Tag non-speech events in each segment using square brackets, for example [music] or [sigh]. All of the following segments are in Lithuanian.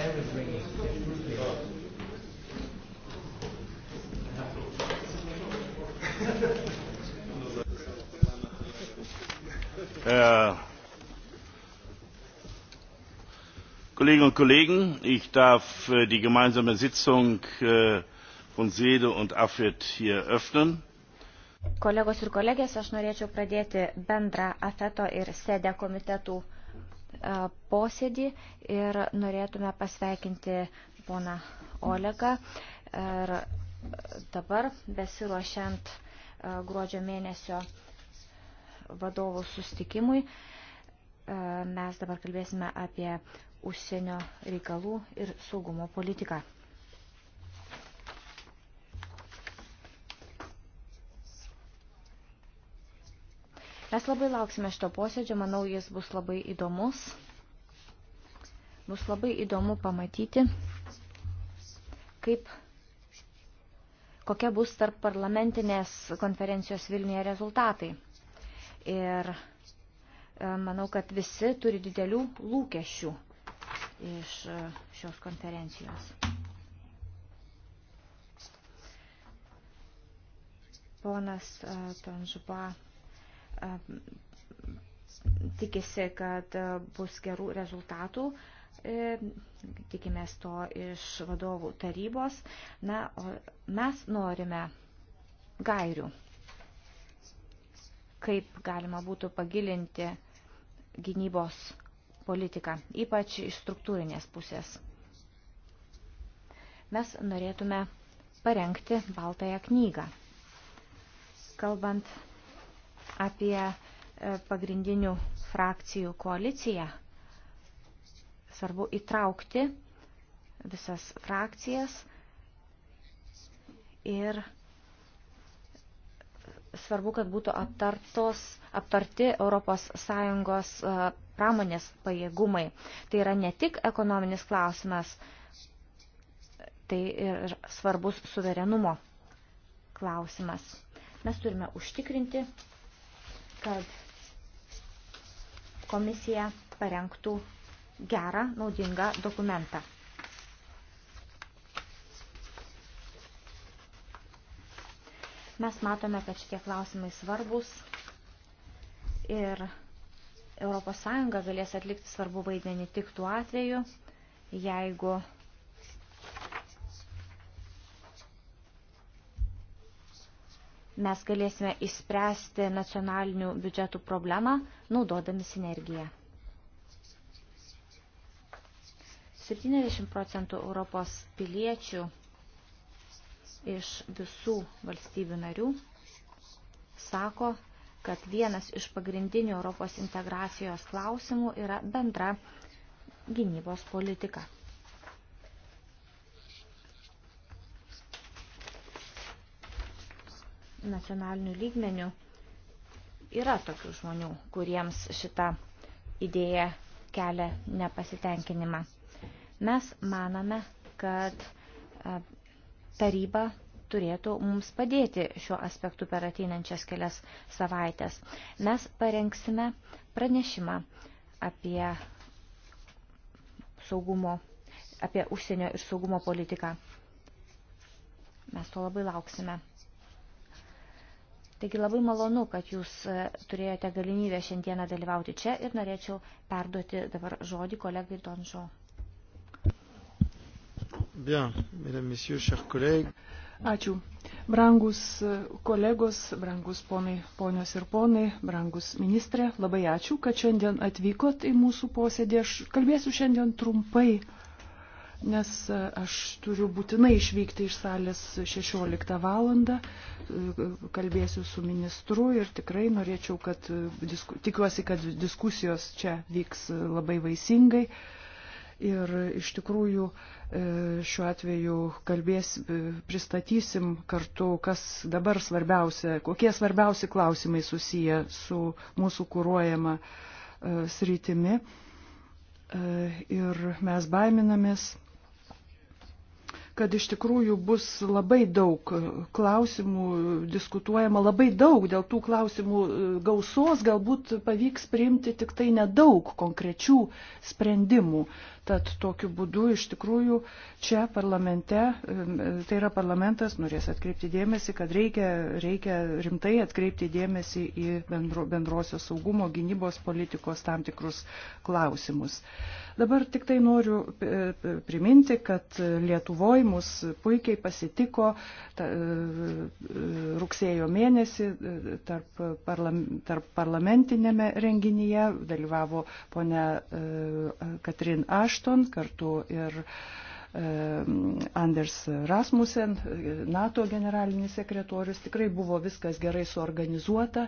bell is ringing. There's äh, food here. Herr Kolleginnen und Kollegen, ich darf äh, die gemeinsame Sitzung äh, von Sede und AFET hier öffnen. Kolegos ir kolegės, aš norėčiau pradėti bendrą AFETO ir SEDE komitetų posėdį ir norėtume pasveikinti poną Olegą. Ir dabar, besiruošiant gruodžio mėnesio vadovų sustikimui, mes dabar kalbėsime apie užsienio reikalų ir saugumo politiką. Mes labai lauksime šito posėdžio, manau, jis bus labai įdomus. Bus labai įdomu pamatyti, kaip kokia bus tarp parlamentinės konferencijos Vilniuje rezultatai. Ir e, manau, kad visi turi didelių lūkesčių iš e, šios konferencijos. Ponas e, Tonžba tikisi, kad e, bus gerų rezultatų. E, tikimės to iš vadovų tarybos. Na, o mes norime gairių, kaip galima būtų pagilinti gynybos politiką, ypač iš struktūrinės pusės. Mes norėtume parengti baltąją knygą. Kalbant apie e, pagrindinių frakcijų koaliciją. Svarbu įtraukti visas frakcijas ir svarbu, kad būtų aptartos, aptarti ES e, pramonės pajėgumai. Tai yra ne tik ekonominis klausimas, tai ir svarbus suverenumo klausimas. Mes turime užtikrinti kad komisija parengtų gerą, naudingą dokumentą. Mes matome, kad šitie klausimai svarbus ir ES galės atlikti svarbu vaidmenį tik tuo atveju, jeigu mes galėsime įspręsti nacionalinių biudžetų problemą, naudodami sinergiją. 70 procentų Europos piliečių iš visų valstybių narių sako, kad vienas iš pagrindinių Europos integracijos klausimų yra bendra gynybos politika. nacionaliniu lygmeniu yra tokių žmonių, kuriems šita idėja kelia nepasitenkinimą. Mes manome, kad e, taryba turėtų mums padėti šiuo aspektu per ateinančias kelias savaitės. Mes parengsime pranešimą apie saugumo, apie užsienio ir saugumo politiką. Mes to labai lauksime. Taigi labai malonu, kad jūs e, turėjote galimybę šiandieną dalyvauti čia ir norėčiau perduoti dabar žodį kolegai Donžo. Bien, mesdames, messieurs, chers collègues. Ačiū. Brangus e, kolegos, brangus ponai, ponios ir ponai, brangus ministrė, labai ačiū, kad šiandien atvykot į mūsų posėdį. Aš kalbėsiu šiandien trumpai nes e, aš turiu būtinai išvykti iš salės 16 valandą, e, kalbėsiu su ministru ir tikrai norėčiau, kad, e, disku, tikiuosi, kad diskusijos čia vyks labai vaisingai. Ir iš tikrųjų šiuo atveju kalbės, pristatysim kartu, kas dabar svarbiausia, kokie svarbiausi klausimai susiję su mūsų kūruojama sritimi. Ir mes baiminamės, kad iš tikrųjų bus labai daug klausimų diskutuojama, labai daug dėl tų klausimų e, gausos galbūt pavyks priimti tik tai nedaug konkrečių sprendimų. Tad tokiu būdu iš tikrųjų čia parlamente, tai yra parlamentas, norės atkreipti dėmesį, kad reikia, reikia rimtai atkreipti dėmesį į bendro, bendrosios saugumo gynybos politikos tam tikrus klausimus. Dabar tik tai noriu e, e, priminti, kad Lietuvoje mus puikiai pasitiko ta, e, rugsėjo mėnesį tarp, parlam, tarp parlamentinėme renginyje dalyvavo ponia Katrin Aš Ashton, kartu ir e, Anders Rasmussen, NATO generalinis sekretorius, tikrai buvo viskas gerai suorganizuota.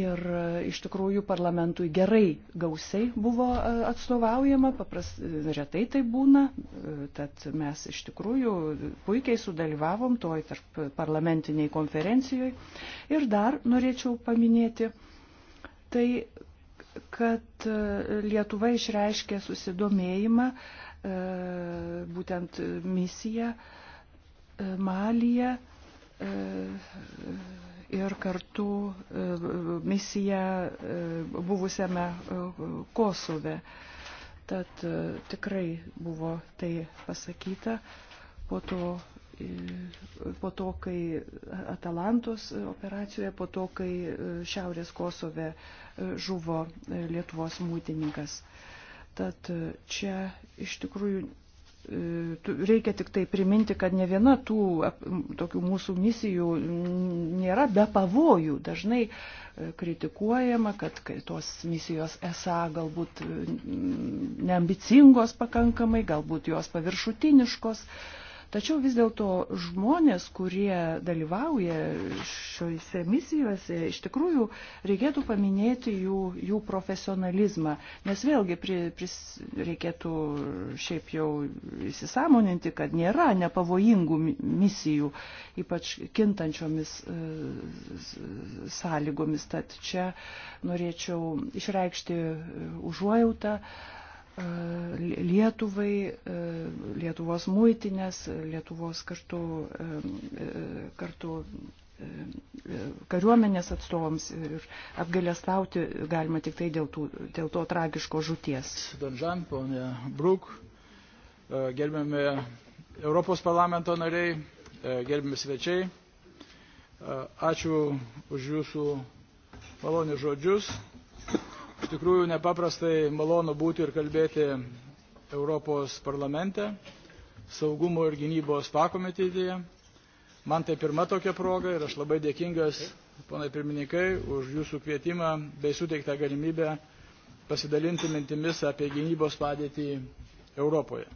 Ir e, iš tikrųjų parlamentui gerai gausiai buvo e, atstovaujama, papras, retai tai būna, tad mes iš tikrųjų puikiai sudalyvavom toj tarp parlamentiniai konferencijoj. Ir dar norėčiau paminėti, tai kad e, Lietuva išreiškė susidomėjimą e, būtent misiją e, Malyje ir kartu misiją buvusiame Kosove. Tad tikrai buvo tai pasakyta po to po to, kai Atalantos operacijoje, po to, kai e, Šiaurės Kosove e, žuvo e, Lietuvos mūtininkas. Tad čia iš tikrųjų reikia tik tai priminti, kad ne viena tų tokių mūsų misijų nėra be pavojų. Dažnai kritikuojama, kad tos misijos esą galbūt neambicingos pakankamai, galbūt jos paviršutiniškos. Tačiau vis dėlto žmonės, kurie dalyvauja šiuose misijose, iš tikrųjų reikėtų paminėti jų, jų profesionalizmą, nes vėlgi pri, pris, reikėtų šiaip jau įsisamoninti, kad nėra nepavojingų misijų, ypač kintančiomis e, sąlygomis. Tad čia norėčiau išreikšti e, užuojautą E, Lietuvai, e, Lietuvos muitinės, Lietuvos kartu, e, kartu kariuomenės atstovams ir apgalėstauti galima tik tai dėl, tų, dėl to tragiško žūties. Danžan, ponė Bruk, gerbiami Europos parlamento nariai, gerbiami svečiai, ačiū už jūsų malonius žodžius. Iš tikrųjų nepaprastai malonu būti ir kalbėti Europos parlamente, saugumo ir gynybos pakomitėje. Man tai pirma tokia proga ir aš labai dėkingas, ponai pirmininkai, už jūsų kvietimą bei suteiktą galimybę pasidalinti mintimis apie gynybos padėtį Europoje.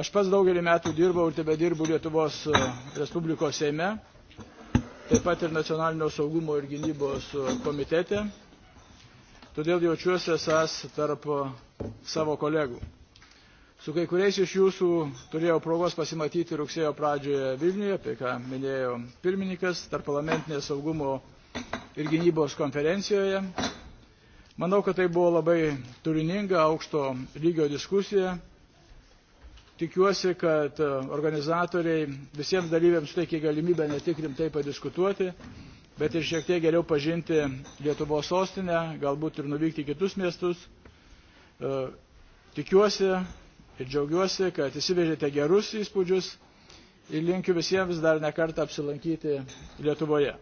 Aš pats daugelį metų dirbau ir tebe dirbu Lietuvos e, Respublikos Seime taip pat ir nacionalinio saugumo ir gynybos komitete. Todėl jaučiuosi esas tarp savo kolegų. Su kai kuriais iš jūsų turėjau progos pasimatyti rugsėjo pradžioje Vilniuje, apie ką minėjo pirmininkas, tarp parlamentinės saugumo ir gynybos konferencijoje. Manau, kad tai buvo labai turininga aukšto lygio diskusija Tikiuosi, kad e, organizatoriai visiems dalyviams suteikia galimybę ne tik rimtai padiskutuoti, bet ir šiek tiek geriau pažinti Lietuvos sostinę, galbūt ir nuvykti į kitus miestus. E, tikiuosi ir džiaugiuosi, kad įsivežėte gerus įspūdžius ir linkiu visiems dar nekartą apsilankyti Lietuvoje.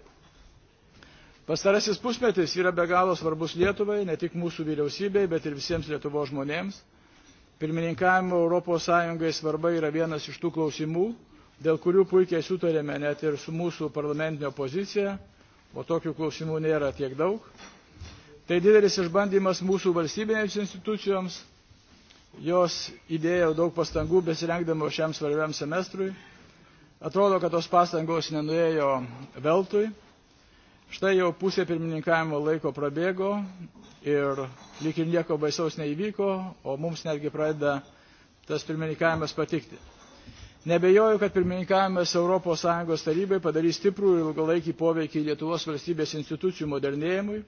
Pastarasis pusmetis yra be galo svarbus Lietuvai, ne tik mūsų vyriausybei, bet ir visiems Lietuvos žmonėms. Pirmininkavimo ES svarba yra vienas iš tų klausimų, dėl kurių puikiai sutarėme net ir su mūsų parlamentinio pozicija, o tokių klausimų nėra tiek daug. Tai didelis išbandymas mūsų valstybinėms institucijoms, jos įdėjo daug pastangų besirengdamo šiam svarbiam semestrui. Atrodo, kad tos pastangos nenuėjo veltui Štai jau pusė pirmininkavimo laiko prabėgo ir lyg ir nieko baisaus neįvyko, o mums netgi pradeda tas pirmininkavimas patikti. Nebejoju, kad pirmininkavimas ES tarybai padarys stiprų ir ilgalaikį poveikį Lietuvos valstybės institucijų modernėjimui,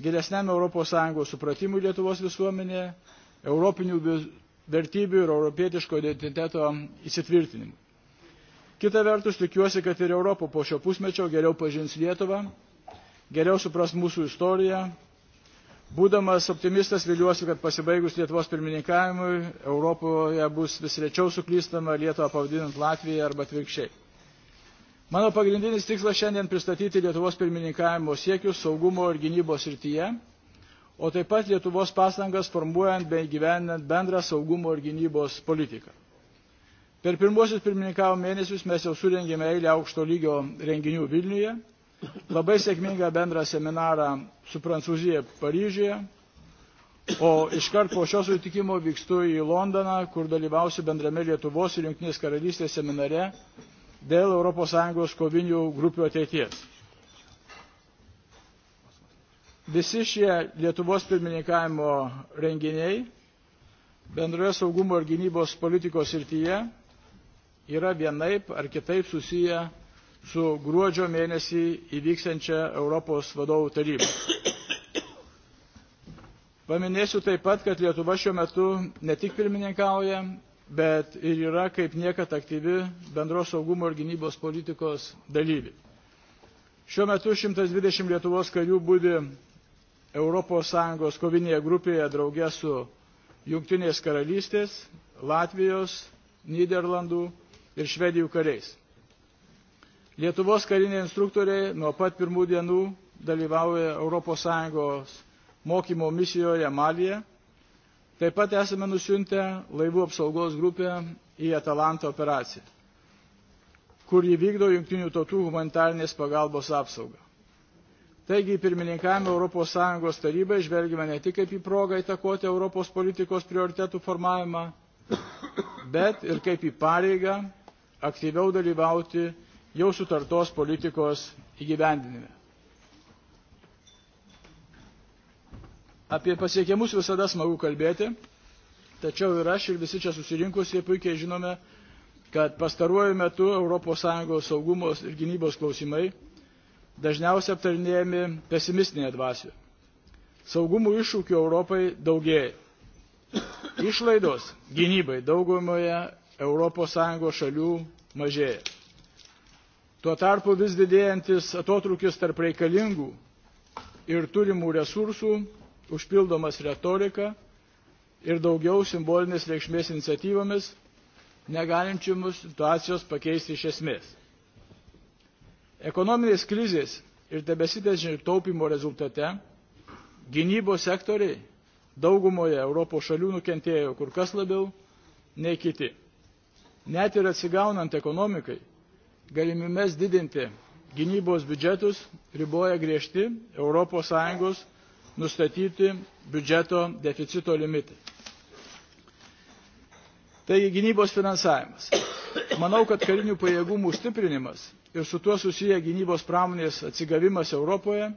geresniam ES supratimui Lietuvos visuomenėje, europinių vertybių ir europietiško identiteto įsitvirtinimui. Kita vertus, tikiuosi, kad ir Europo po šio pusmečio geriau pažins Lietuvą geriau supras mūsų istoriją. Būdamas optimistas viliuosi, kad pasibaigus Lietuvos pirmininkavimui Europoje bus vis rečiau suklystama Lietuvą pavadinant Latviją arba atvirkščiai. Mano pagrindinis tikslas šiandien pristatyti Lietuvos pirmininkavimo siekius saugumo ir gynybos rytyje, o taip pat Lietuvos pastangas formuojant bei gyvenant bendrą saugumo ir gynybos politiką. Per pirmosius pirmininkavo mėnesius mes jau surengėme eilę aukšto lygio renginių Vilniuje labai sėkmingą bendrą seminarą su Prancūzija Paryžyje, o iškart po šio sutikimo vykstu į Londoną, kur dalyvausiu bendrame Lietuvos ir Junktinės karalystės seminare dėl ES kovinių grupių ateities. Visi šie Lietuvos pirmininkavimo renginiai bendroje saugumo ir gynybos politikos srityje yra vienaip ar kitaip susiję su gruodžio mėnesį įvyksiančia Europos vadovų taryba. Paminėsiu taip pat, kad Lietuva šiuo metu ne tik pirmininkauja, bet ir yra kaip niekad aktyvi bendros saugumo ir gynybos politikos dalyvi. Šiuo metu 120 Lietuvos karių būdi ES kovinėje grupėje draugė su Jungtinės karalystės, Latvijos, Niderlandų ir Švedijų kariais. Lietuvos kariniai instruktoriai nuo pat pirmų dienų dalyvauja ES mokymo misijoje Malyje. Taip pat esame nusiuntę laivų apsaugos grupę į Atalanto operaciją, kur įvykdo jungtinių tautų humanitarnės pagalbos apsaugą. Taigi pirmininkavimą ES tarybai žvelgime ne tik kaip į progą įtakoti Europos politikos prioritetų formavimą, bet ir kaip į pareigą aktyviau dalyvauti jau sutartos politikos įgyvendinime. Apie pasiekimus visada smagu kalbėti, tačiau ir aš ir visi čia susirinkusie puikiai žinome, kad pastaruoju metu ES saugumos ir gynybos klausimai dažniausiai aptarinėjami pesimistinėje dvasioje. Saugumų iššūkių Europai daugėja. Išlaidos gynybai daugumoje ES šalių mažėja. Tuo tarpu vis didėjantis atotrukis tarp reikalingų ir turimų resursų užpildomas retorika ir daugiau simbolinės reikšmės iniciatyvomis, negalinčiamus situacijos pakeisti iš esmės. Ekonominės krizės ir tebesitęsinio taupimo rezultate gynybos sektoriai daugumoje Europos šalių nukentėjo kur kas labiau nei kiti. Net ir atsigaunant ekonomikai, galimybes didinti gynybos biudžetus riboja griežti ES nustatyti biudžeto deficito limitai. Taigi gynybos finansavimas. Manau, kad karinių pajėgumų stiprinimas ir su tuo susiję gynybos pramonės atsigavimas Europoje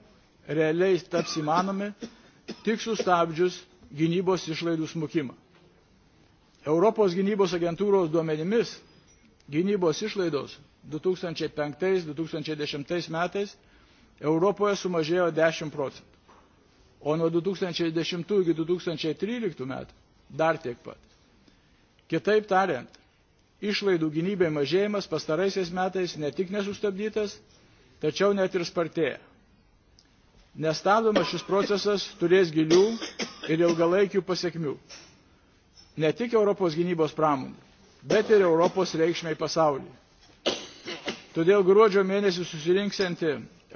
realiai taps įmanomi tik sustabdžius gynybos išlaidų smukimą. Europos gynybos agentūros duomenimis gynybos išlaidos 2005-2010 metais Europoje sumažėjo 10 procentų. O nuo 2010 iki 2013 metų dar tiek pat. Kitaip tariant, išlaidų gynybai mažėjimas pastaraisiais metais ne tik nesustabdytas, tačiau net ir spartėja. Nestabdomas šis procesas turės gilių ir ilgalaikių pasiekmių. Ne tik Europos gynybos pramonė, bet ir Europos reikšmiai pasaulyje. Todėl gruodžio mėnesį susirinksianti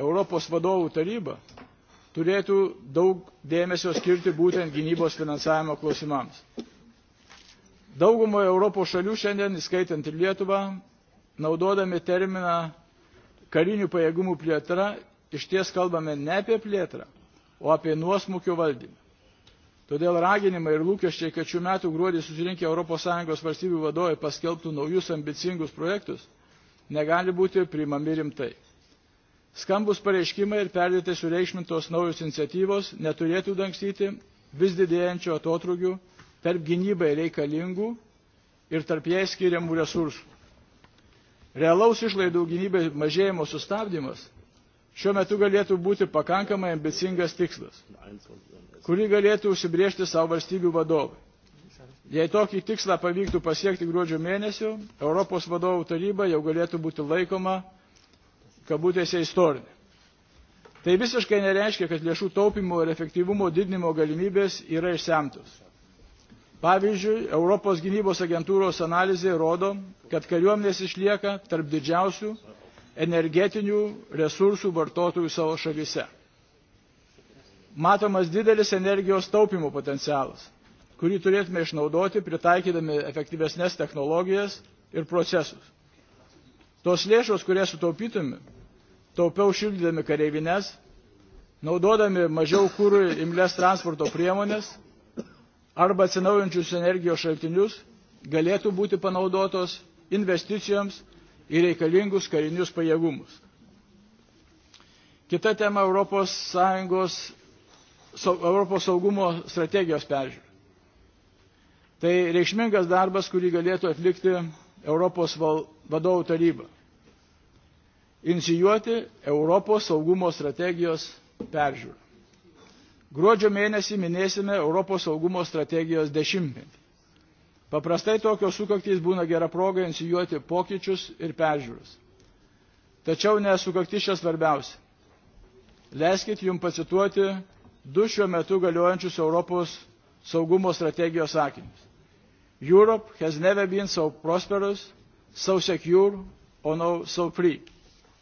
Europos vadovų taryba turėtų daug dėmesio skirti būtent gynybos finansavimo klausimams. Daugumoje Europos šalių šiandien, įskaitant ir Lietuvą, naudodami terminą karinių pajėgumų plėtra, iš ties kalbame ne apie plėtrą, o apie nuosmukio valdymą. Todėl raginimai ir lūkesčiai, kad šių metų gruodį susirinkę ES valstybių vadovai paskelbtų naujus ambicingus projektus – negali būti priimami rimtai. Skambus pareiškimai ir perdėtai sureikšmintos naujos iniciatyvos neturėtų dangstyti vis didėjančio atotrugių tarp gynybai reikalingų ir tarp jai skiriamų resursų. Realaus išlaidų gynybai mažėjimo sustabdymas šiuo metu galėtų būti pakankamai ambicingas tikslas, kurį galėtų užsibriežti savo valstybių vadovai. Jei tokį tikslą pavyktų pasiekti gruodžio mėnesio, Europos vadovų taryba jau galėtų būti laikoma kabutėse istorinė. Tai visiškai nereiškia, kad lėšų taupimo ir efektyvumo didinimo galimybės yra išsemtos. Pavyzdžiui, Europos gynybos agentūros analizė rodo, kad kariuomenės išlieka tarp didžiausių energetinių resursų vartotojų savo šalyse. Matomas didelis energijos taupimo potencialas kurį turėtume išnaudoti pritaikydami efektyvesnės technologijas ir procesus. Tos lėšos, kurias sutaupytume, taupiau šildydami kareivines, naudodami mažiau kūrui imlės transporto priemonės arba atsinaujančius energijos šaltinius, galėtų būti panaudotos investicijoms į reikalingus karinius pajėgumus. Kita tema Europos, Sąjungos, Europos saugumo strategijos peržiūra. Tai reikšmingas darbas, kurį galėtų atlikti Europos vadovų taryba. Inicijuoti Europos saugumo strategijos peržiūrą. Gruodžio mėnesį minėsime Europos saugumo strategijos dešimtmetį. Paprastai tokios sukaktys būna gera proga inicijuoti pokyčius ir peržiūras. Tačiau nesukaktis čia svarbiausia. Leiskit jums pacituoti du šiuo metu galiojančius Europos saugumo strategijos sakinius. Europe has never been so prosperous, so secure, or no, so free.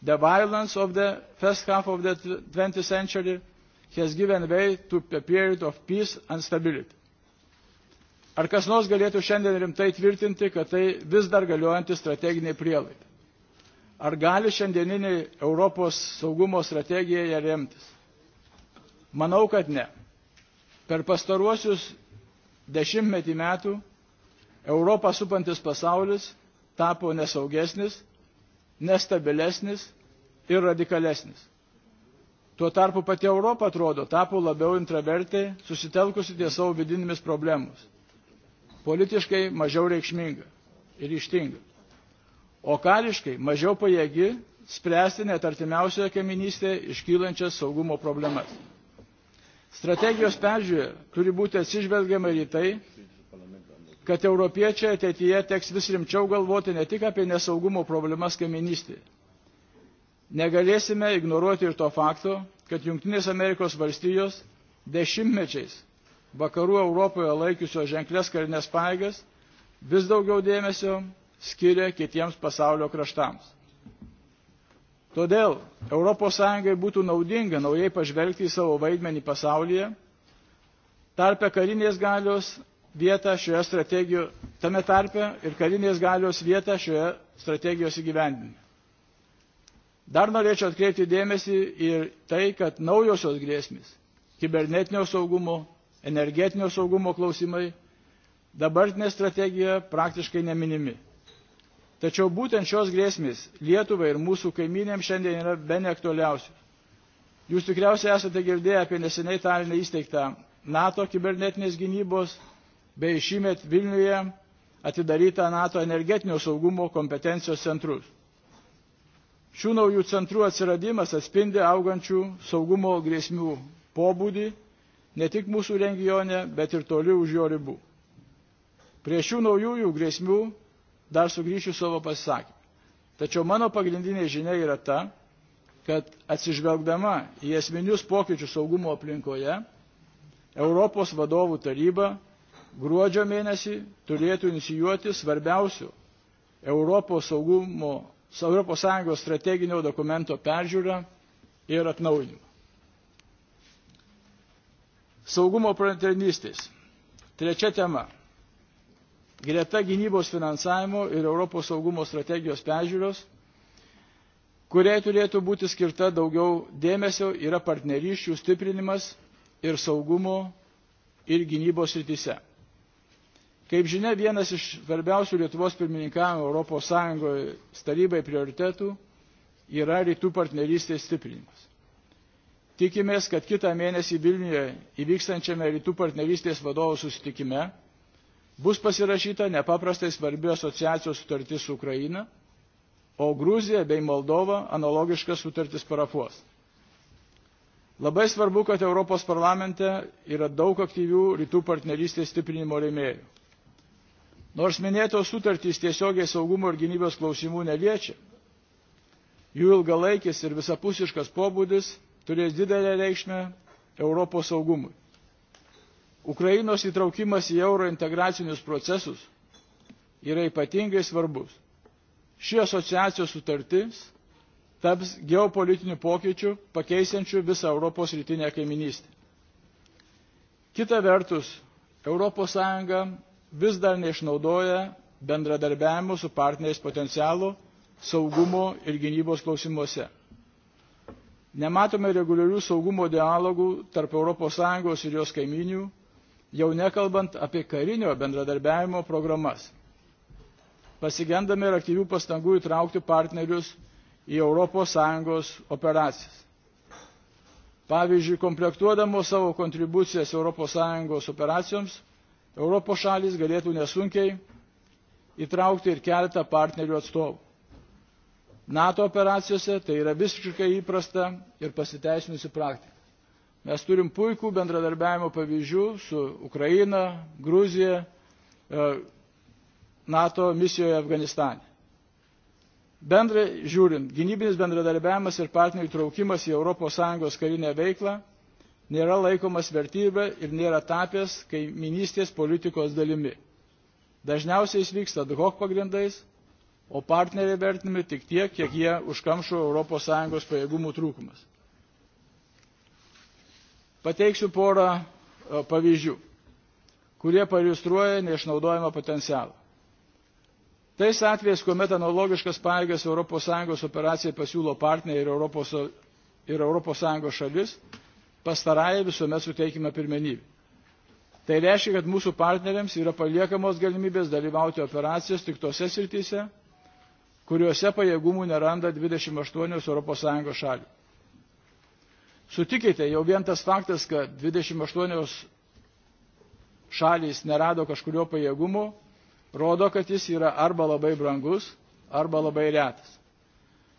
The violence of the first half of the 20th century has given way to a period of peace and stability. Ar kas nors galėtų šiandien rimtai tvirtinti, kad tai vis dar galiuojanti strateginė prielaida? Ar gali šiandieniniai Europos saugumo strategija ją remtis? Manau, kad ne. Per pastaruosius dešimtmetį metų Europą supantis pasaulis tapo nesaugesnis, nestabilesnis ir radikalesnis. Tuo tarpu pati Europa, atrodo, tapo labiau intravertė, susitelkusi ties savo vidinėmis problemus. Politiškai mažiau reikšminga ir ištinga. O kariškai mažiau pajėgi spręsti net artimiausioje kaiminystėje iškylančias saugumo problemas. Strategijos peržiūrė turi būti atsižvelgiama ir į tai, kad europiečiai ateityje teks vis rimčiau galvoti ne tik apie nesaugumo problemas kaiminystėje. Negalėsime ignoruoti ir to fakto, kad Junktinės Amerikos valstijos dešimtmečiais vakarų Europoje laikiusios ženklės karinės paėgas vis daugiau dėmesio skiria kitiems pasaulio kraštams. Todėl ES būtų naudinga naujai pažvelgti į savo vaidmenį pasaulyje, tarpę karinės galios vietą šioje strategijoje, tame tarpe ir karinės galios vietą šioje strategijos įgyvendinime. Dar norėčiau atkreipti dėmesį ir tai, kad naujosios grėsmės - kibernetinio saugumo, energetinio saugumo klausimai - dabartinė strategija praktiškai neminimi. Tačiau būtent šios grėsmės Lietuvai ir mūsų kaiminėms šiandien yra be neaktualiausios. Jūs tikriausiai esate girdėję apie neseniai talinę įsteigtą NATO kibernetinės gynybos bei šįmet Vilniuje atidarytą NATO energetinio saugumo kompetencijos centrus. Šių naujų centrų atsiradimas atspindi augančių saugumo grėsmių pobūdį ne tik mūsų regione, bet ir toli už jo ribų. Prie šių naujųjų grėsmių dar sugrįšiu savo pasisakymą. Tačiau mano pagrindinė žinia yra ta, kad atsižvelgdama į esminius pokyčius saugumo aplinkoje, Europos vadovų taryba gruodžio mėnesį turėtų inicijuoti svarbiausių Europos saugumo, Europos Sąjungos strateginio dokumento peržiūrą ir atnaujinimą. Saugumo praternystės. Trečia tema. Greta gynybos finansavimo ir Europos saugumo strategijos peržiūros, kuriai turėtų būti skirta daugiau dėmesio, yra partnerysčių stiprinimas ir saugumo ir gynybos rytise. Kaip žinia, vienas iš svarbiausių Lietuvos pirmininkavimo Europos Sąjungoje tarybai prioritetų yra rytų partnerystės stiprinimas. Tikimės, kad kitą mėnesį Vilniuje įvykstančiame rytų partnerystės vadovų susitikime bus pasirašyta nepaprastai svarbi asociacijos sutartis su Ukraina, o Gruzija bei Moldova analogiškas sutartis parafuos. Labai svarbu, kad Europos parlamente yra daug aktyvių rytų partnerystės stiprinimo rėmėjų. Nors minėtos sutartys tiesiogiai saugumo ir gynybos klausimų neliečia, jų ilgalaikis ir visapusiškas pobūdis turės didelę reikšmę Europos saugumui. Ukrainos įtraukimas į euro integracinius procesus yra ypatingai svarbus. Ši asociacijos sutartis taps geopolitinių pokyčių, pakeisiančių visą Europos rytinę kaiminystę. Kita vertus, ES vis dar neišnaudoja bendradarbiavimo su partneriais potencialo saugumo ir gynybos klausimuose. Nematome reguliarių saugumo dialogų tarp ES ir jos kaiminių, jau nekalbant apie karinio bendradarbiavimo programas. Pasigendame ir aktyvių pastangų įtraukti partnerius į ES operacijas. Pavyzdžiui, komplektuodamos savo kontribucijas ES operacijoms, Europos šalis galėtų nesunkiai įtraukti ir keletą partnerių atstovų. NATO operacijose tai yra visiškai įprasta ir pasiteisinusi praktika. Mes turim puikų bendradarbiavimo pavyzdžių su Ukraina, Gruzija, e, NATO misijoje Afganistane. Bendrai žiūrint, gynybinis bendradarbiavimas ir partnerių traukimas į ES karinę veiklą nėra laikomas vertybė ir nėra tapęs kaiminystės politikos dalimi. Dažniausiai jis vyksta ad hoc pagrindais, o partneriai vertinami tik tiek, kiek jie užkamšo ES pajėgumų trūkumas. Pateiksiu porą e, pavyzdžių, kurie pailustruoja neišnaudojimą potencialą. Tais atvejais, kuomet analogiškas pajėgas ES operacijai pasiūlo partneriai ir ES šalis, pastarąją visuomet suteikime pirmenybę. Tai reiškia, kad mūsų partneriams yra paliekamos galimybės dalyvauti operacijos tik tose srityse, kuriuose pajėgumų neranda 28 ES šalių. Sutikite, jau vien tas faktas, kad 28 šalys nerado kažkurio pajėgumo, rodo, kad jis yra arba labai brangus, arba labai retas.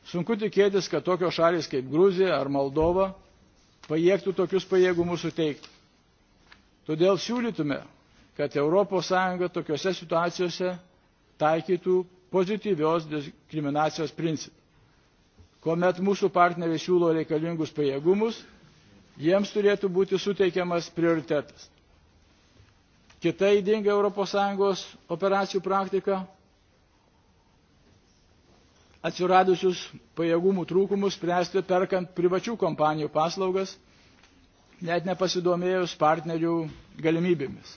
Sunku tikėtis, kad tokios šalys kaip Gruzija ar Moldova pajėgtų tokius pajėgumus suteikti. Todėl siūlytume, kad ES tokiuose situacijose taikytų pozityvios diskriminacijos principą. Komet mūsų partneriai siūlo reikalingus pajėgumus, jiems turėtų būti suteikiamas prioritetas. Kita įdinga ES operacijų praktika atsiradusius pajėgumų trūkumus spręsti perkant privačių kompanijų paslaugas, net nepasidomėjus partnerių galimybėmis.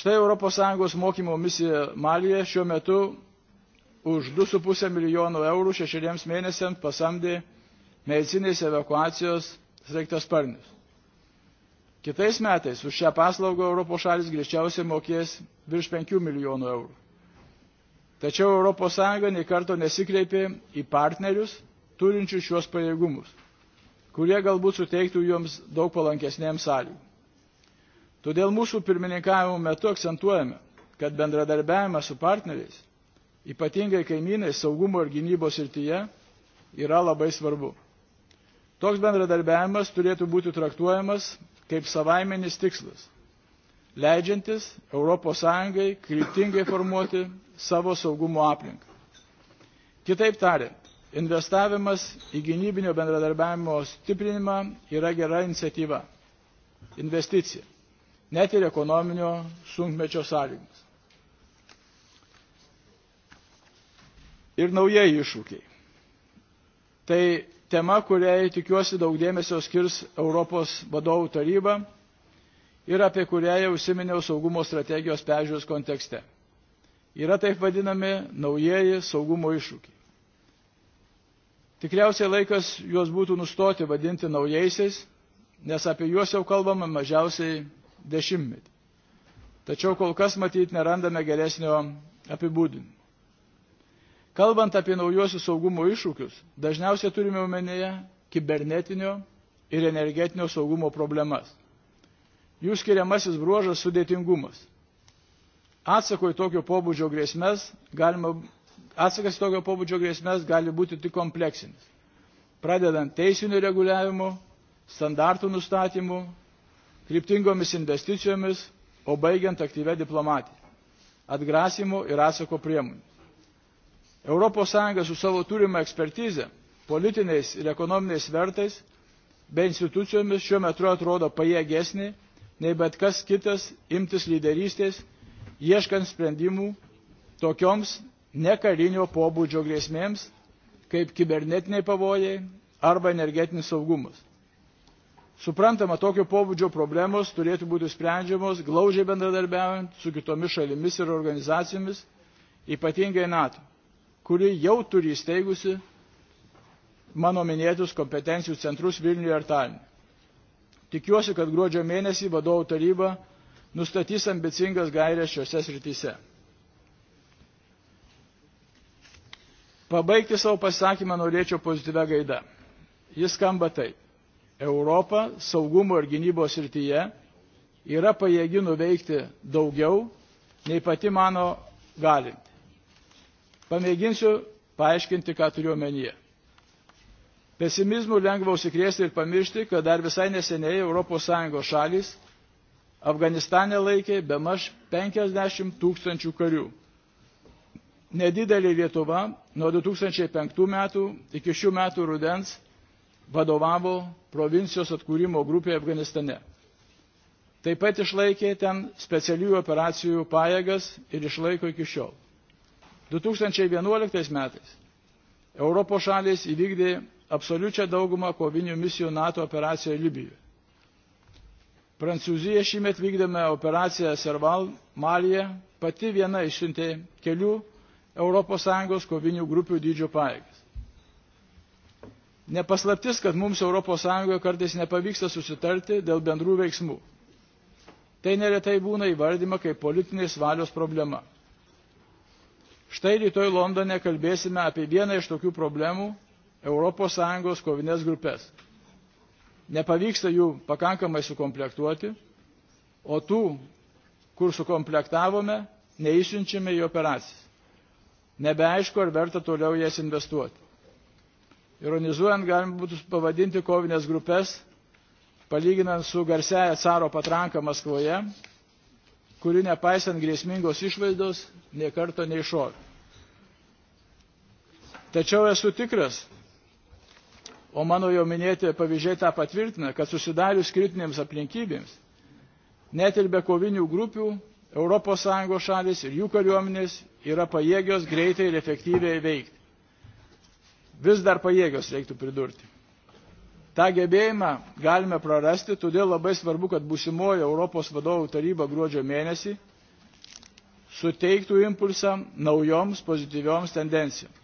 Štai ES mokymo misija Malija šiuo metu už 2,5 milijono eurų šešeriems mėnesiams pasamdė medicinės evakuacijos sraigtas sparnius. Kitais metais už šią paslaugą Europos šalis greičiausiai mokės virš 5 milijonų eurų. Tačiau ES nei karto nesikreipė į partnerius turinčius šios pajėgumus, kurie galbūt suteiktų joms daug palankesnėms sąlygų. Todėl mūsų pirmininkavimo metu akcentuojame, kad bendradarbiavimas su partneriais, ypatingai kaimynais saugumo ir gynybos srityje, yra labai svarbu. Toks bendradarbiavimas turėtų būti traktuojamas kaip savaiminis tikslas, leidžiantis Europos Sąjungai kryptingai formuoti savo saugumo aplinką. Kitaip tariant, investavimas į gynybinio bendradarbiavimo stiprinimą yra gera iniciatyva, investicija, net ir ekonominio sunkmečio sąlygomis. Ir naujieji iššūkiai. Tai tema, kuriai tikiuosi daug dėmesio skirs Europos vadovų taryba ir apie kurią jau užsiminiau saugumo strategijos peržiūros kontekste. Yra taip vadinami naujieji saugumo iššūkiai. Tikriausiai laikas juos būtų nustoti vadinti naujaisiais, nes apie juos jau kalbame mažiausiai dešimtmetį. Tačiau kol kas matyt nerandame geresnio apibūdinimo. Kalbant apie naujosius saugumo iššūkius, dažniausiai turime omenyje kibernetinio ir energetinio saugumo problemas jų skiriamasis bruožas sudėtingumas. Atsako į tokio pobūdžio grėsmės galima, atsakas į tokio pobūdžio grėsmės gali būti tik kompleksinis. Pradedant teisiniu reguliavimu, standartų nustatymu, kryptingomis investicijomis, o baigiant aktyvę diplomatiją, atgrasimo ir atsako priemonės. ES su savo turima ekspertize, politiniais ir ekonominiais vertais bei institucijomis šiuo metu atrodo pajėgesnė nei bet kas kitas imtis lyderystės, ieškant sprendimų tokioms nekarinio pobūdžio grėsmėms, kaip kibernetiniai pavojai arba energetinis saugumas. Suprantama, tokio pobūdžio problemos turėtų būti sprendžiamos glaužiai bendradarbiaujant su kitomis šalimis ir organizacijomis, ypatingai NATO, kuri jau turi įsteigusi mano minėtus kompetencijų centrus Vilniuje ir Taline. Tikiuosi, kad gruodžio mėnesį vadovų taryba nustatys ambicingas gairės šiuose srityse. Pabaigti savo pasakymą norėčiau pozityvę gaidą. Jis skamba taip. Europa saugumo ir gynybos srityje yra pajėgi nuveikti daugiau, nei pati mano galinti. Pamėginsiu paaiškinti, ką turiu omenyje. Pesimizmų lengva užsikrėsti ir pamiršti, kad dar visai neseniai ES šalis Afganistane laikė be maž 50 tūkstančių karių. Nedidelė Lietuva nuo 2005 metų iki šių metų rudens vadovavo provincijos atkūrimo grupė Afganistane. Taip pat išlaikė ten specialiųjų operacijų pajėgas ir išlaiko iki šiol. 2011 metais Europos šalis įvykdė absoliučią daugumą kovinių misijų NATO operacijoje Libijoje. Prancūzija šimet vykdėme operaciją Serval Malija, pati viena išsiuntė kelių ES kovinių grupių dydžio paėgas. Nepaslaptis, kad mums ES kartais nepavyksta susitarti dėl bendrų veiksmų. Tai neretai būna įvardyma kaip politinės valios problema. Štai rytoj Londone kalbėsime apie vieną iš tokių problemų ES kovinės grupės. Nepavyksta jų pakankamai sukomplektuoti, o tų, kur sukomplektavome, neįsiunčiame į operacijas. Nebeaišku, ar verta toliau jas investuoti. Ironizuojant, galima būtų pavadinti kovinės grupės, palyginant su garsiaja caro patranka Maskvoje, kuri nepaisant grėsmingos išvaizdos niekarto neišovė. Tačiau esu tikras, o mano jau minėti pavyzdžiai tą patvirtina, kad susidarius kritinėms aplinkybėms, net ir be kovinių grupių, ES šalis ir jų kariuomenės yra pajėgios greitai ir efektyviai veikti. Vis dar pajėgios reiktų pridurti. Ta gebėjimą galime prarasti, todėl labai svarbu, kad būsimoji Europos vadovų taryba gruodžio mėnesį suteiktų impulsą naujoms pozityvioms tendencijoms.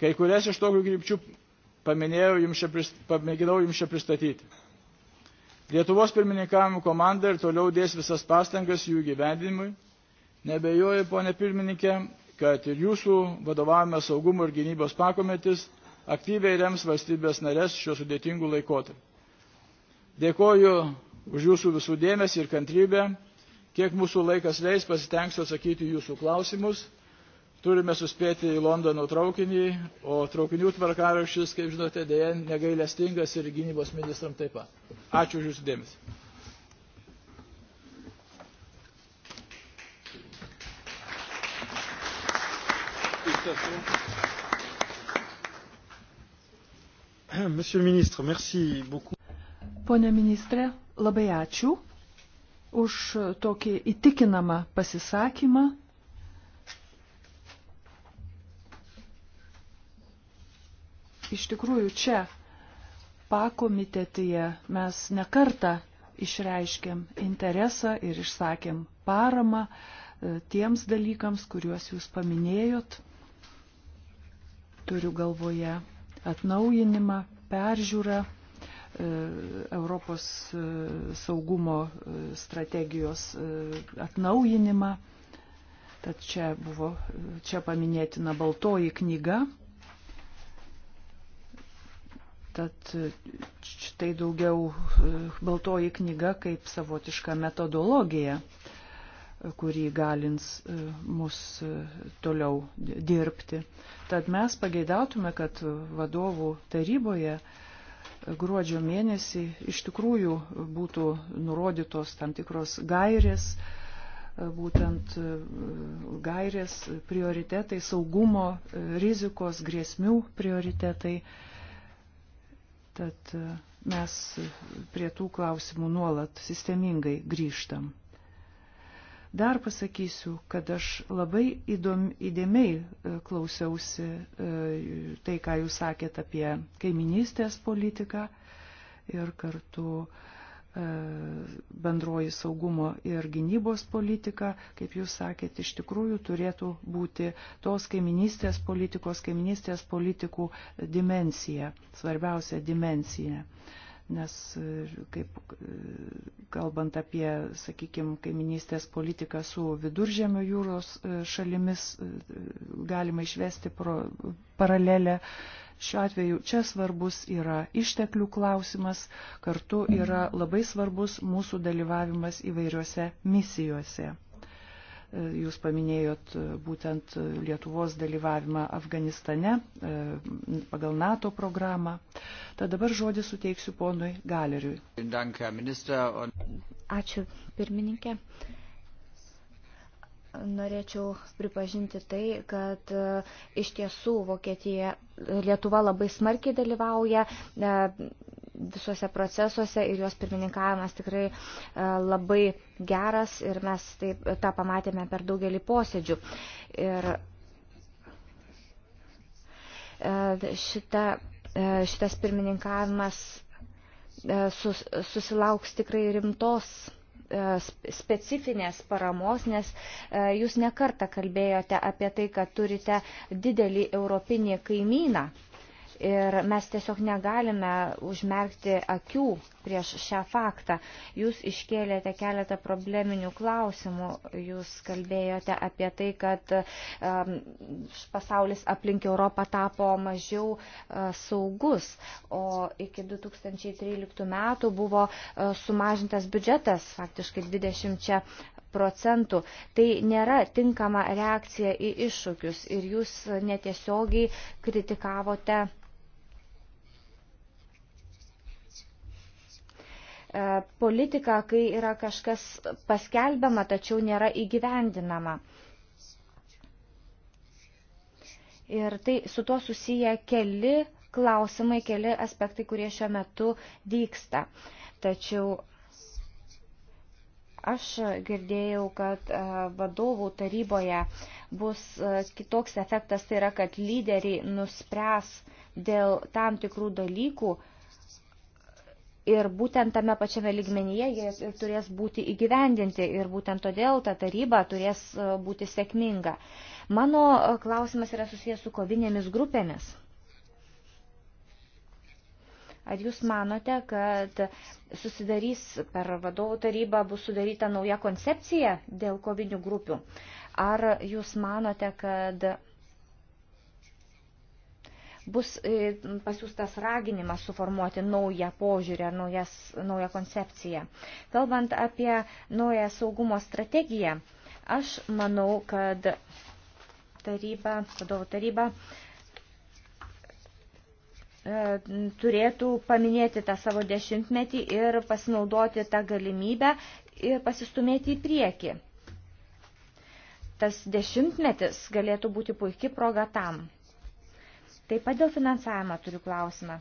Kai kurias iš tokių krypčių pamėginau jums čia pristatyti. Lietuvos pirmininkavimo komanda ir toliau dės visas pastangas jų gyvendinimui. Nebejoju, ponė pirmininkė, kad ir jūsų vadovavime saugumo ir gynybos pakometis aktyviai rems valstybės narės šio sudėtingų laikotarpį. Dėkoju už jūsų visų dėmesį ir kantrybę. Kiek mūsų laikas leis, pasitengsiu atsakyti jūsų klausimus turime suspėti į londono traukinį o traukinių tvarkaraštis kaip žinote deja negailestingas ir gynybos ministrams taip pat. ačiū už jūsų dėmesį. Monsieur le ministre, merci beaucoup. Pone ministrė, labai ačiū už tokį įtikinamą pasisakymą. iš tikrųjų čia pakomitetyje mes nekarta išreiškėm interesą ir išsakėm paramą e, tiems dalykams, kuriuos jūs paminėjot. Turiu galvoje atnaujinimą, peržiūrą e, Europos e, saugumo strategijos atnaujinimą. Tad čia buvo, čia paminėtina baltoji knyga Tad e, štai daugiau e, baltoji knyga kaip savotiška metodologija, kuri galins e, mus toliau dirbti. Tad mes pageidautume, kad vadovų taryboje gruodžio mėnesį iš tikrųjų būtų nurodytos tam tikros gairės, būtent gairės prioritetai, saugumo, rizikos, grėsmių prioritetai Tad e, mes prie tų klausimų nuolat sistemingai grįžtam. Dar pasakysiu, kad aš labai įdom, įdėmiai e, klausiausi e, tai, ką jūs sakėt apie kaiminystės politiką ir kartu uh, E, bendroji saugumo ir gynybos politika, kaip jūs sakėt, iš tikrųjų turėtų būti tos kaiminystės politikos, kaiminystės politikų dimensija, svarbiausia dimensija. Nes, e, kaip e, kalbant apie, sakykime, kaiminystės politiką su viduržėmio jūros šalimis, galima išvesti pro, paralelę Šiuo atveju čia svarbus yra išteklių klausimas, kartu yra mhm. labai svarbus mūsų dalyvavimas įvairiuose misijose. E, jūs paminėjot e, būtent Lietuvos dalyvavimą Afganistane e, pagal NATO programą. Tad dabar žodį suteiksiu ponui Galeriui. Ačiū, pirmininkė norėčiau pripažinti tai, kad e, iš tiesų Vokietija, Lietuva labai smarkiai dalyvauja e, visuose procesuose ir jos pirmininkavimas tikrai e, labai geras ir mes taip, tą pamatėme per daugelį posėdžių. Ir šita, šitas pirmininkavimas sus, susilauks tikrai rimtos E, specifinės paramos, nes e, jūs nekartą kalbėjote apie tai, kad turite didelį europinį kaimyną. Ir mes tiesiog negalime užmerkti akių prieš šią faktą. Jūs iškėlėte keletą probleminių klausimų. Jūs kalbėjote apie tai, kad um, pasaulis aplink Europą tapo mažiau uh, saugus, o iki 2013 metų buvo uh, sumažintas biudžetas faktiškai 20 procentų. Tai nėra tinkama reakcija į iššūkius ir jūs netiesiogiai kritikavote E, politiką, kai yra kažkas paskelbiama, tačiau nėra įgyvendinama. Ir tai su tuo susiję keli klausimai, keli aspektai, kurie šiuo metu vyksta. Tačiau Aš girdėjau, kad e, vadovų taryboje bus e, kitoks efektas, tai yra, kad lyderiai nuspręs dėl tam tikrų dalykų, Ir būtent tame pačiame lygmenyje jie ir turės būti įgyvendinti ir būtent todėl ta taryba turės e, būti sėkminga. Mano e, klausimas yra susijęs su kovinėmis grupėmis. Ar jūs manote, kad susidarys per vadovų tarybą bus sudaryta nauja koncepcija dėl kovinių grupių? Ar jūs manote, kad bus e, pasiūstas raginimas suformuoti naują požiūrį ar naujas, naują koncepciją. Kalbant apie naują saugumo strategiją, aš manau, kad taryba, vadovų taryba e, turėtų paminėti tą savo dešimtmetį ir pasinaudoti tą galimybę ir pasistumėti į priekį. Tas dešimtmetis galėtų būti puikia proga tam. Taip pat dėl finansavimo turiu klausimą.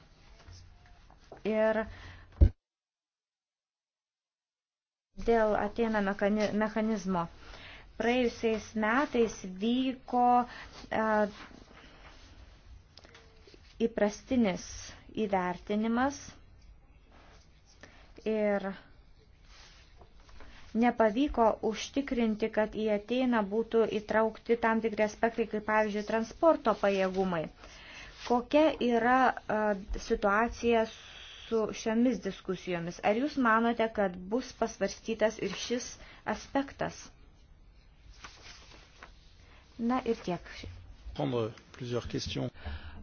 Ir dėl atėna mechanizmo. Praėjusiais metais vyko a, įprastinis įvertinimas ir nepavyko užtikrinti, kad į ateiną būtų įtraukti tam tikri aspektai, kaip pavyzdžiui, transporto pajėgumai. A, Kokia yra situacija su šiomis diskusijomis? Ar jūs manote, kad bus pasvarstytas ir šis aspektas? Na ir tiek.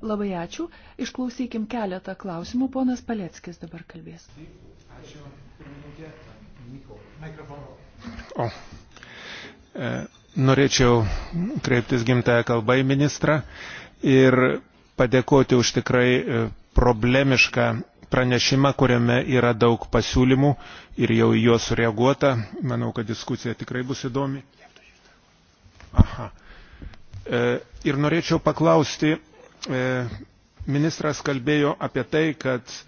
Labai ačiū. Išklausykim keletą klausimų. Ponas Paleckis dabar kalbės. Ačiū. O. E, norėčiau kreiptis gimtają kalbą į ministrą ir padėkoti už tikrai e, problemišką pranešimą, kuriame yra daug pasiūlymų ir jau į juos sureaguota. Manau, kad diskusija tikrai bus įdomi. Aha. E, ir norėčiau paklausti, e, ministras kalbėjo apie tai, kad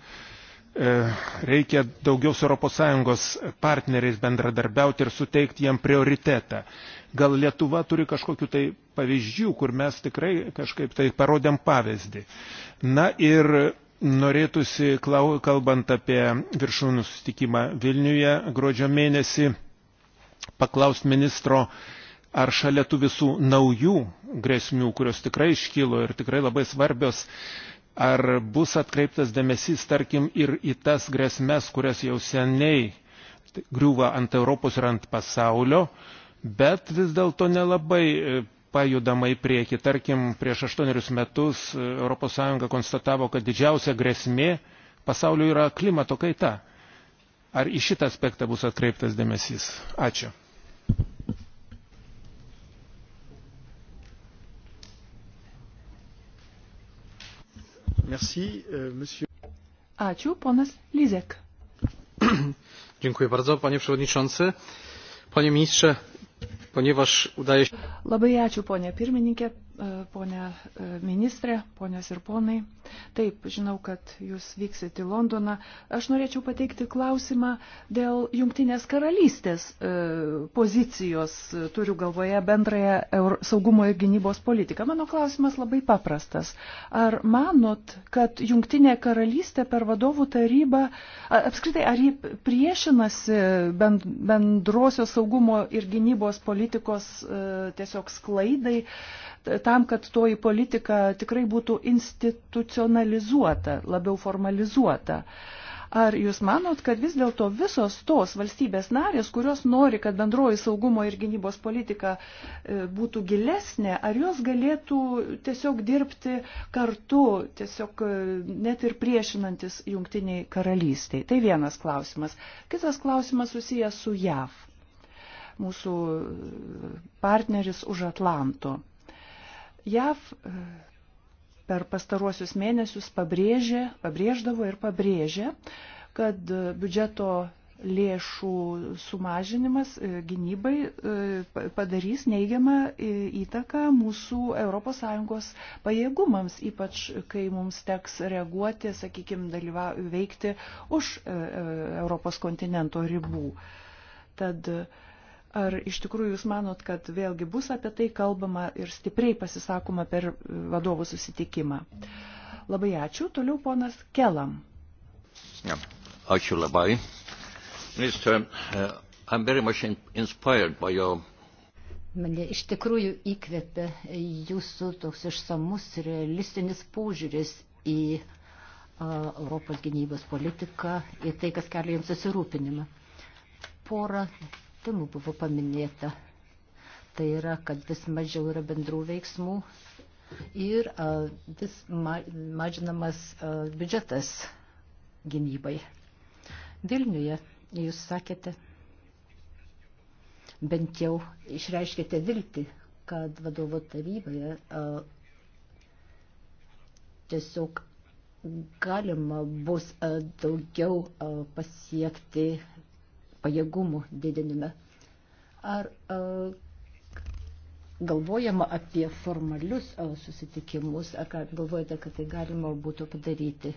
reikia daugiau su ES partneriais bendradarbiauti ir suteikti jiem prioritetą. Gal Lietuva turi kažkokiu tai pavyzdžių, kur mes tikrai kažkaip tai parodėm pavyzdį. Na ir norėtųsi, kalbant apie viršūnų sustikimą Vilniuje gruodžio mėnesį, paklausti ministro, ar šalia tų visų naujų grėsmių, kurios tikrai iškilo ir tikrai labai svarbios, ar bus atkreiptas dėmesys, tarkim, ir į tas grėsmes, kurias jau seniai griūva ant Europos ir ant pasaulio, bet vis dėlto nelabai e, pajudama į priekį. Tarkim, prieš aštuonerius metus ES konstatavo, kad didžiausia grėsmė pasaulio yra klimato kaita. Ar į šitą aspektą bus atkreiptas dėmesys? Ačiū. Merci, e, monsieur. Ačiū, ponas Lizek. [clears throat] Dziękuję bardzo, panie przewodniczący. Panie ministrze, ponieważ udaje się. Labai ačiū, ponė pirmininkė. E, ponė e, ministrė, ponios ir ponai. Taip, žinau, kad jūs vyksit į Londoną. Aš norėčiau pateikti klausimą dėl Jungtinės karalystės e, pozicijos, e, turiu galvoje bendrąją saugumo ir gynybos politiką. Mano klausimas labai paprastas. Ar manot, kad Jungtinė karalystė per vadovų tarybą, apskritai, ar ji priešinasi bendrosios saugumo ir gynybos politikos tiesiog sklaidai? tam, kad toji politika tikrai būtų institucionalizuota, labiau formalizuota. Ar jūs manot, kad vis dėlto visos tos valstybės narės, kurios nori, kad bendroji saugumo ir gynybos politika e, būtų gilesnė, ar jos galėtų tiesiog dirbti kartu, tiesiog e, net ir priešinantis jungtiniai karalystiai? Tai vienas klausimas. Kitas klausimas susijęs su JAV, mūsų e, partneris už Atlanto JAV e, per pastaruosius mėnesius pabrėžė, pabrėždavo ir pabrėžė, kad e, biudžeto lėšų sumažinimas e, gynybai padarys neigiamą įtaką mūsų ES pajėgumams, ypač kai mums teks reaguoti, sakykime, dalyva, veikti už Europos kontinento ribų. Tad uh, Ar iš tikrųjų jūs manot, kad vėlgi bus apie tai kalbama ir stipriai pasisakoma per e, vadovų susitikimą? Labai ačiū. Toliau ponas Kelam. Ja, ačiū labai. Minister, uh, e, I'm very much inspired by your... Mane iš tikrųjų įkvėpia jūsų toks išsamus realistinis požiūris į uh, Europos gynybos politiką, į tai, kas kelia jums susirūpinimą. Porą temų buvo paminėta. Tai yra, kad vis mažiau yra bendrų veiksmų ir a, vis ma, mažinamas a, biudžetas gynybai. Vilniuje jūs sakėte, bent jau išreiškite viltį, kad vadovo taryboje a, tiesiog galima bus daugiau pasiekti pajėgumų didinime. Ar e, galvojama apie formalius e, susitikimus, ar galvojate, kad tai galima būtų padaryti?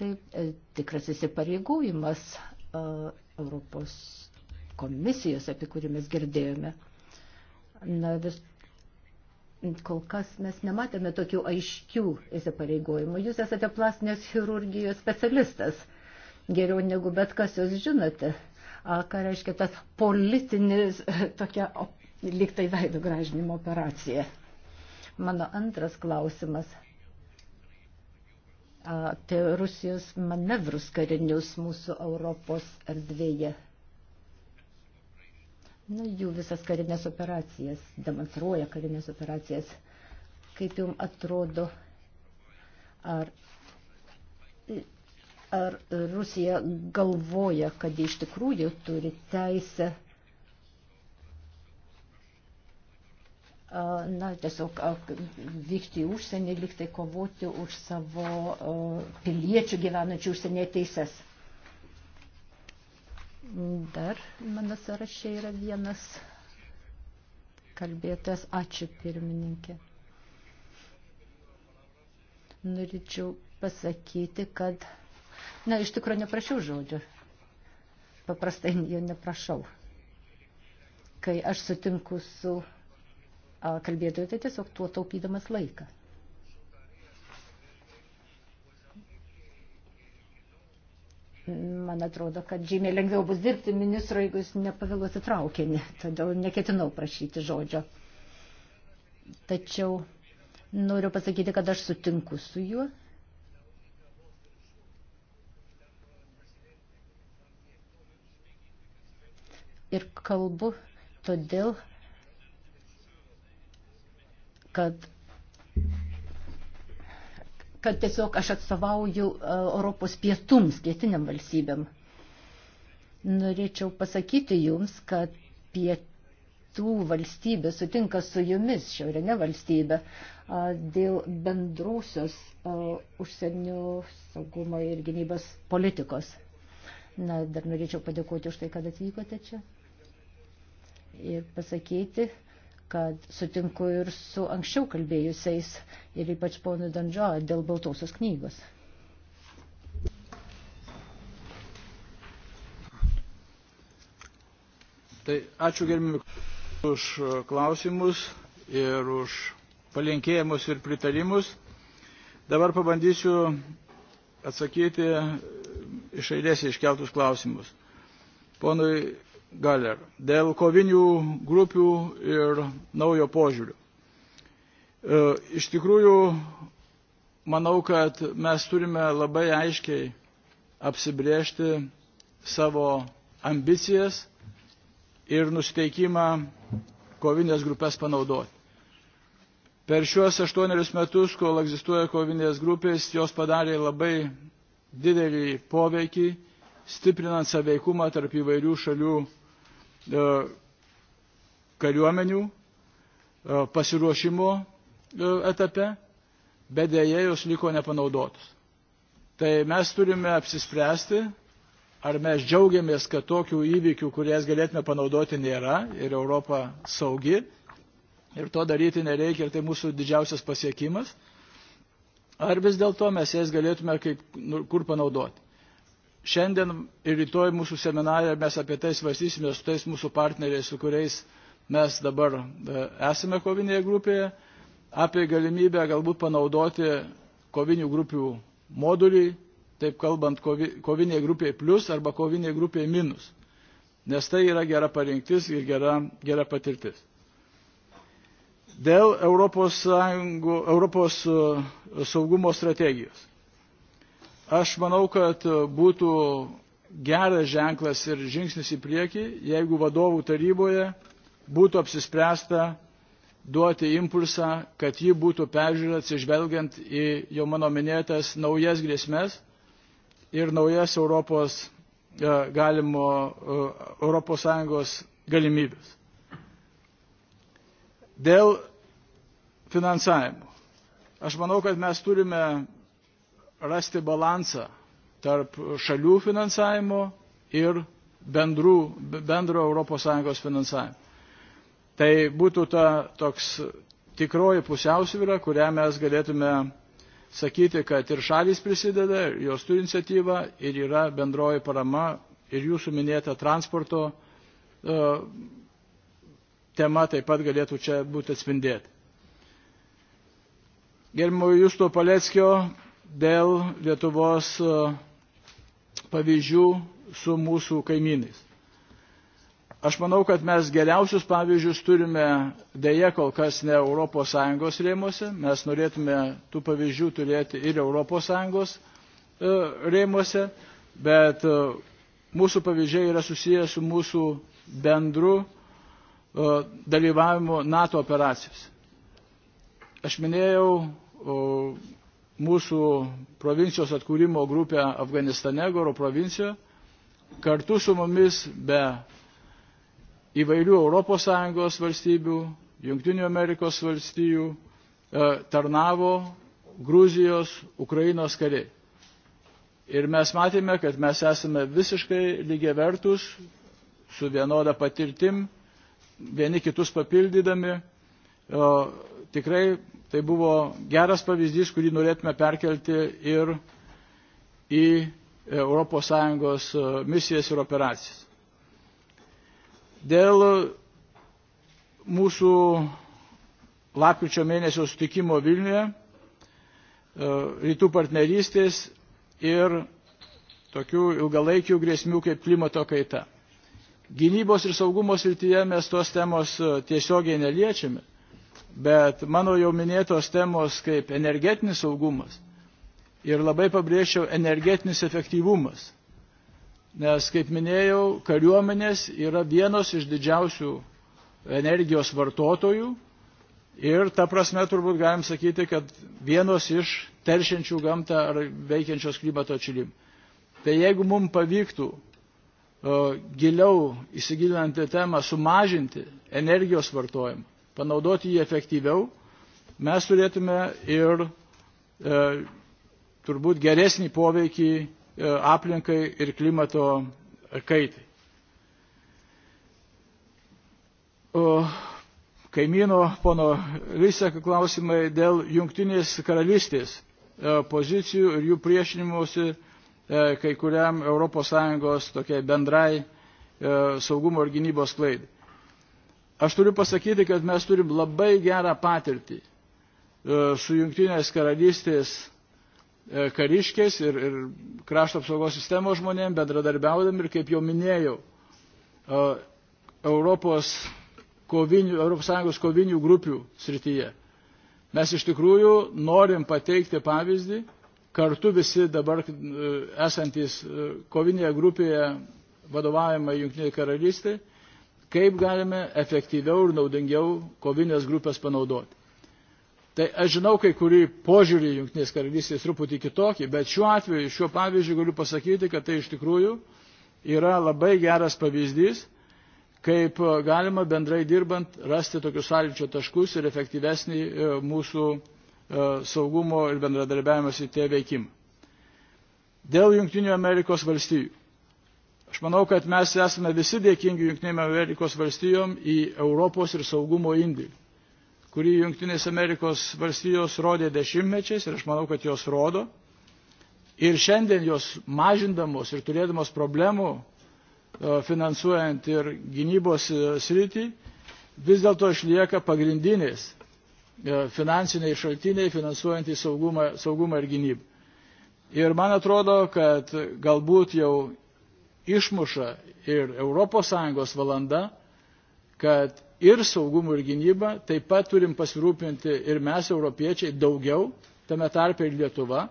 Tai e, tikras įsipareigojimas Europos komisijos, apie kurį mes girdėjome. Na, vis, kol kas mes nematėme tokių aiškių įsipareigojimų. Jūs esate plastinės chirurgijos specialistas. Geriau negu bet kas jūs žinote ką reiškia tas politinis [laughs] tokia lyg tai veidų gražinimo operacija. Mano antras klausimas apie Rusijos manevrus karinius mūsų Europos erdvėje. Nu, jų visas karinės operacijas, demonstruoja karinės operacijas. Kaip jums atrodo, ar Ar Rusija galvoja, kad iš tikrųjų turi teisę na, tiesiog vykti į užsienį, liktai kovoti už savo piliečių gyvenančių užsienyje teises? Dar mano sąraše yra vienas kalbėtas. Ačiū pirmininkė. Norėčiau pasakyti, kad Na, iš tikrųjų neprašiau žodžio. Paprastai jo neprašau. Kai aš sutinku su kalbėtoju, tai tiesiog tuo taupydamas laiką. Man atrodo, kad žymiai lengviau bus dirbti ministro, jeigu jis nepavėluosi traukinį, todėl neketinau prašyti žodžio. Tačiau noriu pasakyti, kad aš sutinku su juo ir kalbu todėl, kad kad tiesiog aš atstovauju e, Europos pietums, pietiniam valstybėm. Norėčiau pasakyti jums, kad pietų valstybė sutinka su jumis, šiaurinė valstybė, dėl bendrusios užsienio saugumo ir gynybos politikos. Na, dar norėčiau padėkoti už tai, kad atvykote čia ir pasakyti, kad sutinku ir su anksčiau kalbėjusiais ir ypač ponu Danžo dėl baltosios knygos. Tai ačiū gerbimi už klausimus ir už palinkėjimus ir pritarimus. Dabar pabandysiu atsakyti iš eilės iškeltus klausimus. Ponui Galer dėl kovinių grupių ir naujo požiūrių. E, iš tikrųjų, manau, kad mes turime labai aiškiai apsibriežti savo ambicijas ir nusiteikimą kovinės grupės panaudoti. Per šiuos aštuonerius metus, kol egzistuoja kovinės grupės, jos padarė labai didelį poveikį, stiprinant saveikumą tarp įvairių šalių E, kariuomenių e, pasiruošimo e, etape, bet dėja jos liko nepanaudotos. Tai mes turime apsispręsti, ar mes džiaugiamės, kad tokių įvykių, kurias galėtume panaudoti, nėra ir Europa saugi ir to daryti nereikia ir tai mūsų didžiausias pasiekimas, ar vis dėlto mes jas galėtume kaip, nu, kur panaudoti. Šiandien ir rytoj mūsų seminarė mes apie tai svarstysime su tais mūsų partneriais, su kuriais mes dabar e, esame kovinėje grupėje, apie galimybę galbūt panaudoti kovinių grupių modulį, taip kalbant, kovinėje grupėje plus arba kovinėje grupėje minus. Nes tai yra gera parinktis ir gera, gera patirtis. Dėl Europos, Sąjungų, Europos e, saugumo strategijos. Aš manau, kad e, būtų geras ženklas ir žingsnis į priekį, jeigu vadovų taryboje būtų apsispręsta duoti impulsą, kad ji būtų peržiūrėta atsižvelgiant į jau mano minėtas naujas grėsmės ir naujas Europos e, galimo e, Europos Sąjungos galimybės. Dėl finansavimo. Aš manau, kad mes turime rasti balansą tarp šalių finansavimo ir bendrų, bendro ES finansavimo. Tai būtų ta toks tikroji pusiausvyrą, kurią mes galėtume sakyti, kad ir šalis prisideda, jos turi iniciatyvą ir yra bendroji parama ir jūsų minėta transporto uh, tema taip pat galėtų čia būti atspindėti. Gerimo Justo Paleckio dėl Lietuvos e, pavyzdžių su mūsų kaimynais. Aš manau, kad mes geriausius pavyzdžius turime dėje kol kas ne ES rėmose, mes norėtume tų pavyzdžių turėti ir ES e, rėmose, bet e, mūsų pavyzdžiai yra susijęs su mūsų bendru dalyvavimu NATO operacijose. Aš minėjau mūsų provincijos atkūrimo grupę Afganistane, Goro provincijoje, kartu su mumis be įvairių ES valstybių, Junktinių Amerikos valstybių e, tarnavo Gruzijos, Ukrainos kariai. Ir mes matėme, kad mes esame visiškai lygiai vertus, su vienoda patirtim, vieni kitus papildydami, e, tikrai Tai buvo geras pavyzdys, kurį norėtume perkelti ir į ES e, misijas ir operacijas. Dėl mūsų lapkričio mėnesio sutikimo Vilniuje, e, rytų partnerystės ir tokių ilgalaikių grėsmių kaip klimato kaita. Gynybos ir saugumos srityje mes tos temos e, tiesiogiai neliečiame, bet mano jau minėtos temos kaip energetinis saugumas ir labai pabrėžčiau energetinis efektyvumas. Nes, kaip minėjau, kariuomenės yra vienos iš didžiausių energijos vartotojų ir ta prasme turbūt galim sakyti, kad vienos iš teršiančių gamtą ar veikiančios klimato atšilimą. Tai jeigu mums pavyktų giliau įsigilinant į temą sumažinti energijos vartojimą, panaudoti jį efektyviau, mes turėtume ir e, turbūt geresnį poveikį e, aplinkai ir klimato kaitai. O, kaimyno pono Lysek klausimai dėl jungtinės karalystės e, pozicijų ir jų priešinimuose e, kai kuriam ES tokiai bendrai e, saugumo ir gynybos klaidai. Aš turiu pasakyti, kad mes turim labai gerą patirtį e, su jungtinės karalystės e, kariškiais ir, ir krašto apsaugos sistemos žmonėm bendradarbiaudami ir, kaip jau minėjau, e, Europos, kovinių, Europos Sąjungos kovinių grupių srityje. Mes iš tikrųjų norim pateikti pavyzdį, kartu visi dabar esantis kovinėje grupėje vadovaujama Junktinėje karalystėje kaip galime efektyviau ir naudingiau kovinės grupės panaudoti. Tai aš žinau, kai kurį požiūrį Junktinės karalystės truputį kitokį, bet šiuo atveju, šiuo pavyzdžiu galiu pasakyti, kad tai iš tikrųjų yra labai geras pavyzdys, kaip galima bendrai dirbant rasti tokius sąlyčio taškus ir efektyvesnį e, mūsų e, saugumo ir bendradarbiavimo srityje veikimą. Dėl Junktinių Amerikos valstybių. Aš manau, kad mes esame visi dėkingi Junktinėm Amerikos valstijom į Europos ir saugumo indėlį, kurį Junktinės Amerikos valstijos rodė dešimtmečiais ir aš manau, kad jos rodo. Ir šiandien jos mažindamos ir turėdamos problemų e, finansuojant ir gynybos e, sritį, vis dėlto išlieka pagrindinės e, finansiniai šaltiniai finansuojant į saugumą, saugumą ir gynybą. Ir man atrodo, kad galbūt jau išmuša ir ES valanda, kad ir saugumu ir gynyba taip pat turim pasirūpinti ir mes, europiečiai, daugiau, tame tarpe ir Lietuva,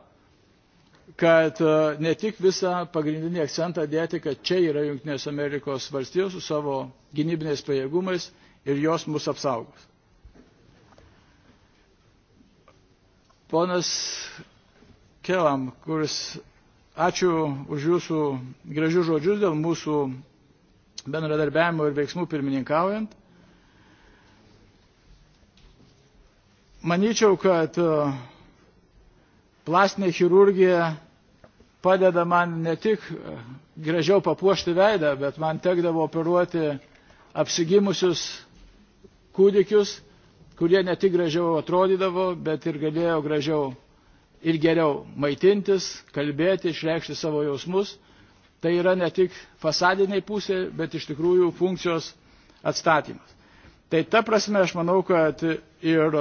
kad e, ne tik visą pagrindinį akcentą dėti, kad čia yra Junktinės Amerikos valstijos su savo gynybiniais pajėgumais ir jos mus apsaugos. Ponas Kelam, kuris Ačiū už Jūsų gražių žodžius dėl mūsų bendradarbiavimo ir veiksmų pirmininkaujant. Manyčiau, kad e, plastinė chirurgija padeda man ne tik e, gražiau papuošti veidą, bet man tekdavo operuoti apsigimusius kūdikius, kurie ne tik gražiau atrodydavo, bet ir galėjo gražiau ir geriau maitintis, kalbėti, išreikšti savo jausmus. Tai yra ne tik fasadiniai pusė, bet iš tikrųjų funkcijos atstatymas. Tai ta prasme aš manau, kad ir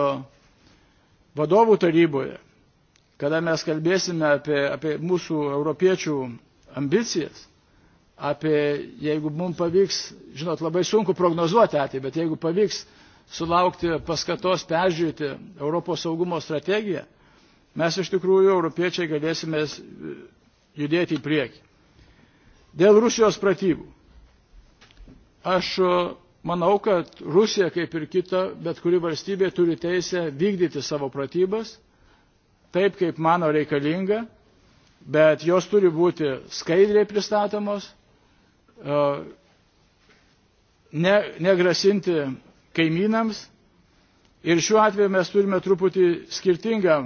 vadovų taryboje, kada mes kalbėsime apie, apie mūsų europiečių ambicijas, apie jeigu mums pavyks, žinot, labai sunku prognozuoti ateitį, bet jeigu pavyks sulaukti paskatos peržiūrėti Europos saugumo strategiją, mes iš tikrųjų, europiečiai, galėsime judėti į priekį. Dėl Rusijos pratybų. Aš manau, kad Rusija, kaip ir kita, bet kuri valstybė turi teisę vykdyti savo pratybas, taip kaip mano reikalinga, bet jos turi būti skaidriai pristatomos, ne, negrasinti kaimynams. Ir šiuo atveju mes turime truputį skirtingą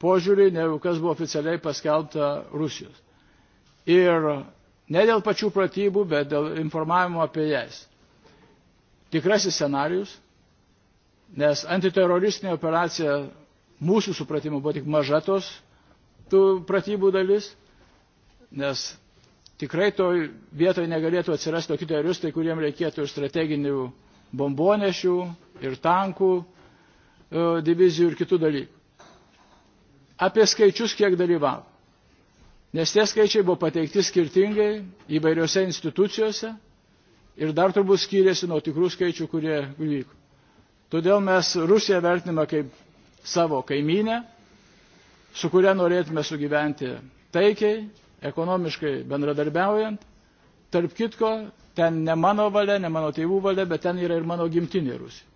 požiūrį, negu kas buvo oficialiai paskelbta Rusijos. Ir e, ne dėl pačių pratybų, bet dėl informavimo apie jas. Tikrasis scenarius, nes antiteroristinė operacija mūsų supratimu buvo tik maža tos tų pratybų dalis, nes tikrai toj vietoj negalėtų atsirasti tokie teroristai, kuriem reikėtų ir strateginių bombonešių, ir tankų e, divizijų ir kitų dalykų apie skaičius, kiek dalyvavo. Nes tie skaičiai buvo pateikti skirtingai įvairiose institucijose ir dar turbūt skyrėsi nuo tikrų skaičių, kurie vyko. Todėl mes Rusiją vertiname kaip savo kaiminę, su kuria norėtume sugyventi taikiai, ekonomiškai bendradarbiaujant. Tarp kitko, ten ne mano valia, ne mano tėvų valia, bet ten yra ir mano gimtinė Rusija.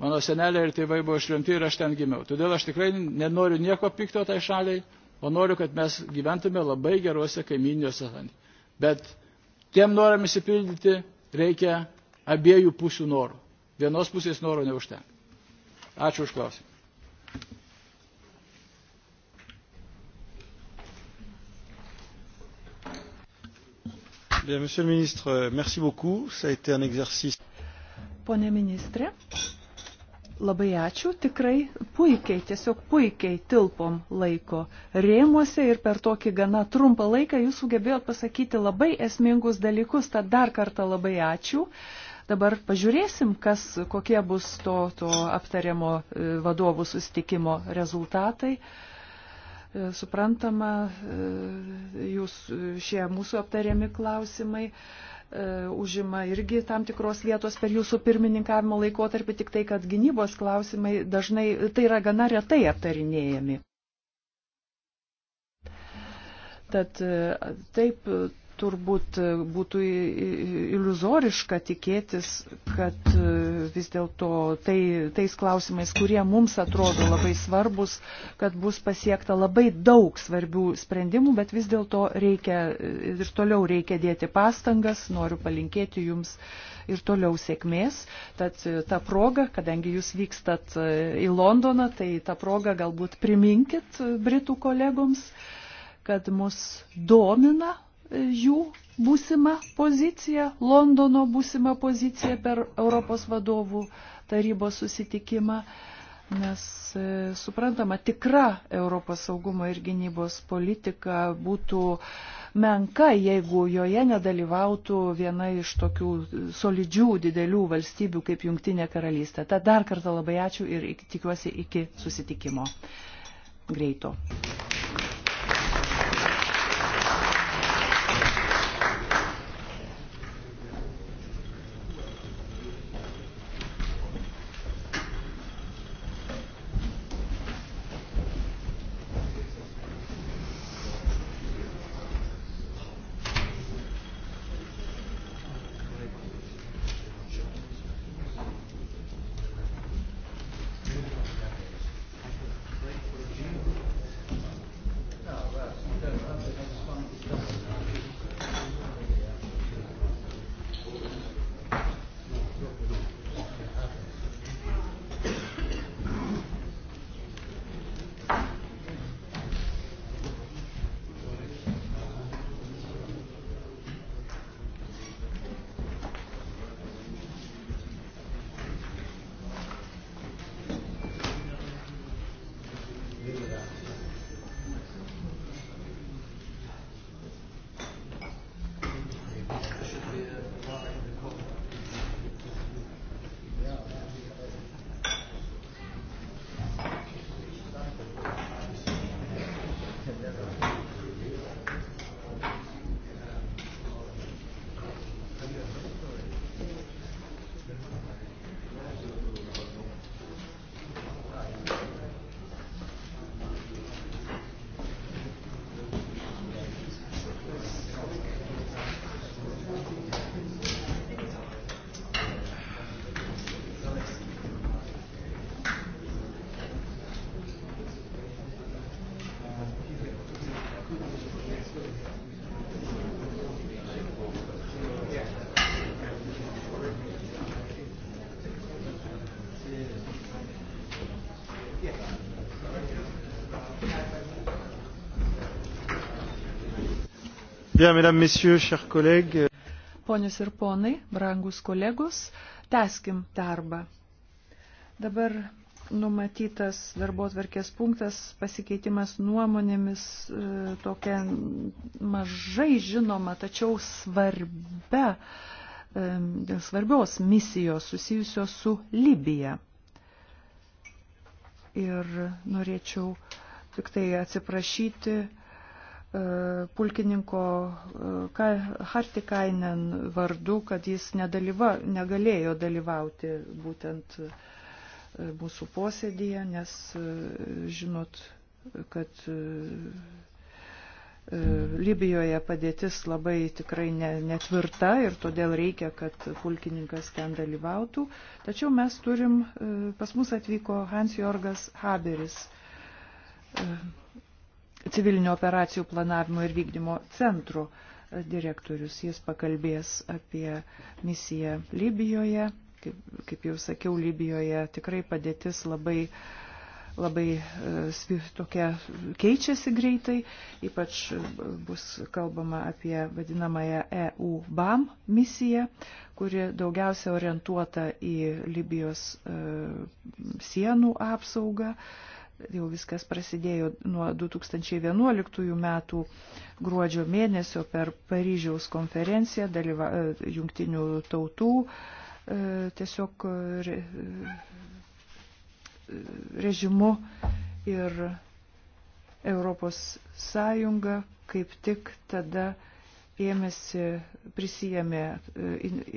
Mano senelė ir tėvai buvo išrinkti ir aš ten gimiau. Todėl aš tikrai nenoriu nieko pikto tai šaliai, o noriu, kad mes gyventume labai geruose kaiminiuose santykiuose. Bet tiem noram įsipildyti reikia abiejų pusių norų. Vienos pusės norų neužtenka. Ačiū už klausimą. Bien, monsieur le ministre, merci beaucoup. Ça a été un exercice. Pone ministre, Labai ačiū, tikrai puikiai, tiesiog puikiai tilpom laiko rėmuose ir per tokį gana trumpą laiką jūs sugebėjot pasakyti labai esmingus dalykus, tad dar kartą labai ačiū. Dabar pažiūrėsim, kas, kokie bus to, to aptariamo e, vadovų sustikimo rezultatai. E, suprantama, e, jūs šie mūsų aptariami klausimai E, užima irgi tam tikros vietos per jūsų pirmininkavimo laikotarpį, tik tai, kad gynybos klausimai dažnai, tai yra gana retai aptarinėjami. Tad e, taip, turbūt būtų iliuzoriška tikėtis, kad e, vis dėlto tai, tais klausimais, kurie mums atrodo labai svarbus, kad bus pasiekta labai daug svarbių sprendimų, bet vis dėlto reikia ir toliau reikia dėti pastangas. Noriu palinkėti Jums ir toliau sėkmės. Tad e, ta proga, kadangi jūs vykstat e, į Londoną, tai ta proga galbūt priminkit Britų kolegoms, kad mus domina jų būsimą poziciją, Londono būsimą poziciją per Europos vadovų tarybos susitikimą, nes e, suprantama, tikra Europos saugumo ir gynybos politika būtų menka, jeigu joje nedalyvautų viena iš tokių solidžių didelių valstybių kaip Junktinė karalystė. Tad dar kartą labai ačiū ir tikiuosi iki susitikimo greito. Bien, mesdames, messieurs, chers collègues. Ponius ir ponai, brangus kolegos, teskim darbą. Dabar numatytas darbo atverkės punktas pasikeitimas nuomonėmis e, tokia mažai žinoma, tačiau svarbia, e, dėl svarbios misijos susijusios su Libija. Ir norėčiau tik tai atsiprašyti pulkininko e, Hartikainen vardu, kad jis nedalyva, negalėjo dalyvauti būtent e, mūsų posėdėje, nes e, žinot, kad Libijoje padėtis labai tikrai netvirta ir todėl reikia, kad pulkininkas ten dalyvautų. Tačiau mes turim, pas mus atvyko Hans Jorgas Haberis, civilinio operacijų planavimo ir vykdymo centro direktorius. Jis pakalbės apie misiją Libijoje. Kaip, kaip jau sakiau, Libijoje tikrai padėtis labai labai e, tokia keičiasi greitai, ypač e, bus kalbama apie vadinamąją EU-BAM misiją, kuri daugiausia orientuota į Libijos e, sienų apsaugą jau viskas prasidėjo nuo 2011 metų gruodžio mėnesio per Paryžiaus konferenciją dalyva, e, jungtinių tautų e, tiesiog re, e, režimu ir Europos Sąjunga kaip tik tada ėmėsi, prisijėmė,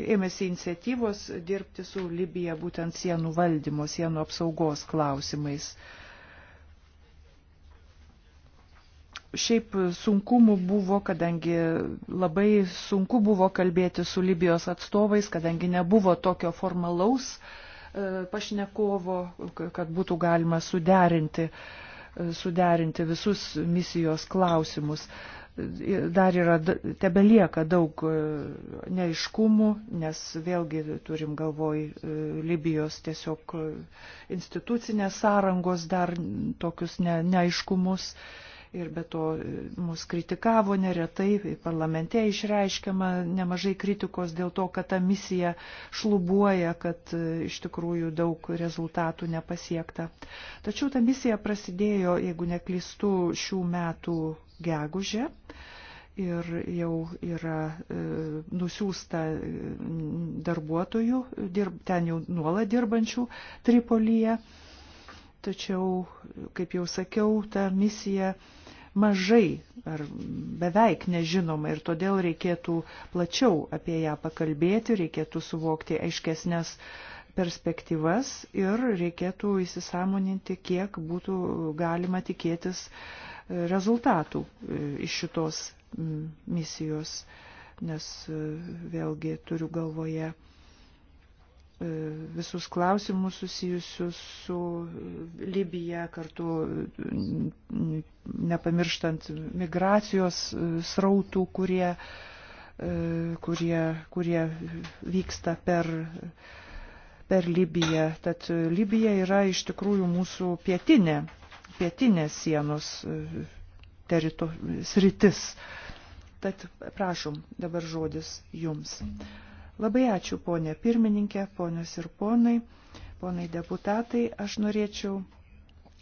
ėmėsi iniciatyvos dirbti su Libija būtent sienų valdymo, sienų apsaugos klausimais. Uh, šiaip sunkumų buvo, kadangi labai sunku buvo kalbėti su Libijos atstovais, kadangi nebuvo tokio formalaus e, pašnekovo, kad būtų galima suderinti, e, suderinti visus misijos klausimus e, dar yra, tebelieka daug neiškumų, nes vėlgi turim galvoj Libijos tiesiog institucinės sąrangos dar tokius ne, neiškumus ir be to e, mus kritikavo neretai, e, parlamente išreiškiama nemažai kritikos dėl to, kad ta misija šlubuoja, kad e, iš tikrųjų daug rezultatų nepasiekta. Tačiau ta misija prasidėjo, jeigu neklystu, šių metų gegužė. Ir jau yra e, nusiųsta darbuotojų, dirb, ten jau nuolat dirbančių Tripolyje. Tačiau, kaip jau sakiau, ta misija mažai ar beveik nežinoma ir todėl reikėtų plačiau apie ją pakalbėti, reikėtų suvokti aiškesnės perspektyvas ir reikėtų įsisamoninti, kiek būtų galima tikėtis e, rezultatų e, iš šitos misijos, nes e, vėlgi turiu galvoje E, visus klausimus susijusius su Libija, kartu nepamirštant migracijos e, srautų, kurie, e, kurie, kurie vyksta per, per Libiją. Tad Libija yra iš tikrųjų mūsų pietinė, pietinė sienos terito, sritis. Tad prašom, dabar žodis jums. Mm. Labai ačiū ponė pirmininkė, ponios ir ponai, ponai deputatai. Aš norėčiau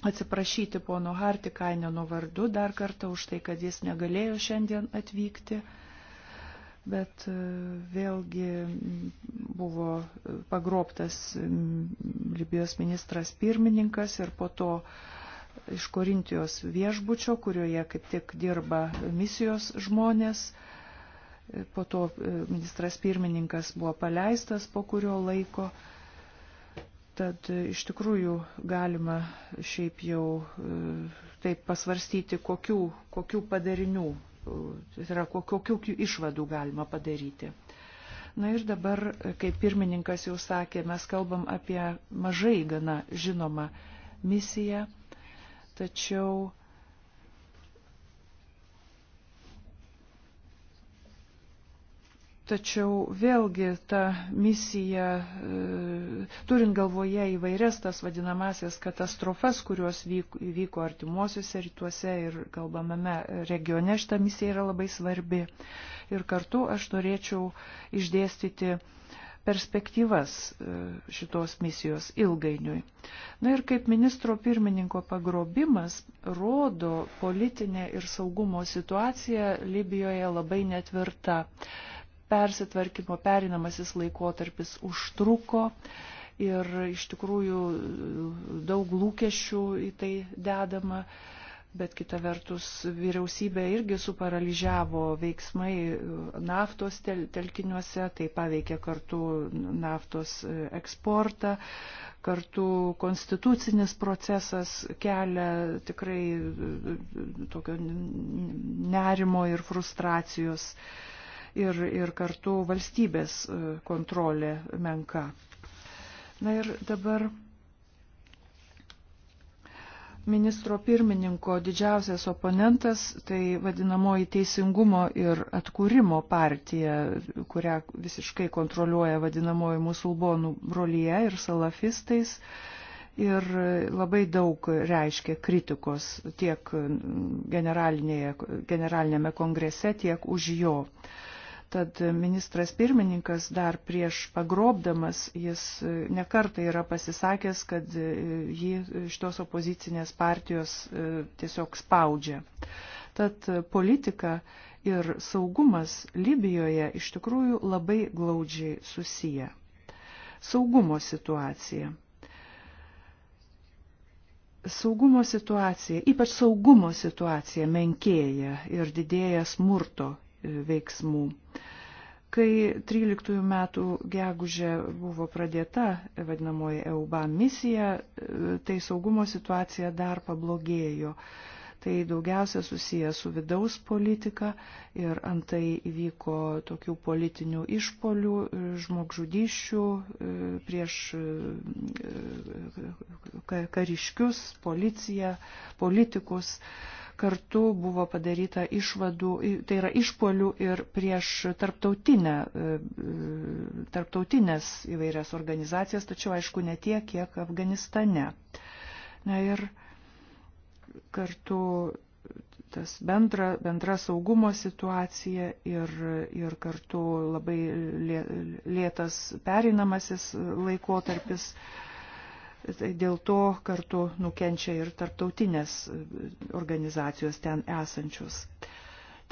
atsiprašyti pono Hartikaineno vardu dar kartą už tai, kad jis negalėjo šiandien atvykti bet e, vėlgi buvo pagrobtas Libijos ministras pirmininkas ir po to iš Korintijos viešbučio, kurioje kaip tik dirba misijos žmonės, Po to e, ministras pirmininkas buvo paleistas po kurio laiko. Tad e, iš tikrųjų galima šiaip jau e, taip pasvarstyti, kokių, kokių padarinių, tai yra kokių išvadų galima padaryti. Na ir dabar, kaip pirmininkas jau sakė, mes kalbam apie mažai gana žinomą misiją, tačiau Tačiau vėlgi ta misija, e, turint galvoje įvairias tas vadinamasias katastrofas, kurios vyko, vyko artimuosiuose rytuose ir kalbamame regione, šita misija yra labai svarbi. Ir kartu aš norėčiau išdėstyti perspektyvas e, šitos misijos ilgainiui. Na ir kaip ministro pirmininko pagrobimas rodo politinė ir saugumo situacija Libijoje labai netvirta persitvarkymo perinamasis laikotarpis užtruko ir iš tikrųjų daug lūkesčių į tai dedama, bet kita vertus vyriausybė irgi suparalyžiavo veiksmai naftos tel telkiniuose, tai paveikė kartu naftos eksportą, kartu konstitucinis procesas kelia tikrai tokio nerimo ir frustracijos. Uh, ir, ir kartu valstybės e, kontrolė menka. Na ir dabar ministro pirmininko didžiausias oponentas tai vadinamoji teisingumo ir atkūrimo partija, kurią visiškai kontroliuoja vadinamoji musulmonų brolyje ir salafistais ir labai daug reiškia kritikos tiek generalinėme kongrese, tiek už jo. Tad ministras pirmininkas dar prieš pagrobdamas, jis e, nekartai yra pasisakęs, kad e, jį šitos opozicinės partijos e, tiesiog spaudžia. Tad politika ir saugumas Libijoje iš tikrųjų labai glaudžiai susiję. Saugumo situacija. Saugumo situacija, ypač saugumo situacija menkėja ir didėja smurto veiksmų. Kai 13 metų gegužė buvo pradėta vadinamoji EUBA misija, tai saugumo situacija dar pablogėjo. Tai daugiausia susiję su vidaus politika ir antai įvyko tokių politinių išpolių, žmogžudyščių e, prieš e, kariškius, policiją, politikus. politikus kartu buvo padaryta išvadų, tai yra išpolių ir prieš tarptautinę, e, e, tarptautinės įvairias organizacijas, tačiau aišku ne tiek, kiek Afganistane. Na ir kartu tas bendra, bendra saugumo situacija ir, ir kartu labai lėtas perinamasis laikotarpis Dėl to kartu nukenčia ir tarptautinės organizacijos ten esančius.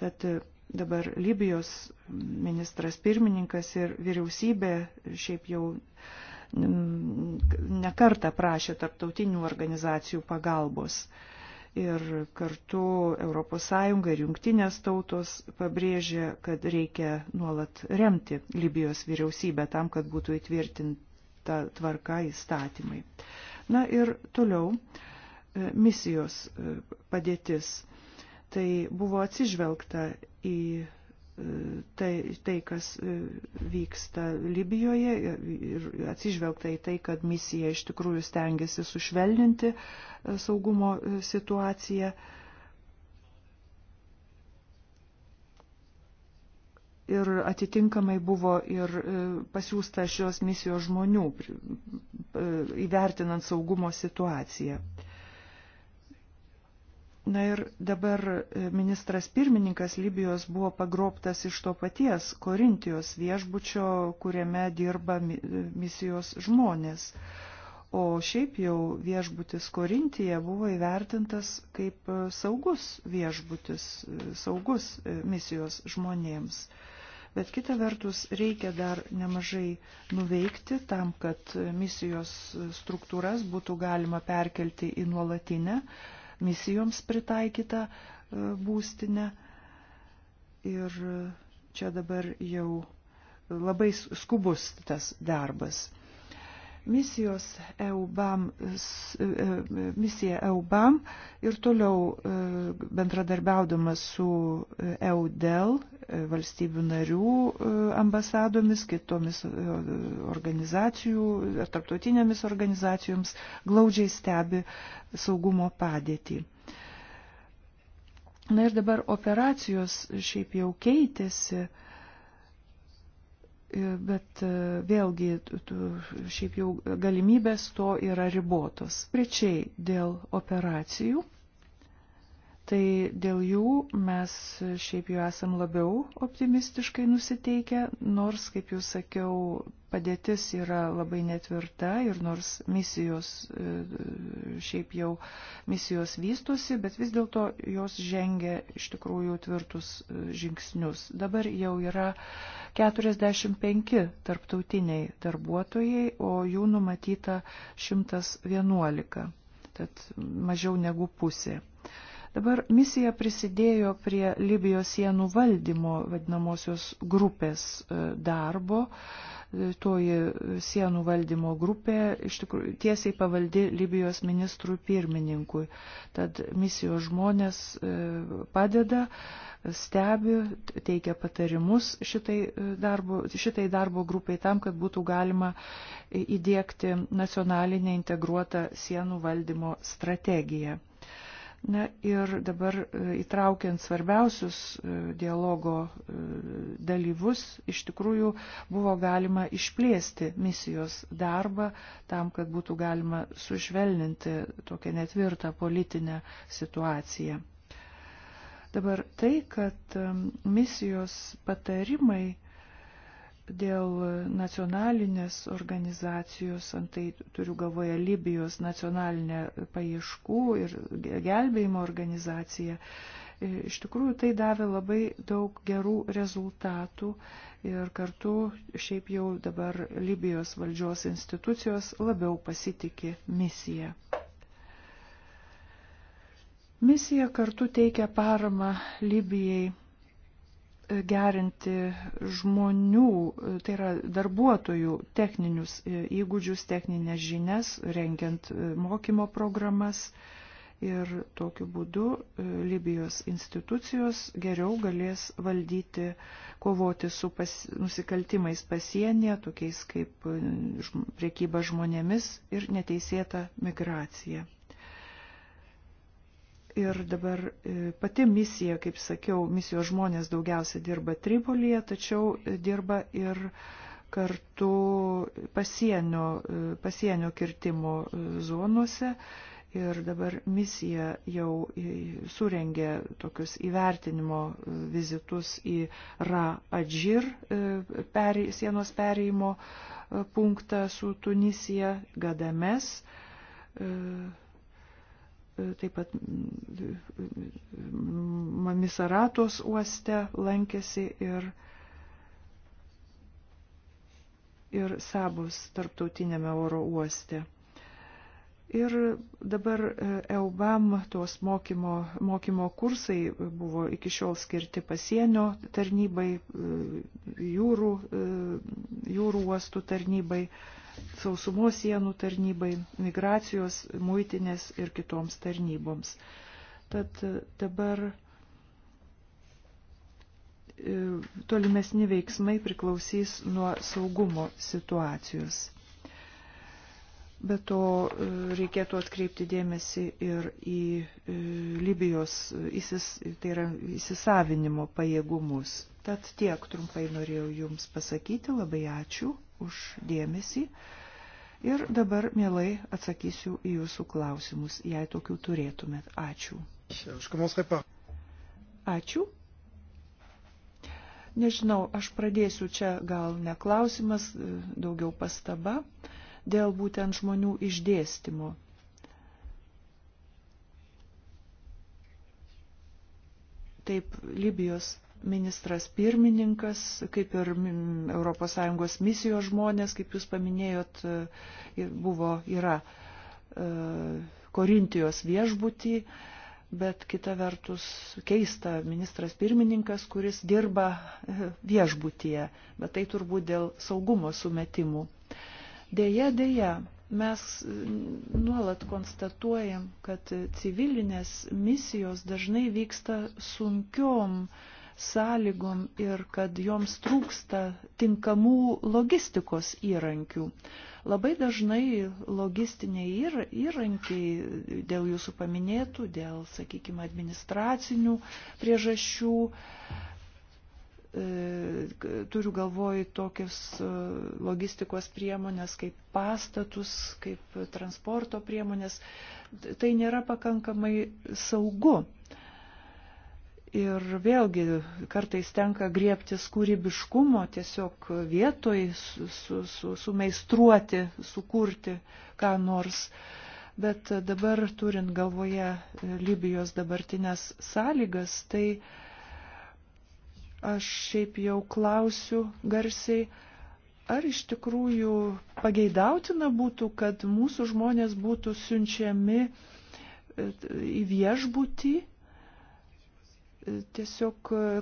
Tad e, dabar Libijos ministras pirmininkas ir vyriausybė šiaip jau nekarta prašė tarptautinių organizacijų pagalbos. Ir kartu ES ir jungtinės tautos pabrėžė, kad reikia nuolat remti Libijos vyriausybę tam, kad būtų įtvirtinti ta tvarka įstatymai. Na ir toliau e, misijos e, padėtis. Tai buvo atsižvelgta į e, tai, tai kas vyksta Libijoje ir atsižvelgta į tai, kad misija iš tikrųjų stengiasi sušvelninti saugumo situaciją ir atitinkamai buvo ir e, pasiūsta šios misijos žmonių e, įvertinant saugumo situaciją. Na ir dabar e, ministras pirmininkas Libijos buvo pagrobtas iš to paties Korintijos viešbučio, kuriame dirba misijos žmonės. O šiaip jau viešbutis Korintija buvo įvertintas kaip saugus viešbutis, saugus misijos žmonėms. Bet kita vertus, reikia dar nemažai nuveikti tam, kad misijos struktūras būtų galima perkelti į nuolatinę, misijoms pritaikytą e, būstinę. Ir čia dabar jau labai skubus tas darbas. Misijos EUBAM, e, e, misija EUBAM ir toliau e, bendradarbiaudamas su EUDEL, valstybių narių ambasadomis, kitomis organizacijų, tarptautinėmis organizacijoms, glaudžiai stebi saugumo padėtį. Na ir dabar operacijos šiaip jau keitėsi E, bet e, vėlgi šiaip jau galimybės to yra ribotos. Prečiai dėl operacijų Tai dėl jų mes šiaip jau esam labiau optimistiškai nusiteikę, nors, kaip jau sakiau, padėtis yra labai netvirta ir nors misijos e, šiaip jau misijos vystosi, bet vis dėlto jos žengia iš tikrųjų tvirtus e, žingsnius. Dabar jau yra 45 tarptautiniai darbuotojai, o jų numatyta 111, tad mažiau negu pusė. Uh, Dabar misija prisidėjo prie Libijos sienų valdymo vadinamosios grupės e, darbo. E, toji sienų valdymo grupė iš tikrųjų tiesiai pavaldi Libijos ministrui pirmininkui. Tad misijos žmonės e, padeda, stebi, teikia patarimus šitai darbo, šitai darbo grupiai tam, kad būtų galima įdėkti nacionalinę integruotą sienų valdymo strategiją. Na ir dabar e, įtraukiant svarbiausius e, dialogo e, dalyvus, iš tikrųjų buvo galima išplėsti misijos darbą tam, kad būtų galima sušvelninti tokią netvirtą politinę situaciją. Dabar tai, kad misijos patarimai dėl nacionalinės organizacijos, antai turiu galvoje Libijos nacionalinę paieškų ir gelbėjimo organizaciją, e, iš tikrųjų tai davė labai daug gerų rezultatų ir kartu šiaip jau dabar Libijos valdžios institucijos labiau pasitikė misiją. Misija kartu teikia paramą Libijai gerinti žmonių, tai yra darbuotojų techninius įgūdžius, techninės žinias, rengiant mokymo programas. Ir tokiu būdu e, Libijos institucijos geriau galės valdyti, kovoti su pas, nusikaltimais pasienyje, tokiais kaip e, priekyba žmonėmis ir neteisėta migracija. Ir dabar e, pati misija, kaip sakiau, misijos žmonės daugiausia dirba Tripolyje, tačiau e, dirba ir kartu pasienio, e, pasienio kirtimo zonuose. Ir dabar misija jau surengė tokius įvertinimo vizitus į Ra Adžir perį, sienos perėjimo punktą su Tunisija, Gadames taip pat mm, mm, Misaratos uoste lankėsi ir, ir Sabos tarptautinėme oro uoste. Ir dabar e, EUBAM tos mokymo, mokymo kursai buvo iki šiol skirti pasienio tarnybai, e, jūrų, e, jūrų uostų tarnybai sausumos sienų tarnybai, migracijos, muitinės ir kitoms tarnyboms. Tad e, dabar e, tolimesni veiksmai priklausys nuo saugumo situacijos. Be to e, reikėtų atkreipti dėmesį ir į Libijos įsis, tai yra, įsisavinimo pajėgumus. Tad tiek trumpai norėjau Jums pasakyti, labai ačiū už dėmesį. Ir dabar mielai atsakysiu į jūsų klausimus, jei tokių turėtumėt. Ačiū. Ačiū. Nežinau, aš pradėsiu čia gal ne klausimas, daugiau pastaba dėl būtent žmonių išdėstimo. Taip, Libijos ministras pirmininkas, kaip ir ES misijos žmonės, kaip jūs paminėjot, e, buvo, yra e, Korintijos viešbutį, bet kita vertus keista ministras pirmininkas, kuris dirba e, viešbutyje, bet tai turbūt dėl saugumo sumetimų. Deja, deja, mes nuolat konstatuojam, kad civilinės misijos dažnai vyksta sunkiom uh, sąlygom ir kad joms trūksta tinkamų logistikos įrankių. Labai dažnai logistiniai įrankiai dėl jūsų paminėtų, dėl, sakykime, administracinių priežasčių, e, turiu galvoj tokias e, logistikos priemonės kaip pastatus, kaip transporto priemonės, tai nėra pakankamai saugu Ir vėlgi kartais tenka griebtis kūrybiškumo, tiesiog vietoj sumeistruoti, su, su, su sukurti ką nors. Bet dabar turint galvoje Libijos dabartinės sąlygas, tai aš šiaip jau klausiu garsiai, ar iš tikrųjų pageidautina būtų, kad mūsų žmonės būtų siunčiami į viešbutį tiesiog,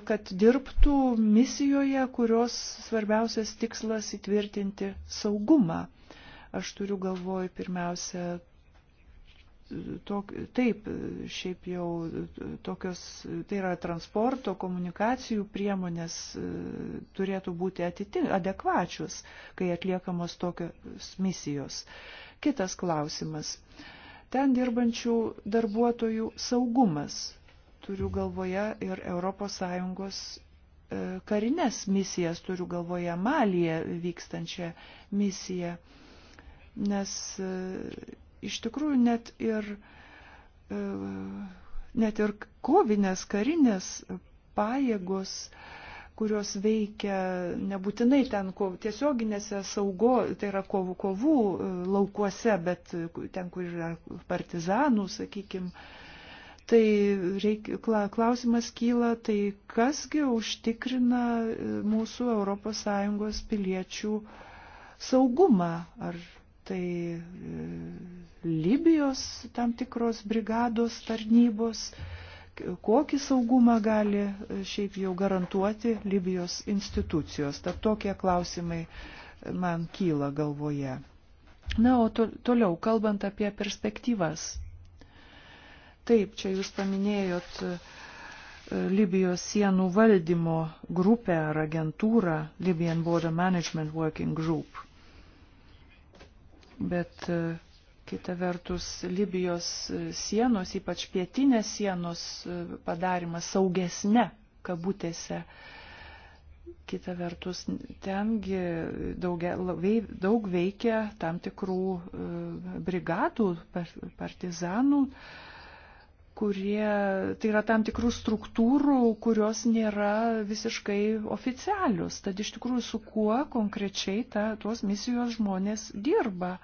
kad dirbtų misijoje, kurios svarbiausias tikslas įtvirtinti saugumą. Aš turiu galvoj pirmiausia, tok, taip, šiaip jau tokios, tai yra transporto, komunikacijų priemonės e, turėtų būti atiti, adekvačius, kai atliekamos tokios misijos. Kitas klausimas. Ten dirbančių darbuotojų saugumas turiu galvoje ir ES e, karinės misijas, turiu galvoje Malyje vykstančią misiją. Nes e, iš tikrųjų net ir, e, net ir kovinės karinės pajėgos kurios veikia nebūtinai ten tiesioginėse saugo, tai yra kovų, kovų laukuose, bet ten, kur yra partizanų, sakykime, Tai reik, klausimas kyla, tai kasgi užtikrina e, mūsų ES piliečių saugumą? Ar tai e, Libijos tam tikros brigados tarnybos? kokį saugumą gali e, šiaip jau garantuoti Libijos institucijos. Tad tokie klausimai man kyla galvoje. Na, o to, toliau, kalbant apie perspektyvas, Taip, čia jūs paminėjot e, Libijos sienų valdymo grupę ar agentūrą Libyan Border Management Working Group. Bet e, kita vertus, Libijos e, sienos, ypač pietinės sienos padarimas saugesne, kabutėse, kita vertus, tengi daugia, daug veikia tam tikrų brigadų, partizanų, kurie, tai yra tam tikrų struktūrų, kurios nėra visiškai oficialius. Tad iš tikrųjų, su kuo konkrečiai ta, tuos misijos žmonės dirba?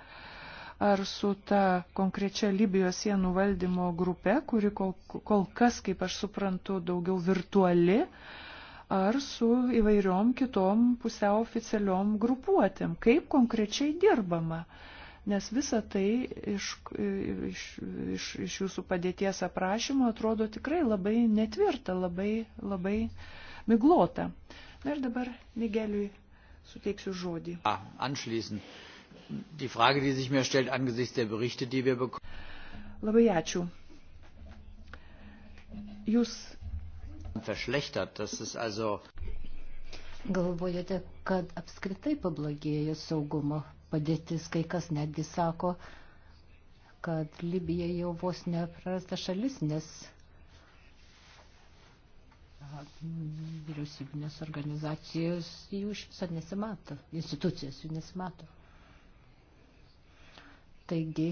Ar su ta konkrečia Libijos sienų valdymo grupe, kuri kol, kol kas, kaip aš suprantu, daugiau virtuali, ar su įvairiom kitom pusiau oficialiom grupuotėm? Kaip konkrečiai dirbama? Uh, nes visa tai iš, iš, iš, iš jūsų padėties aprašymo atrodo tikrai labai netvirta, labai, labai miglota. Na ir dabar Migeliui suteiksiu žodį. A, ah, anschließen. Die Frage, die sich mir stellt angesichts der Berichte, die wir bekommen. Labai ačiū. Jūs. Verschlechtert, das ist also. Galvojate, kad apskritai pablogėjo saugumo padėtis, kai kas netgi sako, kad Libija jau vos neprarasta šalis, nes vyriausybinės organizacijos jų iš viso nesimato, institucijos jų nesimato. Taigi,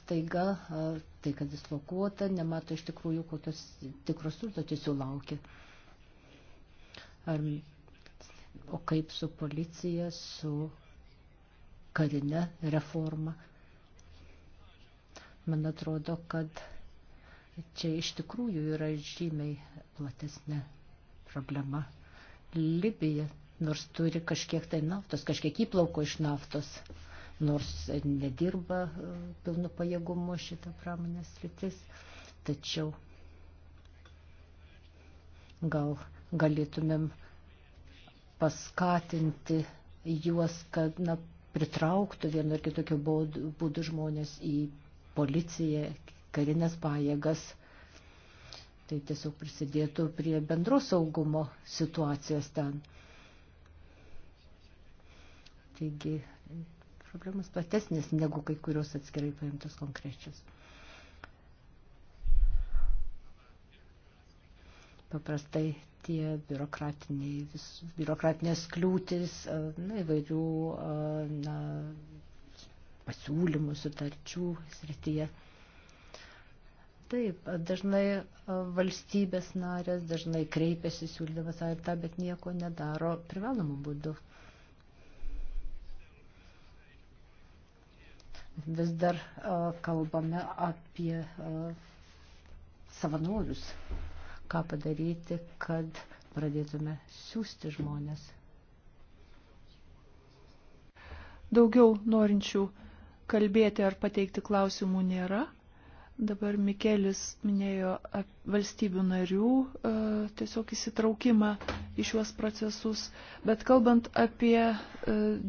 staiga, tai kad dislokuota, nemato iš tikrųjų, kokios tikros užduotys jų laukia. Ar O kaip su policija, su karinė reforma? Man atrodo, kad čia iš tikrųjų yra žymiai platesnė problema. Libija nors turi kažkiek tai naftos, kažkiek įplauko iš naftos, nors nedirba e, pilnu pajėgumu šitą pramonės rytis, tačiau gal galėtumėm paskatinti juos, kad na, pritrauktų vienu ar kitokiu būdu žmonės į policiją, karinės pajėgas. Tai tiesiog prisidėtų prie bendros saugumo situacijos ten. Taigi problemas platesnės negu kai kurios atskirai paimtos konkrečios. Paprastai biurokratija, vis, biurokratinės kliūtis, e, na, įvairių e, na, pasiūlymų, sutarčių srityje. Taip, dažnai e, valstybės narės, dažnai kreipiasi siūlydamas ar tą, bet nieko nedaro privalomų būdų. Vis dar kalbame apie savanorius ką padaryti, kad pradėtume siūsti žmonės. Daugiau norinčių kalbėti ar pateikti klausimų nėra. Dabar Mikelis minėjo valstybių narių e, tiesiog įsitraukimą į šiuos procesus, bet kalbant apie e,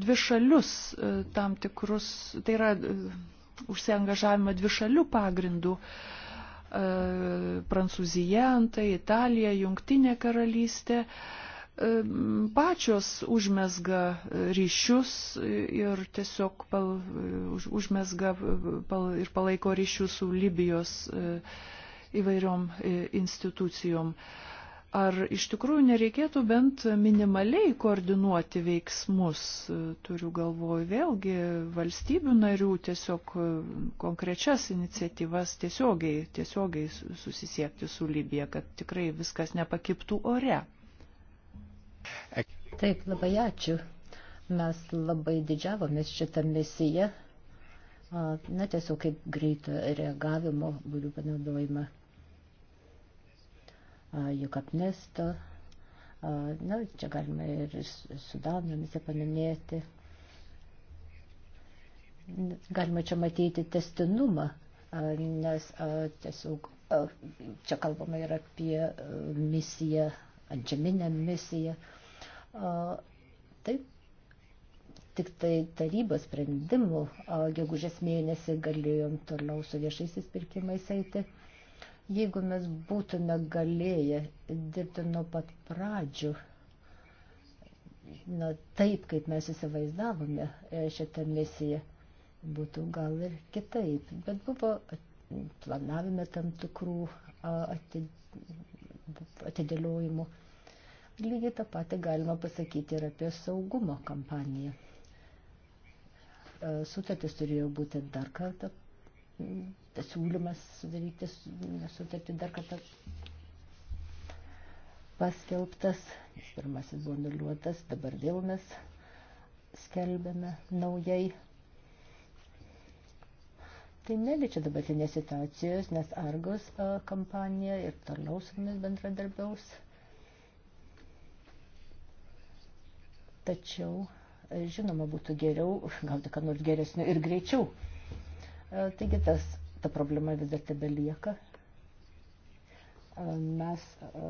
dvi šalius e, tam tikrus, tai yra užsiengažavimą dvi šalių pagrindų, E, Prancūzija, antai Italija, Jungtinė karalystė e, pačios užmesga ryšius ir tiesiog pal, užmesga pal, ir palaiko ryšius su Libijos e, įvairiom institucijom. Uh, ar iš tikrųjų nereikėtų bent minimaliai koordinuoti veiksmus, turiu galvoj vėlgi valstybių narių tiesiog konkrečias iniciatyvas tiesiogiai, tiesiogiai susisiekti su Libija, kad tikrai viskas nepakiptų ore. Taip, labai ačiū. Mes labai didžiavomės šitą misiją. Na, tiesiog kaip greito reagavimo būdų panaudojimą. Jukapnesto. Na, čia galima ir Sudaną visą paminėti. Galima čia matyti testinumą, nes tiesiog čia kalbama ir apie misiją, antžeminę misiją. Taip, tik tai tarybos sprendimų gegužės mėnesį galėjom toliau su viešaisiais pirkimais eiti. Jeigu mes būtume galėję dirbti nuo pat pradžių, na, taip, kaip mes įsivaizdavome e, šitą misiją, būtų gal ir kitaip. Bet buvo planavime tam tikrų atidėliojimų. Lygiai tą patį galima pasakyti ir apie saugumo kampaniją. E, sutartis turėjo būti dar kartą tas siūlymas sudaryti sutartį dar kartą paskelbtas, pirmasis buvo nuliuotas, dabar vėl mes skelbėme naujai. Tai neličia dabartinės situacijos, nes Argos kampanija ir toliau su mumis bendradarbiaus. Tačiau, žinoma, būtų geriau gauti ką nors geresnio ir greičiau. E, taigi tas, ta problema vis dar tebelieka. E, mes e,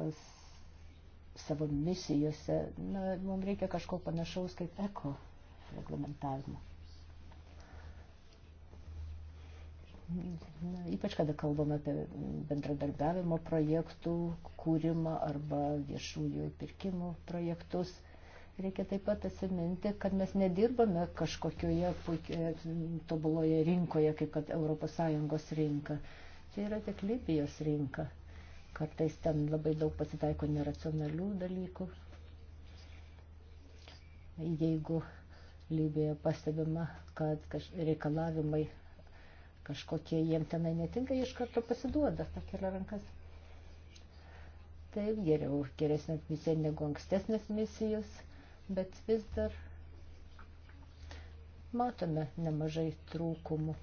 savo misijose, na, mums reikia kažko panašaus kaip eko reglamentavimo. na, ypač kada kalbame apie bendradarbiavimo projektų kūrimą arba viešųjų pirkimų projektus. Reikia taip pat atsiminti, kad mes nedirbame kažkokioje puikioje, tobuloje rinkoje, kaip kad ES rinka. Čia yra tik Libijos rinka. Kartais ten labai daug pasitaiko neracionalių dalykų. Jeigu Libijoje pastebima, kad kaž, reikalavimai kažkokie jiems tenai netinka, iš karto pasiduoda, pakelia rankas. Taip, geriau, geresnė misija negu ankstesnės misijos bet vis dar matome nemažai trūkumų.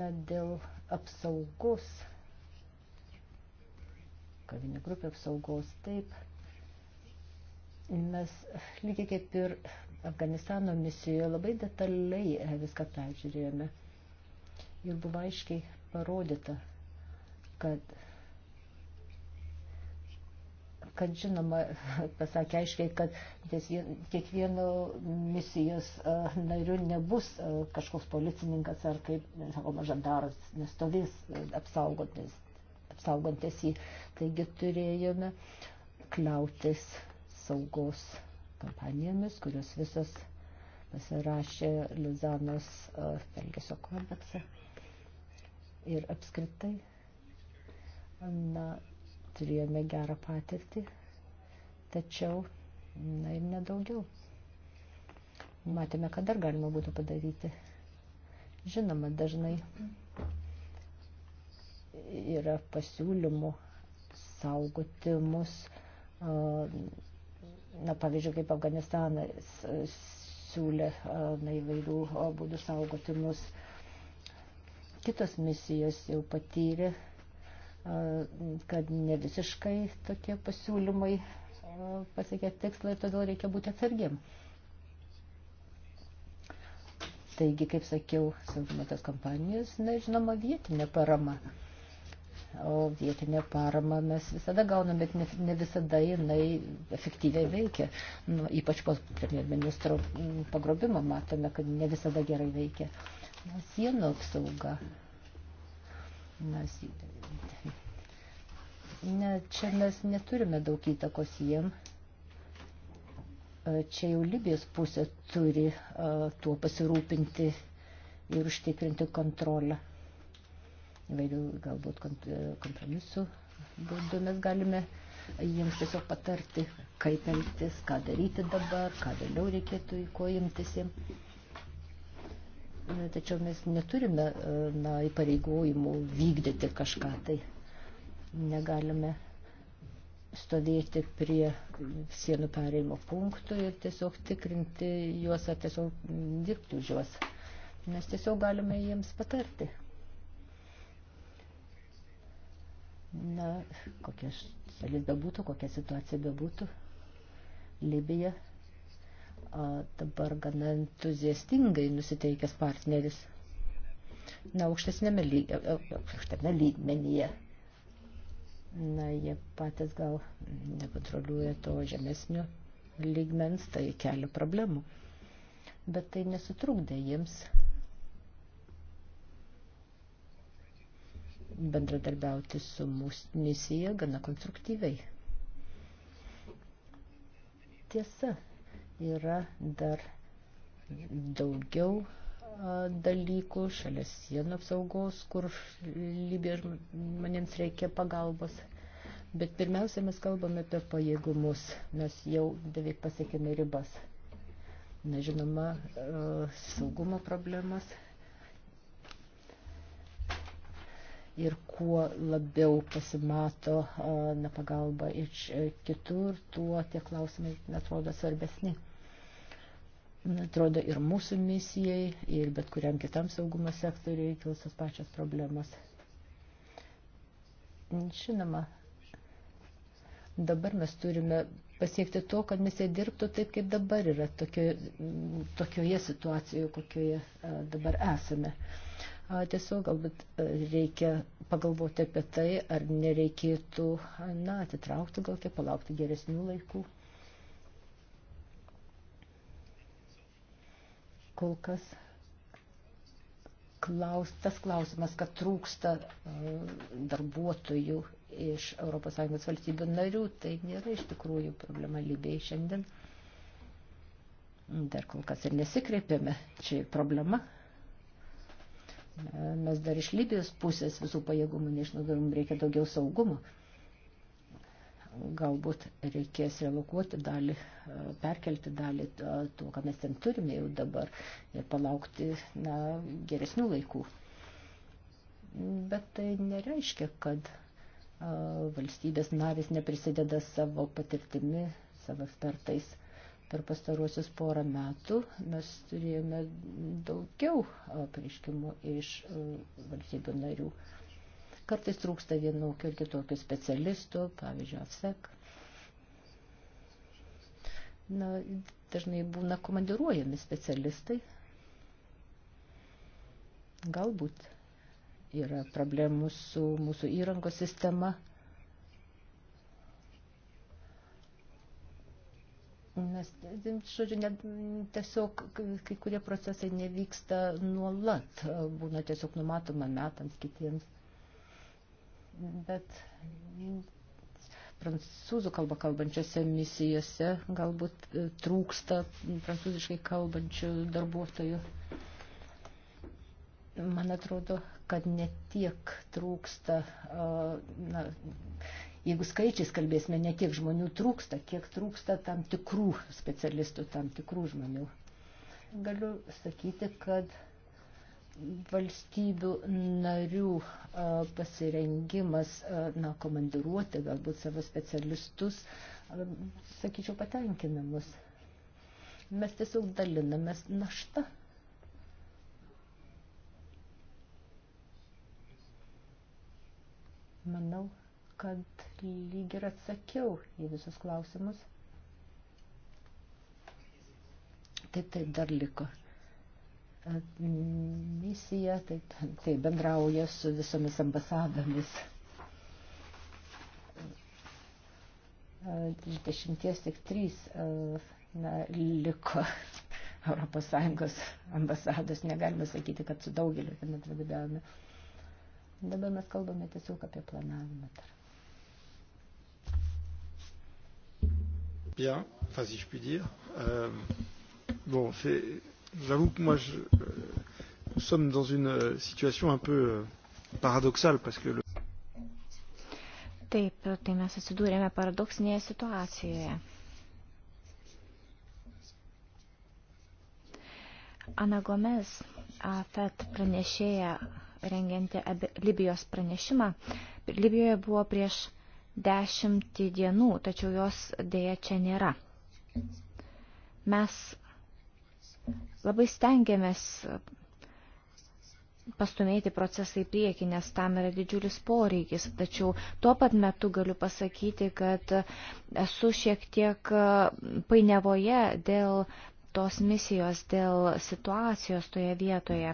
Na, dėl apsaugos, kavinė grupė apsaugos, taip, mes lygiai kaip ir Afganistano misijoje labai detaliai viską peržiūrėjome. Ir buvo aiškiai parodyta, kad kad žinoma, [laughs] pasakė aiškiai, kad kiekvienu misijos nariu nebus kažkoks policininkas ar kaip, sakoma, žandaras nestovės apsaugotis, apsaugantis jį. Taigi turėjome kliautis saugos kompanijomis, kurios visos pasirašė Lizanos Elgesio kodeksą. Ir apskritai, na, turėjome gerą patirtį, tačiau na, ir nedaugiau. Matėme, kad dar galima būtų padaryti. Žinoma, dažnai yra pasiūlymų saugoti mus. Na, pavyzdžiui, kaip Afganistanas siūlė na, įvairių būdų saugoti mus. Kitos misijos jau patyrė kad ne visiškai tokie pasiūlymai pasiekė tikslą ir todėl reikia būti atsargiam. Taigi, kaip sakiau, silpnumatas kompanijos, na, žinoma, vietinė parama. O vietinė parama mes visada gauname, bet ne, ne visada jinai efektyviai veikia. Nu, ypač po premjer ministro pagrobimo matome, kad ne visada gerai veikia. Na, sienų apsauga. Nes, ne, čia mes neturime daug įtakos jiem. E, čia jau Libijos pusė turi a, e, tuo pasirūpinti ir užtikrinti kontrolę. Įvairių galbūt kont, e, kompromisų būdų mes galime jiems tiesiog patarti, kaip elgtis, ką daryti dabar, ką vėliau reikėtų, ko imtis jiems tačiau mes neturime e, na, įpareigojimų vykdyti kažką, tai negalime stovėti prie sienų pereimo punktų ir tiesiog tikrinti juos ar tiesiog dirbti už juos. Mes tiesiog galime jiems patarti. Na, kokia šalis bebūtų, kokia situacija bebūtų, Libija dabar gana entuziastingai nusiteikęs partneris. Na, aukštesnėme e, e, lygmenyje. Na, jie patys gal nekontroliuoja to žemesnio lygmens, tai kelia problemų. Bet tai nesutrukdė jiems bendradarbiauti su mūsų misija gana konstruktyviai. Tiesa, yra dar daugiau dalykų šalia sienų apsaugos, kur Libijos žmonėms reikia pagalbos. Bet pirmiausia, mes kalbame apie pajėgumus, mes jau beveik pasiekėme ribas. Na, žinoma, saugumo problemas. Ir kuo labiau pasimato na, pagalba iš kitur, tuo tie klausimai atrodo svarbesni atrodo, ir mūsų misijai, ir bet kuriam kitam saugumo sektoriai kils tos pačios problemos. Žinoma, dabar mes turime pasiekti to, kad misija dirbtų taip, kaip dabar yra, tokio, tokioje situacijoje, kokioje dabar esame. Tiesiog galbūt reikia pagalvoti apie tai, ar nereikėtų, na, atitraukti, gal kiek palaukti geresnių laikų. kol kas klaus, tas klausimas, kad trūksta e, darbuotojų iš ES valstybių narių, tai nėra iš tikrųjų problema Libijai šiandien. Dar kol kas ir nesikreipėme, čia problema. E, mes dar iš Libijos pusės visų pajėgumų neišnaudojom, reikia daugiau saugumo galbūt reikės relokuoti dalį, e, perkelti dalį to, ką mes ten turime jau dabar ir palaukti na, geresnių laikų. Bet tai nereiškia, kad e, valstybės narys neprisideda savo patirtimi, savo ekspertais. Per pastaruosius porą metų mes turėjome daugiau e, pareiškimų iš valstybių narių. Uh, Kartais trūksta vienokių ir kitokių specialistų, pavyzdžiui, AFSEC. Na, dažnai būna komandiruojami specialistai. Galbūt yra problemų su mūsų įrangos sistema. Nes, žodžiu, ne, tiesiog kai kurie procesai nevyksta nuolat, būna tiesiog numatoma metams kitiems bet prancūzų kalbą kalbančiose misijose galbūt e, trūksta prancūziškai kalbančių darbuotojų. Man atrodo, kad ne tiek trūksta, e, na, jeigu skaičiais kalbėsime, ne tiek žmonių trūksta, kiek trūksta tam tikrų specialistų, tam tikrų žmonių. Galiu sakyti, kad valstybių narių pasirengimas, na, komandiruoti galbūt savo specialistus, sakyčiau, patenkinamus. Mes tiesiog dalinamės naštą. Manau, kad lyg ir atsakiau į visus klausimus. Taip, taip, dar liko misija, tai, tai bendrauja su visomis ambasadomis. 30 tik 3 na, liko Europos Sąjungos ambasados, negalima sakyti, kad su daugeliu bendradarbiavome. Dabar mes kalbame tiesiog apie planavimą. Bien, enfin si je puis dire. Euh, bon, c'est j'avoue que moi, je, euh, nous sommes dans une euh, situation un peu euh, paradoxale parce que le. Taip, tai mes atsidūrėme paradoksinėje situacijoje. Ana Gomes, FED pranešėja rengianti Libijos pranešimą, Libijoje buvo prieš dešimtį dienų, tačiau jos dėja čia nėra. Mes labai stengiamės pastumėti procesą į priekį, nes tam yra didžiulis poreikis. Tačiau tuo pat metu galiu pasakyti, kad esu šiek tiek painiavoje dėl tos misijos, dėl situacijos toje vietoje.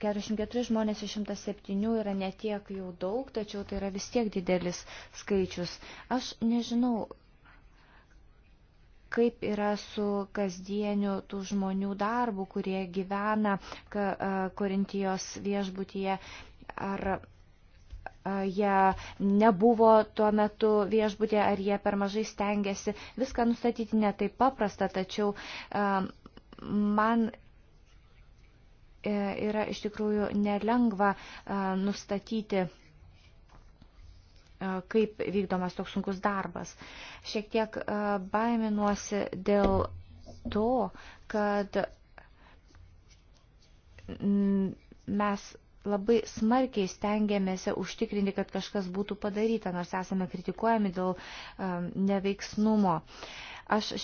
44 žmonės iš 107 yra netiek jau daug, tačiau tai yra vis tiek didelis skaičius. Aš nežinau, kaip yra su kasdieniu tų žmonių darbu, kurie gyvena Korintijos viešbutyje. Ar jie nebuvo tuo metu viešbutė, ar jie per mažai stengiasi. Viską nustatyti netaip paprasta, tačiau man e, yra iš tikrųjų nelengva nustatyti E, kaip vykdomas toks sunkus darbas. Šiek tiek e, baiminuosi dėl to, kad mes labai smarkiai stengiamės užtikrinti, kad kažkas būtų padaryta, nors esame kritikuojami dėl e, neveiksnumo. Aš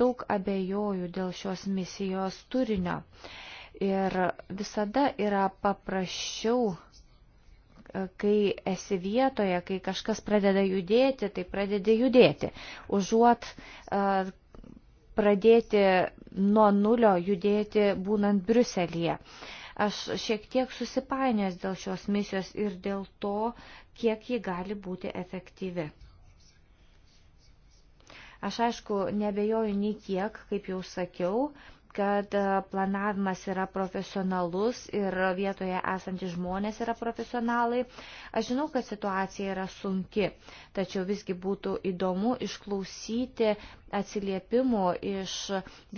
daug abejoju dėl šios misijos turinio. Ir visada yra paprasčiau kai esi vietoje, kai kažkas pradeda judėti, tai pradedi judėti. Užuot pradėti nuo nulio judėti būnant Briuselėje. Aš šiek tiek susipainiojęs dėl šios misijos ir dėl to, kiek ji gali būti efektyvi. Aš aišku, nebejoju nei kiek, kaip jau sakiau, kad e, planavimas yra profesionalus ir vietoje esantys žmonės yra profesionalai. Aš žinau, kad situacija yra sunki, tačiau visgi būtų įdomu išklausyti atsiliepimų iš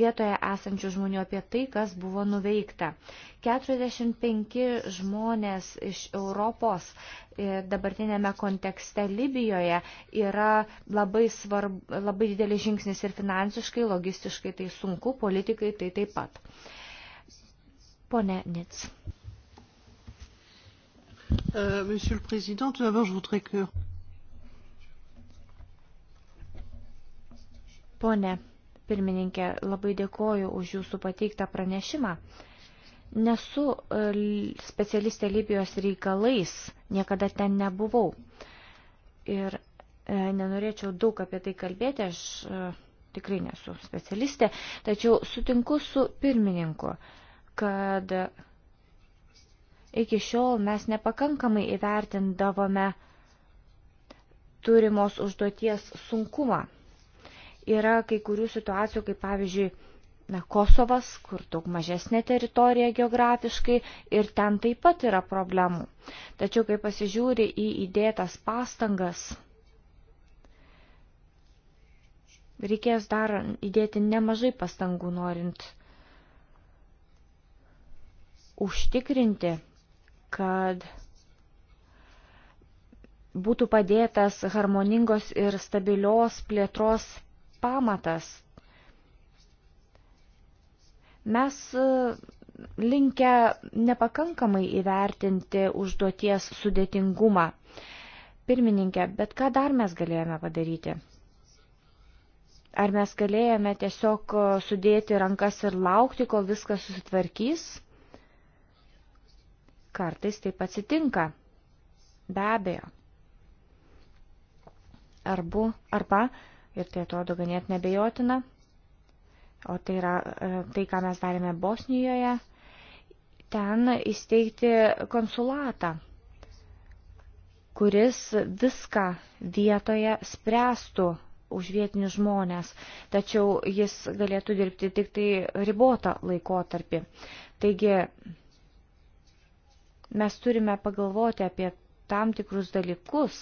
vietoje esančių žmonių apie tai, kas buvo nuveikta. 45 žmonės iš Europos e, dabartinėme kontekste Libijoje yra labai, svarb, labai didelis žingsnis ir finansiškai, logistiškai tai sunku, politikai tai taip pat. Pone Nits. Euh, Monsieur le Président, tout d'abord, je voudrais que. Pone pirmininkė, labai dėkoju už jūsų pateiktą pranešimą. Uh, Nesu e, specialistė Libijos reikalais, niekada ten nebuvau. Ir e, nenorėčiau daug apie tai kalbėti, aš e, tikrai nesu specialistė, tačiau sutinku su pirmininku, kad iki šiol mes nepakankamai įvertindavome turimos užduoties sunkumą. Yra kai kurių situacijų, kaip pavyzdžiui, na, Kosovas, kur daug mažesnė teritorija geografiškai ir ten taip pat yra problemų. Tačiau, kai pasižiūri į įdėtas pastangas, reikės dar įdėti nemažai pastangų norint užtikrinti, kad būtų padėtas harmoningos ir stabilios plėtros pamatas Mes e, linkę nepakankamai įvertinti užduoties sudėtingumą. Pirmininkė, bet ką dar mes galėjome padaryti? Ar mes galėjome tiesiog e, sudėti rankas ir laukti, kol viskas susitvarkys? Kartais taip atsitinka. Be abejo. Arbu, arba, ir tai atrodo ganėtinai bejotina, o tai yra e, tai, ką mes darėme Bosnijoje, ten įsteigti konsulatą, kuris viską vietoje spręstų už vietinius žmonės, tačiau jis galėtų dirbti tik tai ribotą laikotarpį. Taigi mes turime pagalvoti apie tam tikrus dalykus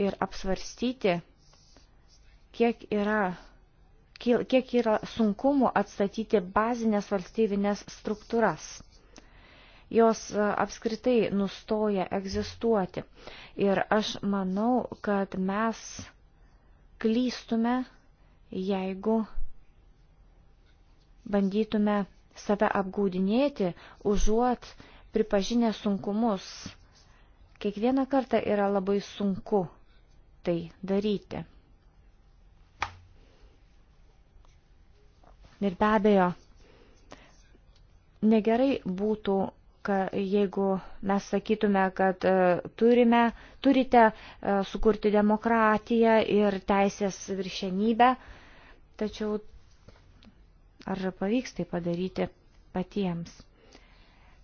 ir apsvarstyti, kiek yra kiek yra sunkumų atstatyti bazinės valstybinės struktūras. Jos e, apskritai nustoja egzistuoti. Ir aš manau, kad mes klystume, jeigu bandytume save apgaudinėti, užuot pripažinę sunkumus. Kiekvieną kartą yra labai sunku tai daryti. Ir be abejo, negerai būtų, ka, jeigu mes sakytume, kad e, turime, turite e, sukurti demokratiją ir teisės viršenybę, tačiau ar pavyks tai padaryti patiems?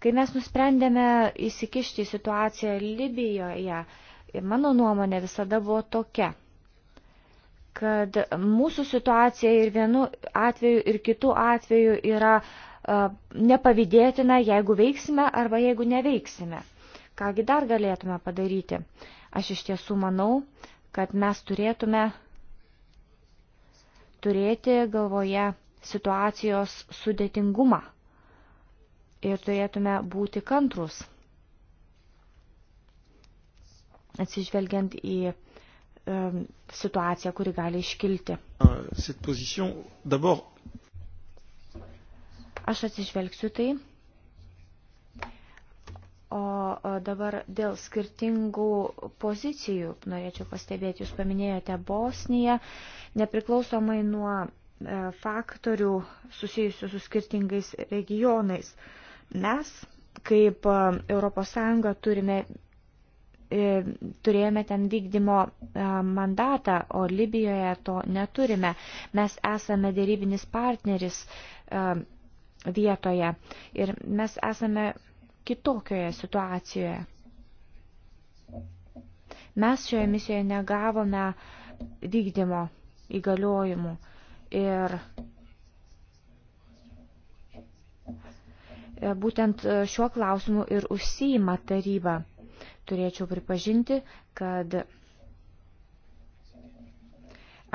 Kai mes nusprendėme įsikišti į situaciją Libijoje, mano nuomonė visada buvo tokia – kad mūsų situacija ir vienu atveju, ir kitu atveju yra e, nepavydėtina, jeigu veiksime arba jeigu neveiksime. Kągi dar galėtume padaryti? Aš iš tiesų manau, kad mes turėtume turėti galvoje situacijos sudėtingumą ir turėtume būti kantrus, atsižvelgiant į Um, situaciją, kuri gali iškilti. Aš atsižvelgsiu tai. O dabar dėl skirtingų pozicijų norėčiau pastebėti, jūs paminėjote Bosniją, nepriklausomai nuo e, faktorių susijusių su skirtingais regionais. Mes, kaip ES, turime E, turėjome ten vykdymo e, mandatą, o Libijoje to neturime. Mes esame dėrybinis partneris e, vietoje ir mes esame kitokioje situacijoje. Mes šioje misijoje negavome vykdymo įgaliojimų ir būtent šiuo klausimu ir užsijima taryba. Turėčiau pripažinti, kad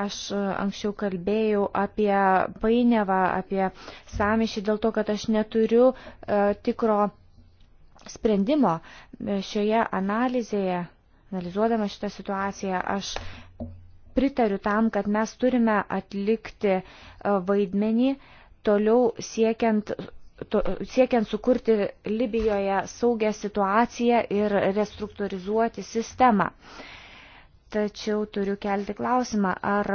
aš anksčiau kalbėjau apie painiavą, apie samišį dėl to, kad aš neturiu e, tikro sprendimo. Šioje analizėje, analizuodama šitą situaciją, aš pritariu tam, kad mes turime atlikti e, vaidmenį toliau siekiant to, siekiant sukurti Libijoje saugę situaciją ir restruktūrizuoti sistemą. Tačiau turiu kelti klausimą, ar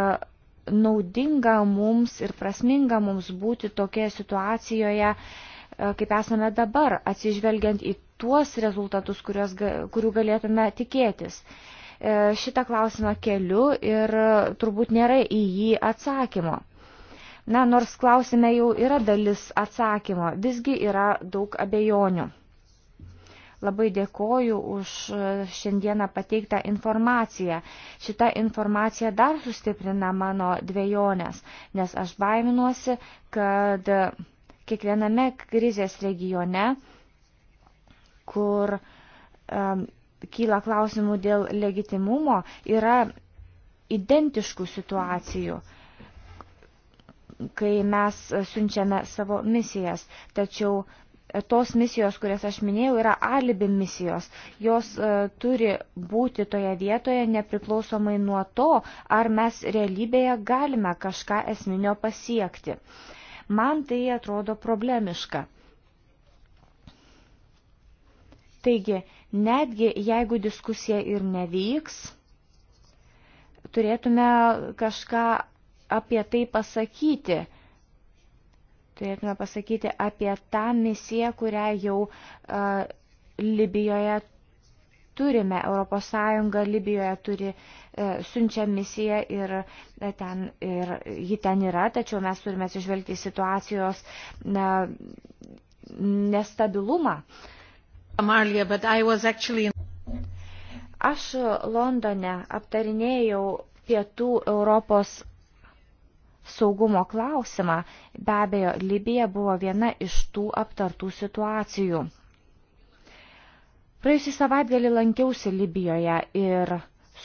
naudinga mums ir prasminga mums būti tokioje situacijoje, e, kaip esame dabar, atsižvelgiant į tuos rezultatus, kurios, kurių galėtume tikėtis. E, šitą klausimą keliu ir turbūt nėra į jį atsakymo. Na, nors klausime jau yra dalis atsakymo, visgi yra daug abejonių. Labai dėkoju už šiandieną pateiktą informaciją. Šita informacija dar sustiprina mano dviejonės, nes aš baiminuosi, kad kiekviename krizės regione, kur um, kyla klausimų dėl legitimumo, yra identiškų situacijų. Uh, kai mes siunčiame savo misijas. Tačiau e, tos misijos, kurias aš minėjau, yra alibi misijos. Jos uh, turi būti toje vietoje nepriklausomai nuo to, ar mes realybėje galime kažką esminio pasiekti. Man tai atrodo problemiška. Taigi, netgi jeigu diskusija ir nevyks, turėtume kažką apie tai pasakyti. Turėtume pasakyti apie tą misiją, kurią jau uh, Libijoje turime. ES Libijoje turi uh, siunčia misiją ir, uh, ten, ir ji ten yra, tačiau mes turime atsižvelgti į situacijos uh, nestabilumą. Somalia, but I was actually in aš Londone aptarinėjau pietų Europos saugumo klausimą, be abejo, Libija buvo viena iš tų aptartų situacijų. Praėjusį savaitgalį lankiausi Libijoje ir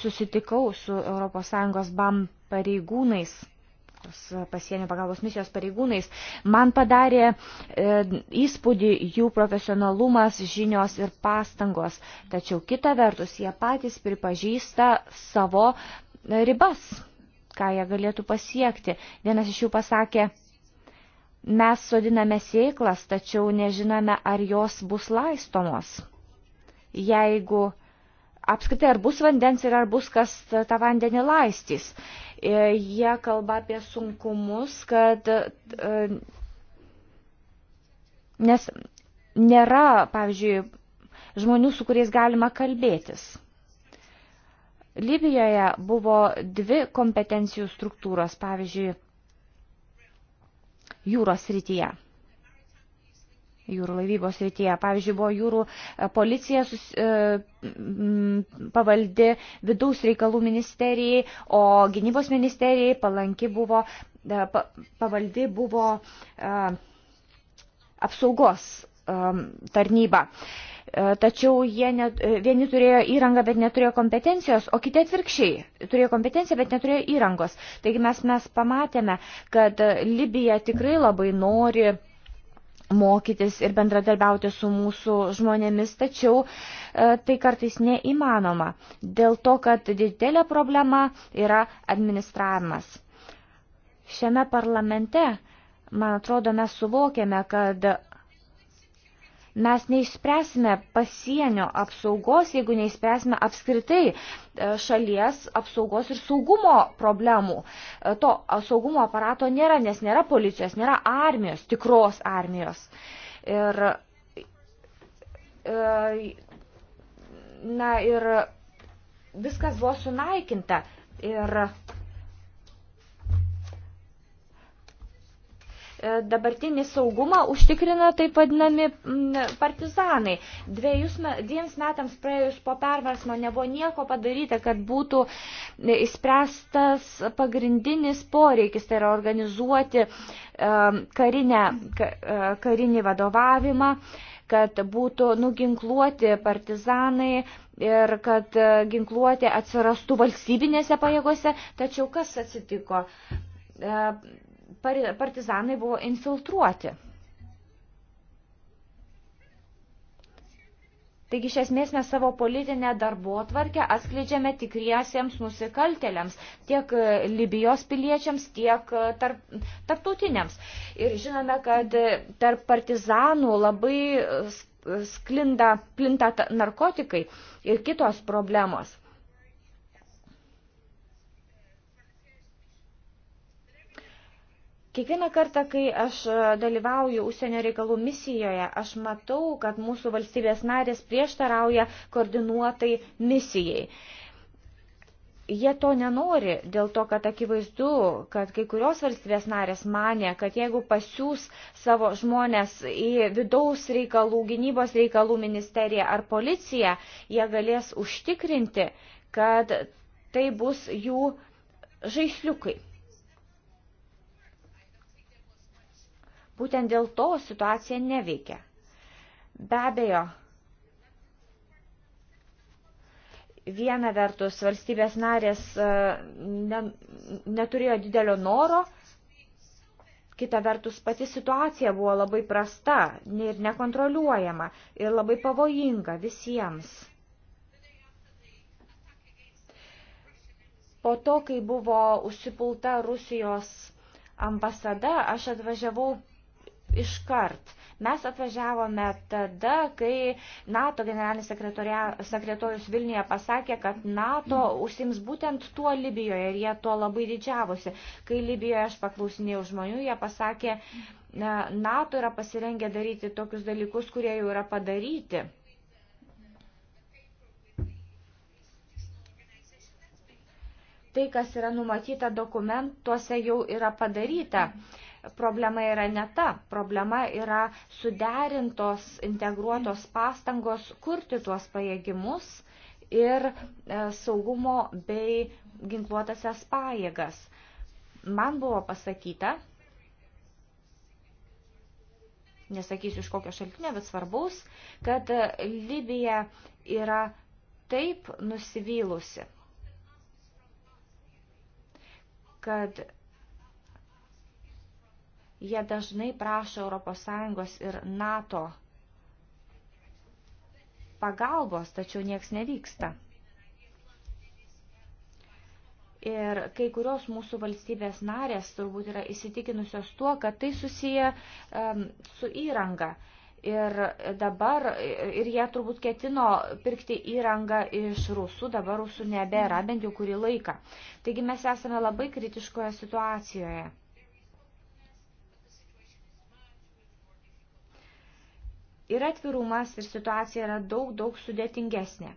susitikau su ES BAM pareigūnais pasienio pagalbos misijos pareigūnais, man padarė e, įspūdį jų profesionalumas, žinios ir pastangos. Tačiau kita vertus, jie patys pripažįsta savo ribas ką jie galėtų pasiekti. Vienas iš jų pasakė, mes sodiname sėklas, tačiau nežinome, ar jos bus laistomos. Jeigu apskritai, ar bus vandens ir ar bus kas tą vandenį laistys. E, jie kalba apie sunkumus, kad. E, nes nėra, pavyzdžiui, žmonių, su kuriais galima kalbėtis. Libijoje buvo dvi kompetencijų struktūros, pavyzdžiui, jūros rytyje. Jūrų laivybos rytyje. Pavyzdžiui, buvo jūrų e, policija sus, e, pavaldi vidaus reikalų ministerijai, o gynybos ministerijai palanki buvo, e, pa, pavaldi buvo e, apsaugos e, tarnyba. E, E, tačiau jie net, e, vieni turėjo įrangą, bet neturėjo kompetencijos, o kiti atvirkščiai turėjo kompetenciją, bet neturėjo įrangos. Taigi mes, mes pamatėme, kad Libija tikrai labai nori mokytis ir bendradarbiauti su mūsų žmonėmis, tačiau e, tai kartais neįmanoma, dėl to, kad didelė problema yra administravimas. Šiame parlamente, man atrodo, mes suvokėme, kad Mes neišspręsime pasienio apsaugos, jeigu neišspręsime apskritai e, šalies apsaugos ir saugumo problemų. E, to saugumo aparato nėra, nes nėra policijos, nėra armijos, tikros armijos. Ir, e, na ir viskas buvo sunaikinta. Ir E, dabartinį saugumą užtikrina taip vadinami partizanai. Dviejus, dviems metams praėjus po perversmo nebuvo nieko padaryta, kad būtų įspręstas pagrindinis poreikis, tai yra organizuoti e, karinę, e, karinį vadovavimą kad būtų nuginkluoti partizanai ir kad ginkluoti atsirastų valstybinėse pajėgose. Tačiau kas atsitiko? partizanai buvo infiltruoti. Taigi iš esmės mes savo politinę darbo tvarkę atskleidžiame tikriesiems nusikaltėliams, tiek e, Libijos piliečiams, tiek e, tarp, tarptautiniams. Ir žinome, kad e, tarp partizanų labai sklinda, plinta narkotikai ir kitos problemos. Kiekvieną kartą, kai aš e, dalyvauju užsienio reikalų misijoje, aš matau, kad mūsų valstybės narės prieštarauja koordinuotai misijai. Jie to nenori, dėl to, kad akivaizdu, kad kai kurios valstybės narės mane, kad jeigu pasiūs savo žmonės į vidaus reikalų, gynybos reikalų ministeriją ar policiją, jie galės užtikrinti, kad tai bus jų žaisliukai. Būtent dėl to situacija neveikia. Be abejo, viena vertus valstybės narės e, ne, neturėjo didelio noro, kita vertus pati situacija buvo labai prasta ir nekontroliuojama ir labai pavojinga visiems. Po to, kai buvo užsipulta Rusijos ambasada, aš atvažiavau iškart. Mes atvažiavome tada, kai NATO generalinis sekretorius Vilniuje pasakė, kad NATO užsims būtent tuo Libijoje ir jie tuo labai didžiavosi. Kai Libijoje aš paklausinėjau žmonių, jie pasakė, NATO yra pasirengę daryti tokius dalykus, kurie jau yra padaryti. Tai, kas yra numatyta dokumentuose, jau yra padaryta. Mhm problema yra ne ta. Problema yra suderintos, integruotos pastangos kurti tuos pajėgimus ir e, saugumo bei ginkluotasias pajėgas. Man buvo pasakyta, nesakysiu iš kokio šaltinio, bet svarbaus, kad e, Libija yra taip nusivylusi, kad Jie dažnai prašo ES ir NATO pagalbos, tačiau nieks nevyksta. Ir kai kurios mūsų valstybės narės turbūt yra įsitikinusios tuo, kad tai susiję um, su įranga. Ir dabar, ir jie turbūt ketino pirkti įrangą iš rusų, dabar rusų nebėra, bent jau kurį laiką. Taigi mes esame labai kritiškoje situacijoje. yra atvirumas ir situacija yra daug, daug sudėtingesnė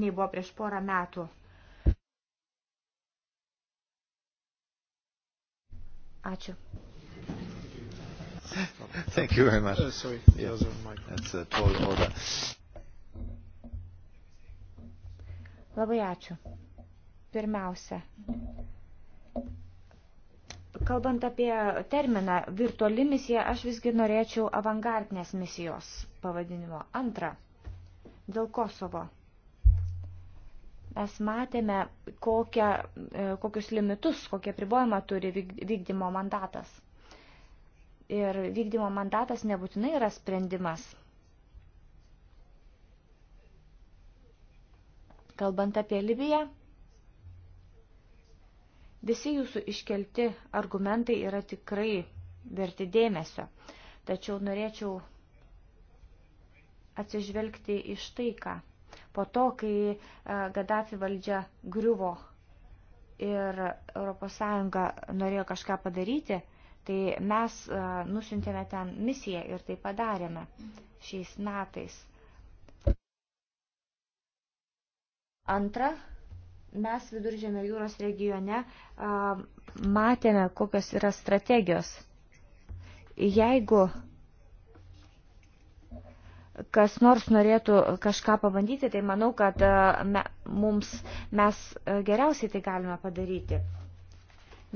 nei buvo prieš porą metų. Ačiū. Thank you very much. Uh, sorry, yeah. the other microphone. That's a tall order. Labai ačiū. Pirmiausia, Kalbant apie terminą virtuali misija, aš visgi norėčiau avangardinės misijos pavadinimo. Antra, dėl Kosovo. Mes matėme, kokia, e, kokius limitus, kokie pribojimą turi vykdymo mandatas. Ir vykdymo mandatas nebūtinai yra sprendimas. Kalbant apie Libiją, Visi jūsų iškelti argumentai yra tikrai verti dėmesio, tačiau norėčiau atsižvelgti iš tai, ką po to, kai e, Gaddafi valdžia griuvo ir ES norėjo kažką padaryti, tai mes e, nusintėme ten misiją ir tai padarėme šiais metais. Antra, Mes viduržėme jūros regione a, matėme, kokios yra strategijos. Jeigu kas nors norėtų kažką pabandyti, tai manau, kad me, mums, mes geriausiai tai galime padaryti.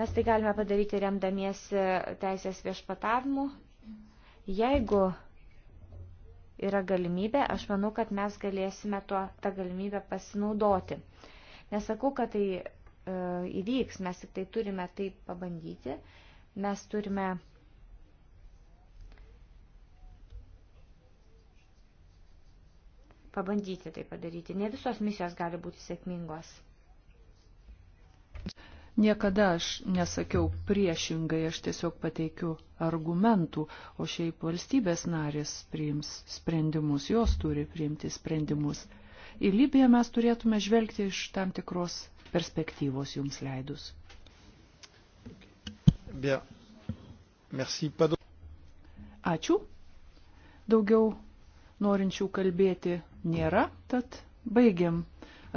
Mes tai galime padaryti remdamiesi teisės viešpatavimu. Jeigu yra galimybė, aš manau, kad mes galėsime tuo, tą galimybę pasinaudoti. Uh, Nesakau, kad tai e, įvyks, mes tik tai turime tai pabandyti, mes turime pabandyti tai padaryti. Ne visos misijos gali būti sėkmingos. Niekada aš nesakiau priešingai, aš tiesiog pateikiu argumentų, o šiaip valstybės narės priims sprendimus, jos turi priimti sprendimus į Libiją mes turėtume žvelgti iš tam tikros perspektyvos jums leidus. Bien. Merci. Ačiū. Daugiau norinčių kalbėti nėra, tad baigiam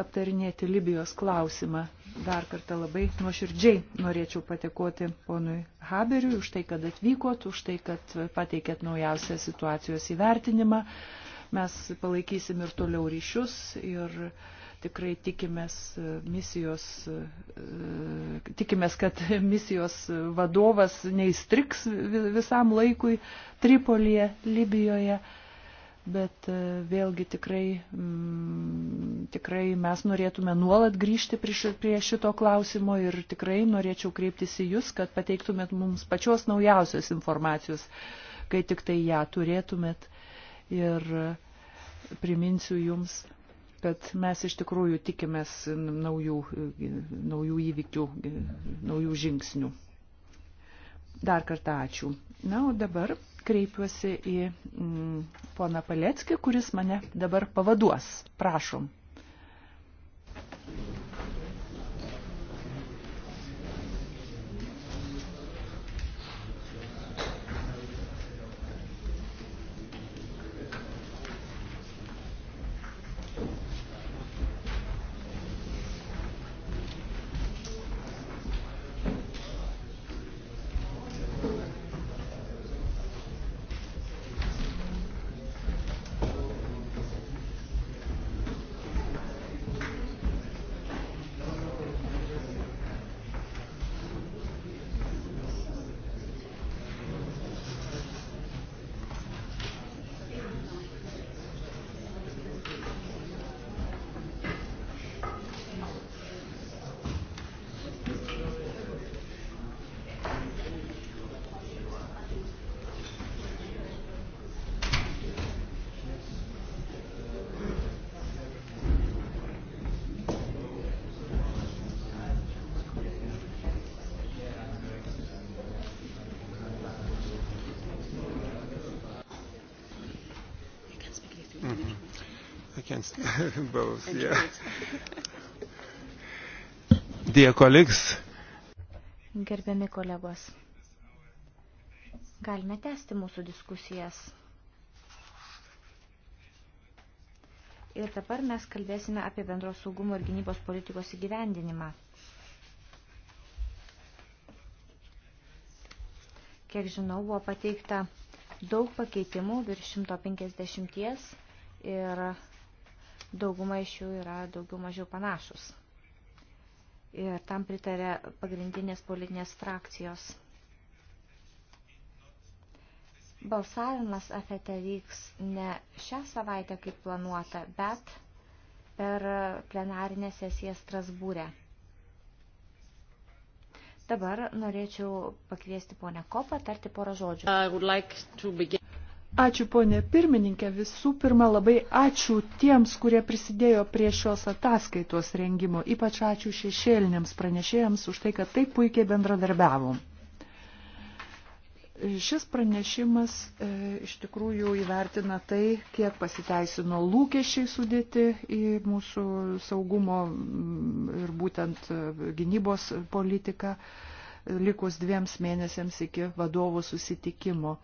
aptarinėti Libijos klausimą. Dar kartą labai nuoširdžiai norėčiau patekoti ponui Haberiui už tai, kad atvykot, už tai, kad pateikėt naujausią situacijos įvertinimą. Mes palaikysim ir toliau ryšius ir tikrai tikimės misijos, e, tikimės, kad misijos vadovas neįstriks visam laikui Tripolyje, Libijoje bet e, vėlgi tikrai, m, mm, tikrai mes norėtume nuolat grįžti prie šito klausimo ir tikrai norėčiau kreiptis į Jūs, kad pateiktumėt mums pačios naujausios informacijos, kai tik tai ją turėtumėt ir priminsiu jums, kad mes iš tikrųjų tikimės naujų, naujų įvykių, naujų žingsnių. Dar kartą ačiū. Na, o dabar kreipiuosi į mm, poną Paleckį, kuris mane dabar pavaduos. Prašom. Both, [laughs] yeah. Dear colleagues. Gerbiami kolegos, galime tęsti mūsų diskusijas. Ir dabar mes kalbėsime apie bendros saugumo ir gynybos politikos įgyvendinimą. Kiek žinau, buvo pateikta daug pakeitimų, virš 150 ir dauguma iš jų yra daugiau mažiau panašus. Ir tam pritarė pagrindinės politinės frakcijos. Balsavimas afete vyks ne šią savaitę, kaip planuota, bet per plenarinę sesiją Strasbūrę. Dabar norėčiau pakviesti ponę Kopą tarti porą žodžių. Ačiū, ponė pirmininkė. Visų pirma, labai ačiū tiems, kurie prisidėjo prie šios ataskaitos rengimo. Ypač ačiū šešėliniams pranešėjams už tai, kad taip puikiai bendradarbiavom. Šis pranešimas e, iš tikrųjų įvertina tai, kiek pasiteisino lūkesčiai sudėti į mūsų saugumo mm, ir būtent e, gynybos politiką likus dviems mėnesiams iki vadovų susitikimo.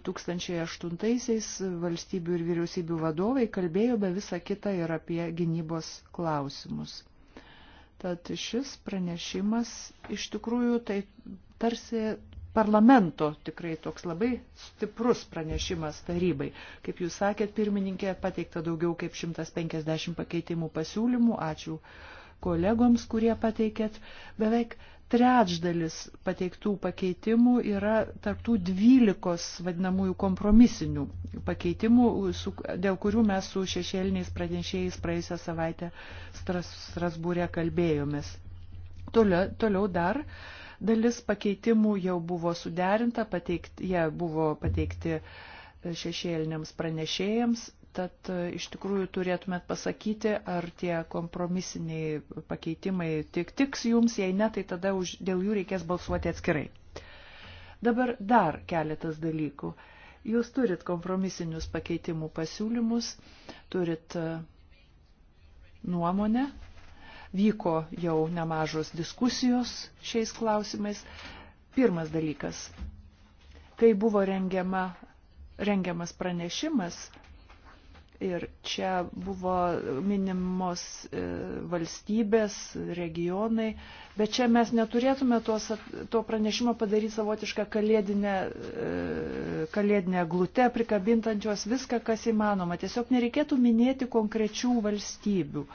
2008-aisiais valstybių ir vyriausybių vadovai kalbėjo be visą kitą ir apie gynybos klausimus. Tad šis pranešimas iš tikrųjų tai tarsi parlamento tikrai toks labai stiprus pranešimas tarybai. Kaip jūs sakėt, pirmininkė pateikta daugiau kaip 150 pakeitimų pasiūlymų. Ačiū kolegoms, kurie pateikėt. Beveik trečdalis pateiktų pakeitimų yra tarptų dvylikos vadinamųjų kompromisinių pakeitimų, su, dėl kurių mes su šešėliniais pranešėjais praėjusią savaitę Stras, Strasbūrė kalbėjomės. Toliau, toliau dar dalis pakeitimų jau buvo suderinta, pateikt, jie buvo pateikti šešėliniams pranešėjams Tad e, iš tikrųjų turėtumėt pasakyti, ar tie kompromisiniai pakeitimai tik tiks jums, jei ne, tai tada už, dėl jų reikės balsuoti atskirai. Dabar dar keletas dalykų. Jūs turit kompromisinius pakeitimų pasiūlymus, turit e, nuomonę, vyko jau nemažos diskusijos šiais klausimais. Pirmas dalykas. Kai buvo rengiama, rengiamas pranešimas, Ir čia buvo minimos e, valstybės, regionai, bet čia mes neturėtume tos, to pranešimo padaryti savotišką kalėdinę, e, kalėdinę glutę, prikabintančios viską, kas įmanoma. Tiesiog nereikėtų minėti konkrečių valstybių.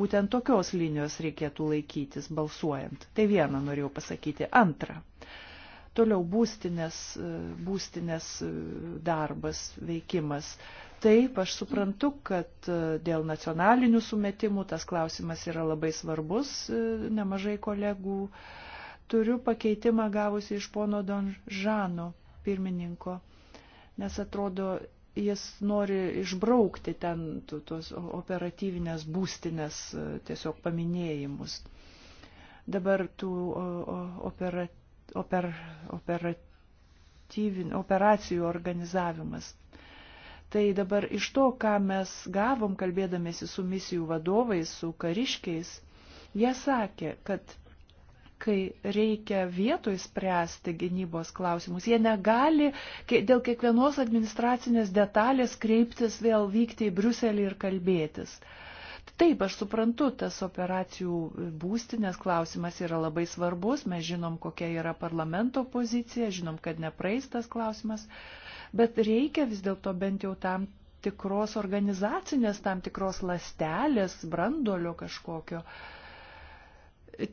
Būtent tokios linijos reikėtų laikytis balsuojant. Tai vieną norėjau pasakyti. Antra toliau būstinės, būstinės e, darbas, veikimas. Taip, aš suprantu, kad e, dėl nacionalinių sumetimų tas klausimas yra labai svarbus, e, nemažai kolegų. Turiu pakeitimą gavusi iš pono Donžano pirmininko, nes atrodo, jis nori išbraukti ten tuos operatyvinės būstinės e, tiesiog paminėjimus. Dabar tų opera, oper, operatyvin, operacijų organizavimas Tai dabar iš to, ką mes gavom kalbėdamėsi su misijų vadovais, su kariškiais, jie sakė, kad kai reikia vietoj spręsti gynybos klausimus, jie negali dėl kiekvienos administracinės detalės kreiptis vėl vykti į Bruselį ir kalbėtis. Taip, aš suprantu, tas operacijų būstinės klausimas yra labai svarbus, mes žinom, kokia yra parlamento pozicija, žinom, kad nepraeis tas klausimas, bet reikia vis dėlto bent jau tam tikros organizacinės, tam tikros lastelės, brandolio kažkokio.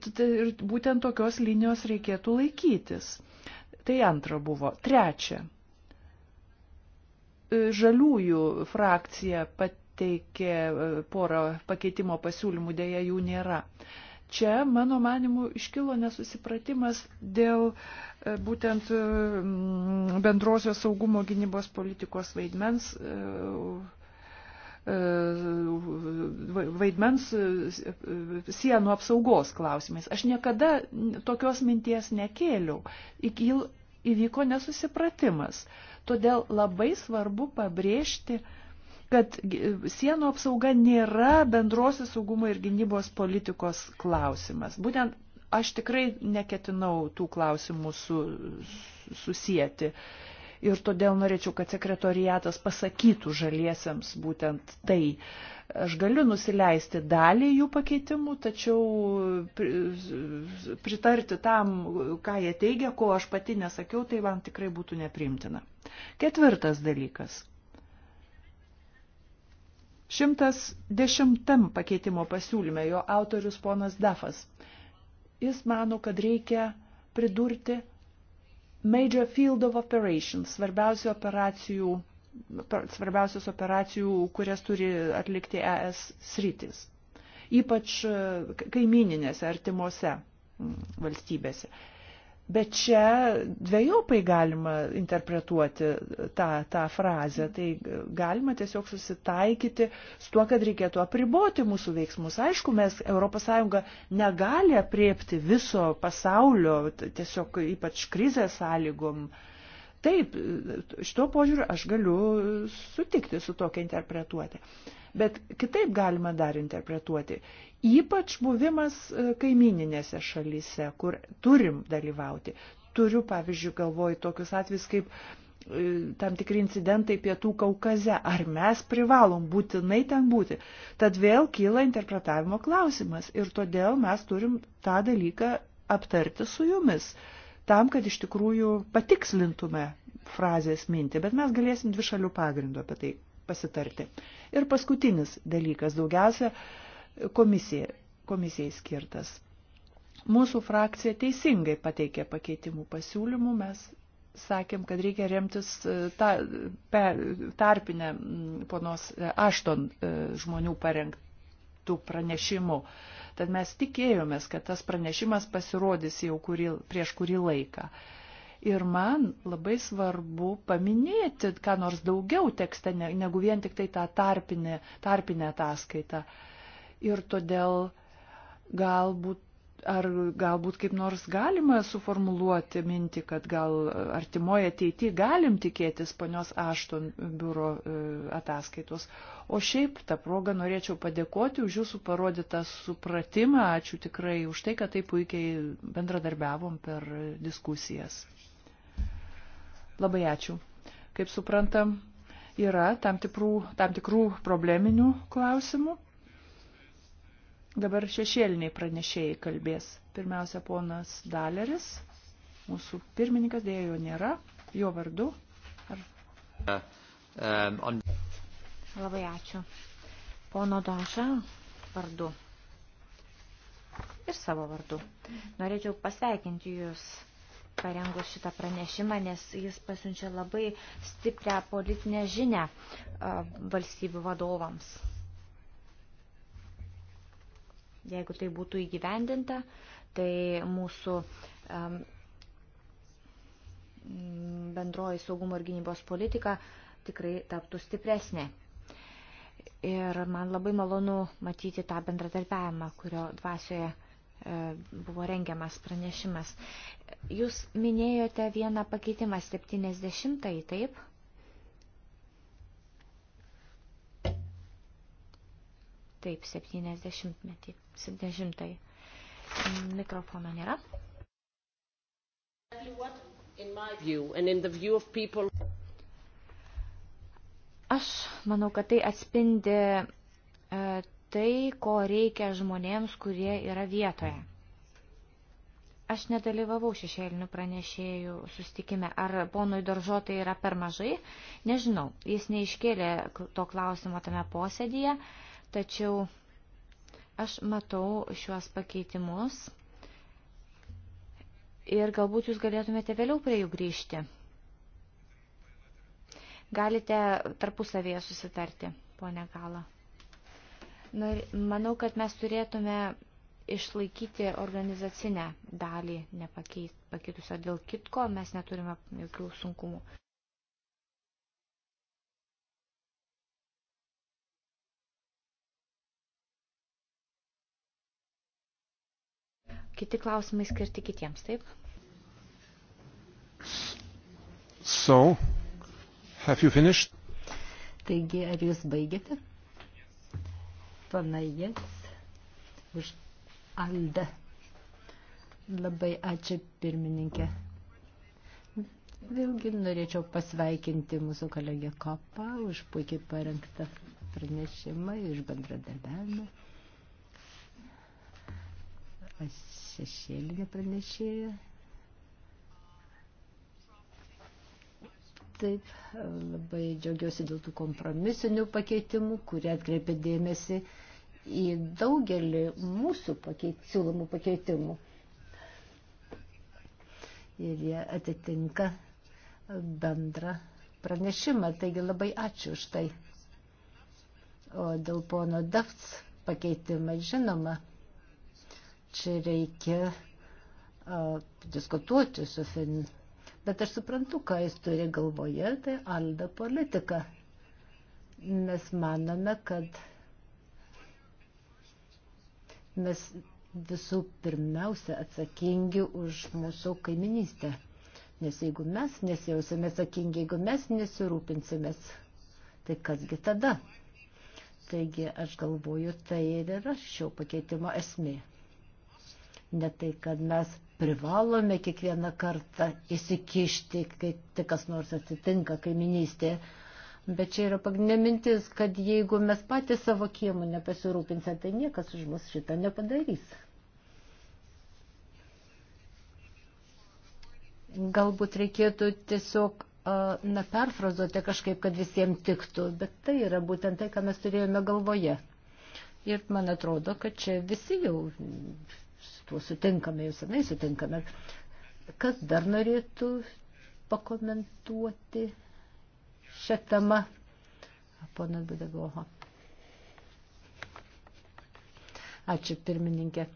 Tai ir būtent tokios linijos reikėtų laikytis. Tai antra buvo. Trečia. Žaliųjų frakcija pateikė e, porą pakeitimo pasiūlymų, dėja jų nėra čia, mano manimu, iškilo nesusipratimas dėl e, būtent e, bendrosios saugumo gynybos politikos vaidmens e, vaidmens sienų apsaugos klausimais. Aš niekada tokios minties nekėliau. Įvyko nesusipratimas. Todėl labai svarbu pabrėžti, uh, kad sienų apsauga nėra bendrosios saugumo ir gynybos politikos klausimas. Būtent aš tikrai neketinau tų klausimų su, susijęti. Ir todėl norėčiau, kad sekretoriatas pasakytų žaliesiems būtent tai. Aš galiu nusileisti dalį jų pakeitimų, tačiau pritarti tam, ką jie teigia, ko aš pati nesakiau, tai man tikrai būtų neprimtina. Ketvirtas dalykas 110 pakeitimo pasiūlyme jo autorius ponas Dafas. Jis mano, kad reikia pridurti Major Field of Operations, svarbiausių operacijų, svarbiausios operacijų, kurias turi atlikti ES sritis. Ypač kaimininėse, artimuose valstybėse. Bet čia dviejopai galima interpretuoti tą, tą frazę. Tai galima tiesiog susitaikyti su tuo, kad reikėtų apriboti mūsų veiksmus. Aišku, mes ES negali apriepti viso pasaulio, tiesiog ypač krizės sąlygom. Uh, Taip, šito požiūriu aš galiu sutikti su tokia interpretuoti. Bet kitaip galima dar interpretuoti. Ypač buvimas e, kaimininėse šalyse, kur turim dalyvauti. Turiu, pavyzdžiui, galvoju tokius atvejus kaip e, tam tikri incidentai pietų Kaukaze. Ar mes privalom būtinai ten būti? Tad vėl kyla interpretavimo klausimas ir todėl mes turim tą dalyką aptarti su jumis. Uh, tam, kad iš tikrųjų patikslintume frazės mintį, bet mes galėsim dvi šalių pagrindų apie tai pasitarti. Ir paskutinis dalykas, daugiausia komisija, komisijai skirtas. Mūsų frakcija teisingai pateikė pakeitimų pasiūlymų, mes sakėm, kad reikia remtis e, ta, pe, tarpinę ponos Ašton e, žmonių parengt, tų pranešimų. Tad mes tikėjomės, kad tas pranešimas pasirodys jau kurį, prieš kurį laiką. Ir man labai svarbu paminėti, ką nors daugiau tekste, negu vien tik tai tą tarpinę, tarpinę ataskaitą. Ir todėl galbūt ar galbūt kaip nors galima suformuluoti mintį, kad gal artimoje ateityje galim tikėtis ponios Ašton biuro e, ataskaitos. O šiaip tą progą norėčiau padėkoti už jūsų parodytą supratimą. Ačiū tikrai už tai, kad taip puikiai bendradarbiavom per diskusijas. Labai ačiū. Kaip suprantam, yra tam tikrų, tam tikrų probleminių klausimų. Dabar šešėliniai pranešėjai kalbės. Pirmiausia, ponas Daleris, mūsų pirmininkas, dėja jo nėra, jo vardu. Ar... Uh, um, labai ačiū. Pono Donša vardu. Ir savo vardu. Norėčiau pasveikinti Jūs parengus šitą pranešimą, nes jis pasiunčia labai stiprią politinę žinę uh, valstybių vadovams. Jeigu tai būtų įgyvendinta, tai mūsų um, bendroji saugumo ir gynybos politika tikrai taptų stipresnė. Ir man labai malonu matyti tą bendradarbiavimą, kurio dvasioje e, buvo rengiamas pranešimas. Jūs minėjote vieną pakeitimą 70-ąjį, taip? Taip, 70 metį. 70. Mikrofono nėra. Aš manau, kad tai atspindi e, tai, ko reikia žmonėms, kurie yra vietoje. Aš nedalyvavau šešėlinių pranešėjų sustikime. Ar ponui Doržotai yra per mažai? Nežinau. Jis neiškėlė to klausimo tame posėdėje. Uh, tačiau aš matau šiuos pakeitimus ir galbūt jūs galėtumėte vėliau prie jų grįžti. Galite tarpusavėje susitarti, ponė Gala. Manau, kad mes turėtume išlaikyti organizacinę dalį nepakeitusio. Dėl kitko mes neturime jokių sunkumų. Kiti klausimai skirti kitiems, taip? So, have you finished? Taigi, ar jūs baigėte? Panajės už Aldę. Labai ačiū pirmininkė. Vėlgi norėčiau pasveikinti mūsų kolegę Kopą už puikiai parengtą pranešimą iš bendradarbiavimą šešėlinė pranešėja. Taip, labai džiaugiuosi dėl tų kompromisinių pakeitimų, kurie atkreipia dėmesį į daugelį mūsų pakeit, siūlomų pakeitimų. Ir jie atitinka bendrą pranešimą, taigi labai ačiū už tai. O dėl pono Dafts pakeitimą, žinoma, čia reikia uh, diskutuoti su Fin. Bet aš suprantu, ką jis turi galvoje, tai Alda politika. Mes manome, kad mes visų pirmiausia atsakingi už mūsų kaiminystę. Nes jeigu mes nesijausime atsakingi, jeigu mes nesirūpinsimės, tai kasgi tada? Taigi aš galvoju, tai ir yra šio pakeitimo esmė ne tai, kad mes privalome kiekvieną kartą įsikišti, kai tik kas nors atsitinka kaiminystėje. Bet čia yra pagrindinė mintis, kad jeigu mes patys savo kiemų nepasirūpinsime, tai niekas už mus šitą nepadarys. Galbūt reikėtų tiesiog na, perfrazuoti kažkaip, kad visiems tiktų, bet tai yra būtent tai, ką mes turėjome galvoje. Ir man atrodo, kad čia visi jau tuo sutinkame, jau senai sutinkame. Kas dar norėtų pakomentuoti šią temą? Ponas Budegoho. Ačiū pirmininkė.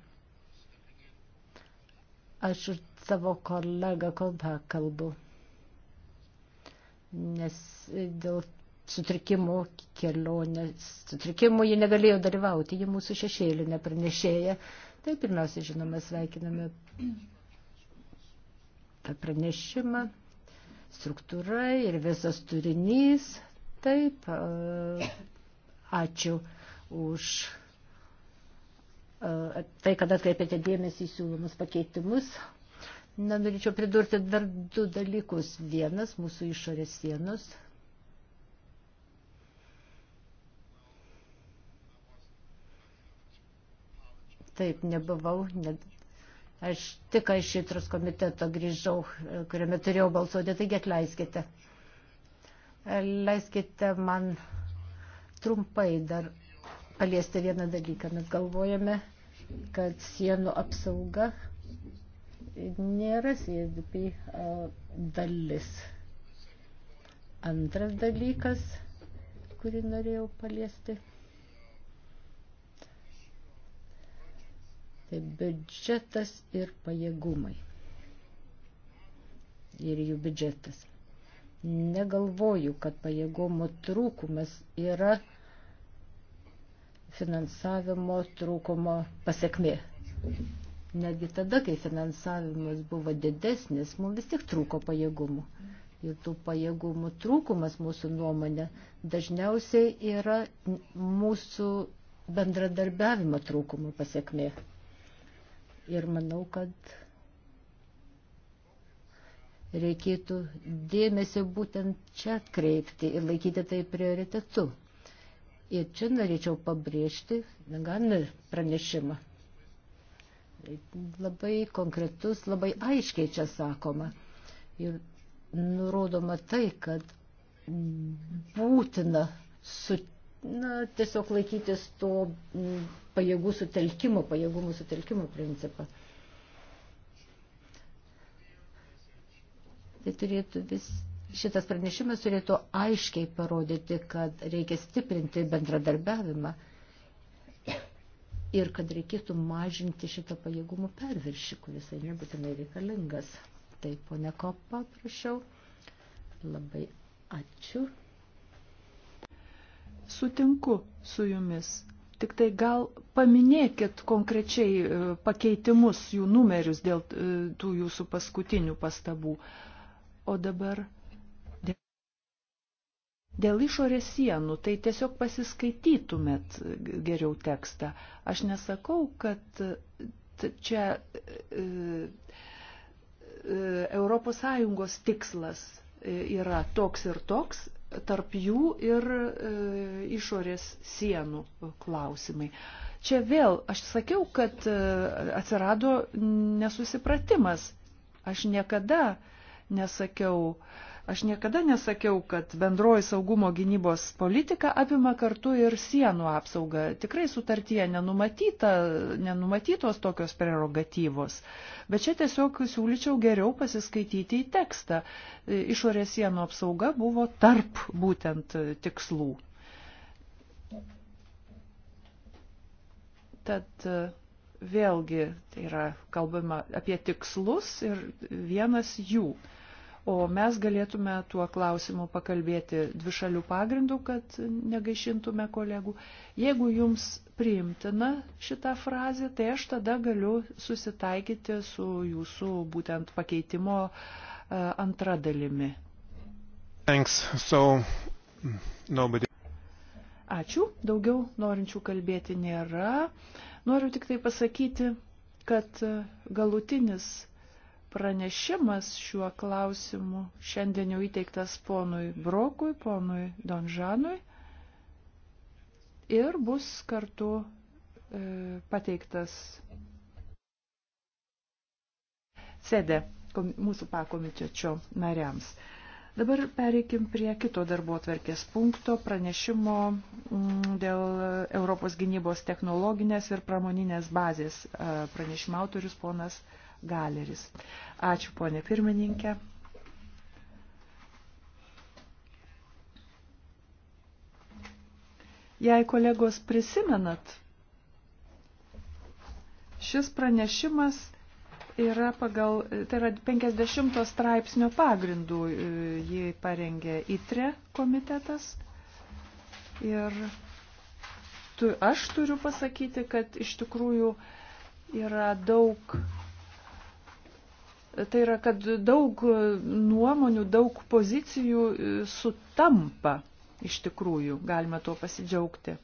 Aš ir savo kolegą kalbą kalbu, nes dėl sutrikimų kelionės, sutrikimų ji negalėjo dalyvauti, ji mūsų šešėlinė pranešėja, Tai pirmiausia, žinoma, sveikiname tą pranešimą, struktūra ir visas turinys. Taip, ačiū už tai, kad atkreipėte dėmesį į siūlomus pakeitimus. Na, norėčiau pridurti dar du dalykus. Vienas, mūsų išorės sienos Taip, nebuvau. Ne... Aš tik iš šitros komiteto grįžau, kuriame turėjau balsuoti, taigi atleiskite. Leiskite man trumpai dar paliesti vieną dalyką. Mes galvojame, kad sienų apsauga nėra CSDP dalis. Antras dalykas, kurį norėjau paliesti. biudžetas ir pajėgumai. Ir jų biudžetas. Negalvoju, kad pajėgumo trūkumas yra finansavimo trūkumo pasiekmė. Netgi tada, kai finansavimas buvo didesnis, mums vis tik trūko pajėgumų. Ir tų pajėgumų trūkumas mūsų nuomonė dažniausiai yra mūsų bendradarbiavimo trūkumo pasiekmė. Ir manau, kad reikėtų dėmesio būtent čia kreipti ir laikyti tai prioritetu. Ir čia norėčiau pabrėžti Veganer pranešimą. Labai konkretus, labai aiškiai čia sakoma. Ir nurodoma tai, kad būtina sutikti na, tiesiog laikytis to pajėgų sutelkimo, pajėgumų sutelkimo principą. Tai turėtų vis, šitas pranešimas turėtų aiškiai parodyti, kad reikia stiprinti bendradarbiavimą ir kad reikėtų mažinti šitą pajėgumų perviršį, kuris nebūtinai reikalingas. Taip, ponia Kopa, prašau. Labai ačiū sutinku su jumis. Tik tai gal paminėkit konkrečiai e, pakeitimus, jų numerius dėl e, tų jūsų paskutinių pastabų. O dabar dėl išorės sienų, tai tiesiog pasiskaitytumėt geriau tekstą. Aš nesakau, kad čia e, Europos Sąjungos tikslas yra toks ir toks, tarp jų ir e, išorės sienų klausimai. Čia vėl aš sakiau, kad e, atsirado nesusipratimas. Aš niekada nesakiau, e, Aš niekada nesakiau, kad bendroji saugumo gynybos politika apima kartu ir sienų apsaugą. Tikrai sutartyje nenumatyta, nenumatytos tokios prerogatyvos. Bet čia tiesiog siūlyčiau geriau pasiskaityti į tekstą. Išorės sienų apsauga buvo tarp būtent tikslų. Tad vėlgi tai yra kalbama apie tikslus ir vienas jų o mes galėtume tuo klausimu pakalbėti dvišalių pagrindų, kad negaišintume kolegų. Jeigu jums priimtina šita frazė, tai aš tada galiu susitaikyti su jūsų būtent pakeitimo e, antra dalimi. Thanks. So, nobody... Ačiū, daugiau norinčių kalbėti nėra. Noriu tik tai pasakyti, kad e, galutinis pranešimas šiuo klausimu šiandien jau įteiktas ponui Brokui, ponui Donžanui ir bus kartu e, pateiktas sėdė mūsų pakomitečio nariams. Dabar pereikim prie kito darbo atverkės punkto pranešimo mm, dėl Europos gynybos technologinės ir pramoninės bazės. E, pranešimo autorius ponas Galeris. Ačiū, ponė pirmininkė. Jei kolegos prisimenat, šis pranešimas yra pagal, tai yra 50 straipsnio pagrindų, jį parengė ITRE komitetas. Ir tu, aš turiu pasakyti, kad iš tikrųjų yra daug Tai yra, kad daug nuomonių, daug pozicijų e, sutampa iš tikrųjų, galime tuo pasidžiaugti.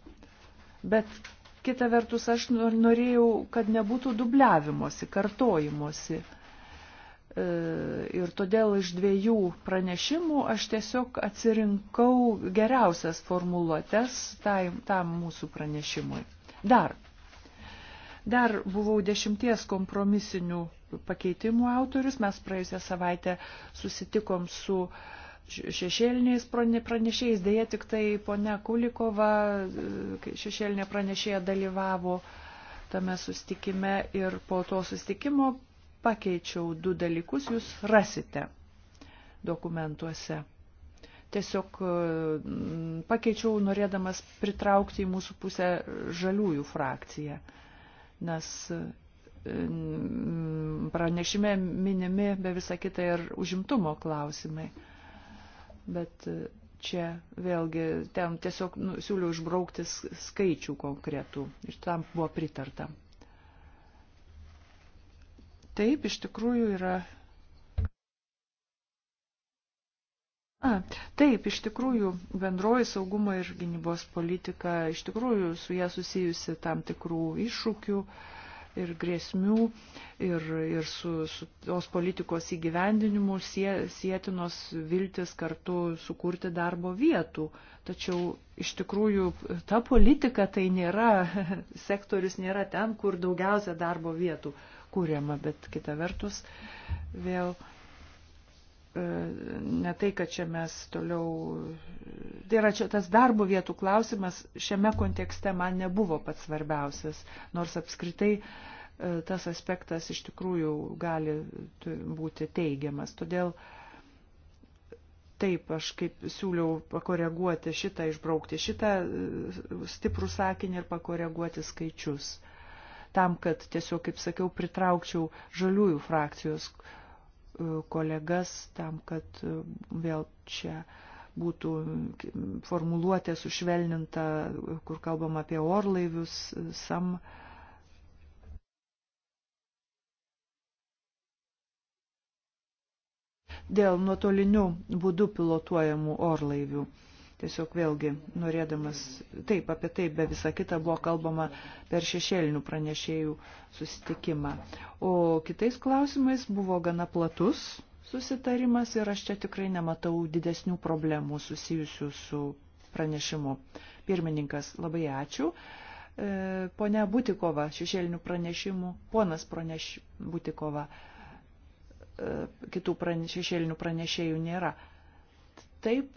Bet kita vertus, aš norėjau, kad nebūtų dubliavimosi, kartojimuosi. E, ir todėl iš dviejų pranešimų aš tiesiog atsirinkau geriausias formuluotės tai, tam mūsų pranešimui. Dar. Dar buvau dešimties kompromisinių pakeitimų autorius. Mes praėjusią savaitę susitikom su šešėliniais pranešėjais, dėja tik tai ponia Kulikova, e, šešėlinė pranešėja dalyvavo tame sustikime ir po to sustikimo pakeičiau du dalykus, jūs rasite dokumentuose. Tiesiog e, pakeičiau norėdamas pritraukti į mūsų pusę žaliųjų frakciją, nes pranešime minimi be visą kitą ir užimtumo klausimai. Bet čia vėlgi ten tiesiog nu, siūliu užbraukti skaičių konkretų ir tam buvo pritarta. Taip, iš tikrųjų yra. A, taip, iš tikrųjų, bendroji saugumo ir gynybos politika, iš tikrųjų, su jie susijusi tam tikrų iššūkių. Uh, ir grėsmių, ir, ir su, su tos politikos įgyvendinimu sie, sietinos viltis kartu sukurti darbo vietų. Tačiau iš tikrųjų ta politika tai nėra, [laughs] sektorius nėra ten, kur daugiausia darbo vietų kūriama, bet kita vertus vėl. Uh, E, ne tai, kad čia mes toliau. Tai yra čia tas darbo vietų klausimas šiame kontekste man nebuvo pats svarbiausias, nors apskritai e, tas aspektas iš tikrųjų gali būti teigiamas. Todėl taip aš kaip siūliau pakoreguoti šitą, išbraukti šitą e, stiprų sakinį ir pakoreguoti skaičius. Tam, kad tiesiog, kaip sakiau, pritraukčiau žaliųjų frakcijos kolegas tam, kad e, vėl čia būtų formuluotė sušvelninta, kur kalbam apie orlaivius, e, sam. Dėl nuotolinių būdų pilotuojamų orlaivių. Tiesiog vėlgi, norėdamas, taip, apie tai be visą kitą buvo kalbama per šešėlinių pranešėjų susitikimą. O kitais klausimais buvo gana platus susitarimas ir aš čia tikrai nematau didesnių problemų susijusių su pranešimu. Pirmininkas, labai ačiū. E, Pone Butikova, šešėlinių pranešimų, ponas praneš, Butikova, e, kitų praneš, šešėlinių pranešėjų nėra. Taip,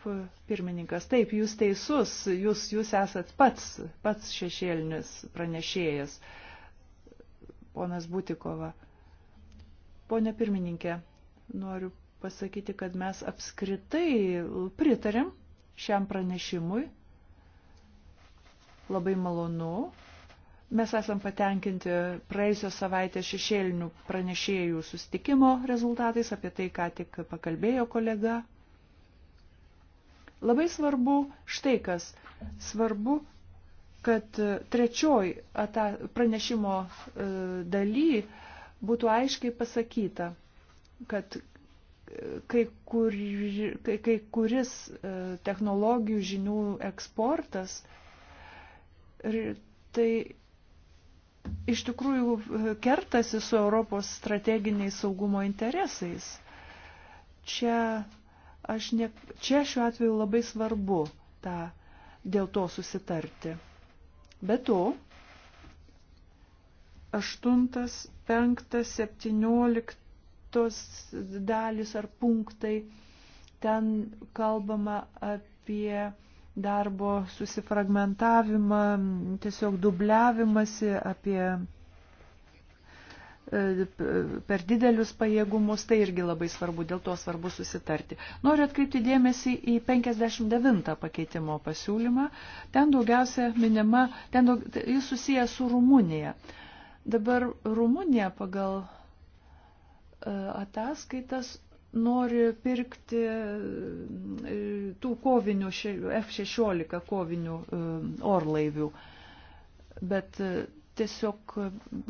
pirmininkas, taip, jūs teisus, jūs, jūs esat pats, pats šešėlinis pranešėjas, ponas Butikova. Pone pirmininkė, noriu pasakyti, kad mes apskritai pritarim šiam pranešimui. Labai malonu. Mes esam patenkinti praėjusios savaitės šešėlinių pranešėjų sustikimo rezultatais, apie tai ką tik pakalbėjo kolega Labai svarbu štai kas. Svarbu, kad trečioj ata, pranešimo e, daly būtų aiškiai pasakyta, kad e, kai, kur, kai, kai kuris e, technologijų žinių eksportas, tai iš tikrųjų kertasi su Europos strateginiais saugumo interesais. Čia Aš ne, čia šiuo atveju labai svarbu tą, dėl to susitarti. Be to, 8, 5, 17 dalis ar punktai, ten kalbama apie darbo susifragmentavimą, tiesiog dubliavimąsi, apie E, per didelius pajėgumus, tai irgi labai svarbu, dėl to svarbu susitarti. Noriu atkreipti dėmesį į 59 pakeitimo pasiūlymą. Ten daugiausia minima, ten daug, jis susijęs su Rumunija. Dabar Rumunija pagal e, ataskaitas nori pirkti e, tų kovinių, F-16 kovinių orlaivių. Bet tiesiog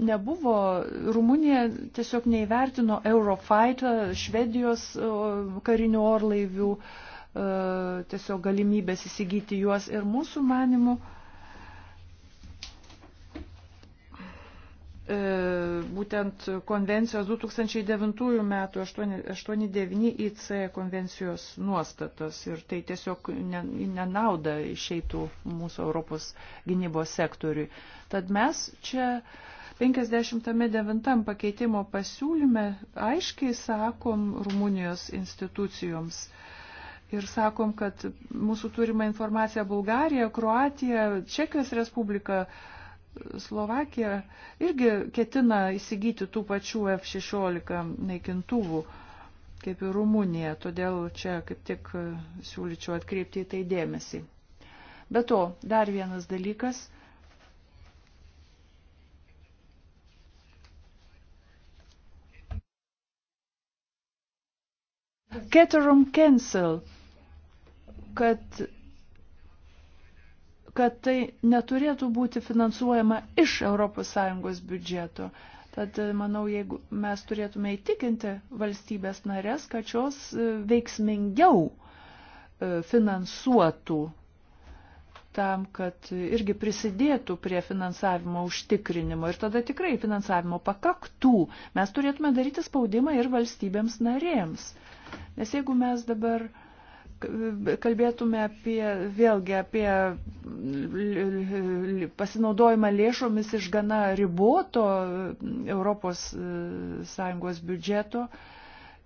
nebuvo, Rumunija tiesiog neįvertino Eurofighter, Švedijos karinių orlaivių, e, tiesiog galimybės įsigyti juos ir mūsų manimų E, būtent konvencijos 2009 metų 89 IC konvencijos nuostatas ir tai tiesiog nenauda išeitų mūsų Europos gynybos sektoriui. Tad mes čia 59 pakeitimo pasiūlyme aiškiai sakom Rumunijos institucijoms, ir sakom, kad mūsų turima informacija Bulgarija, Kroatija, Čekijos Respublika Slovakija irgi ketina įsigyti tų pačių F-16 naikintuvų kaip ir Rumunija, todėl čia kaip tik e, siūlyčiau atkreipti į tai dėmesį. Be to, dar vienas dalykas. Caterum cancel, kad kad tai neturėtų būti finansuojama iš ES biudžeto. Tad e, manau, jeigu mes turėtume įtikinti valstybės narės, kad šios e, veiksmingiau e, finansuotų tam, kad irgi prisidėtų prie finansavimo užtikrinimo ir tada tikrai finansavimo pakaktų, mes turėtume daryti spaudimą ir valstybėms narėms. Nes jeigu mes dabar uh, kalbėtume apie, vėlgi apie pasinaudojimą lėšomis iš gana riboto ES e, biudžeto,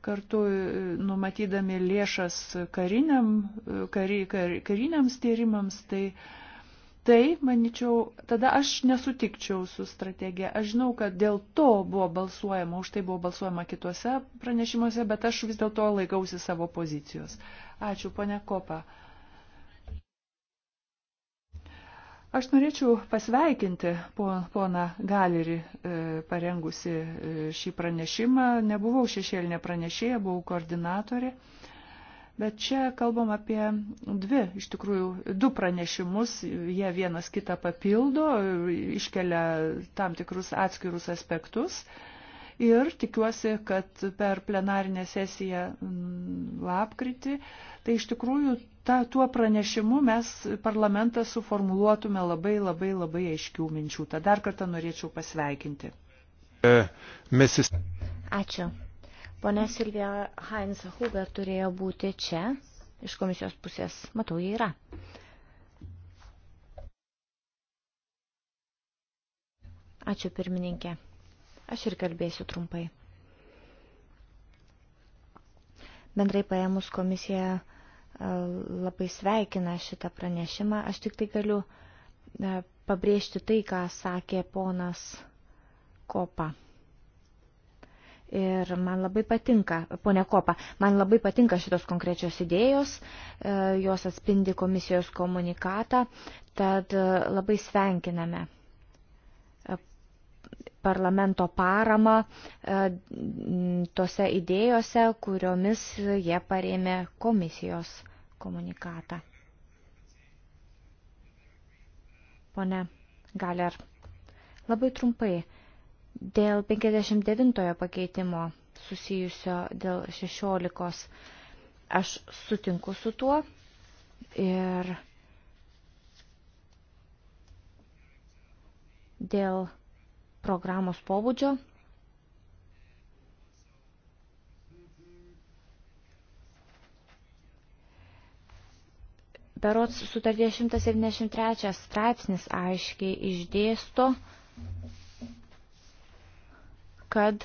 kartu e, numatydami lėšas kariniam, e, kari, kar, kariniams tyrimams, tai uh, tai, manyčiau, tada aš nesutikčiau su strategija. Aš žinau, kad dėl to buvo balsuojama, už tai buvo balsuojama kituose pranešimuose, bet aš vis dėlto laikausi savo pozicijos. Ačiū, ponia Kopa. Aš norėčiau pasveikinti poną Galerį e, parengusi e, šį pranešimą. Nebuvau šešėlinė pranešėja, buvau koordinatorė. Bet čia kalbam apie dvi, iš tikrųjų, du pranešimus, jie vienas kitą papildo, iškelia tam tikrus atskirus aspektus. Ir tikiuosi, kad per plenarinę sesiją mm, lapkritį, tai iš tikrųjų ta, tuo pranešimu mes parlamentą suformuluotume labai labai labai aiškių minčių. Tad dar kartą norėčiau pasveikinti. E, Ačiū. Pone Silvija Heinz Huber turėjo būti čia iš komisijos pusės. Matau, jie yra. Ačiū pirmininkė. Aš ir kalbėsiu trumpai. Bendrai paėmus komisija e, labai sveikina šitą pranešimą. Aš tik tai galiu e, pabrėžti tai, ką sakė ponas Kopa. Ir man labai patinka, ponė Kopa, man labai patinka šitos konkrečios idėjos, e, jos atspindi komisijos komunikatą, tad e, labai svenkiname e, parlamento paramą tose idėjose, kuriomis jie parėmė komisijos komunikatą. Pone Galer, labai trumpai Dėl 59 pakeitimo susijusio dėl 16 aš sutinku su tuo ir dėl programos pobūdžio Berots sutarties 173 straipsnis aiškiai išdėsto, kad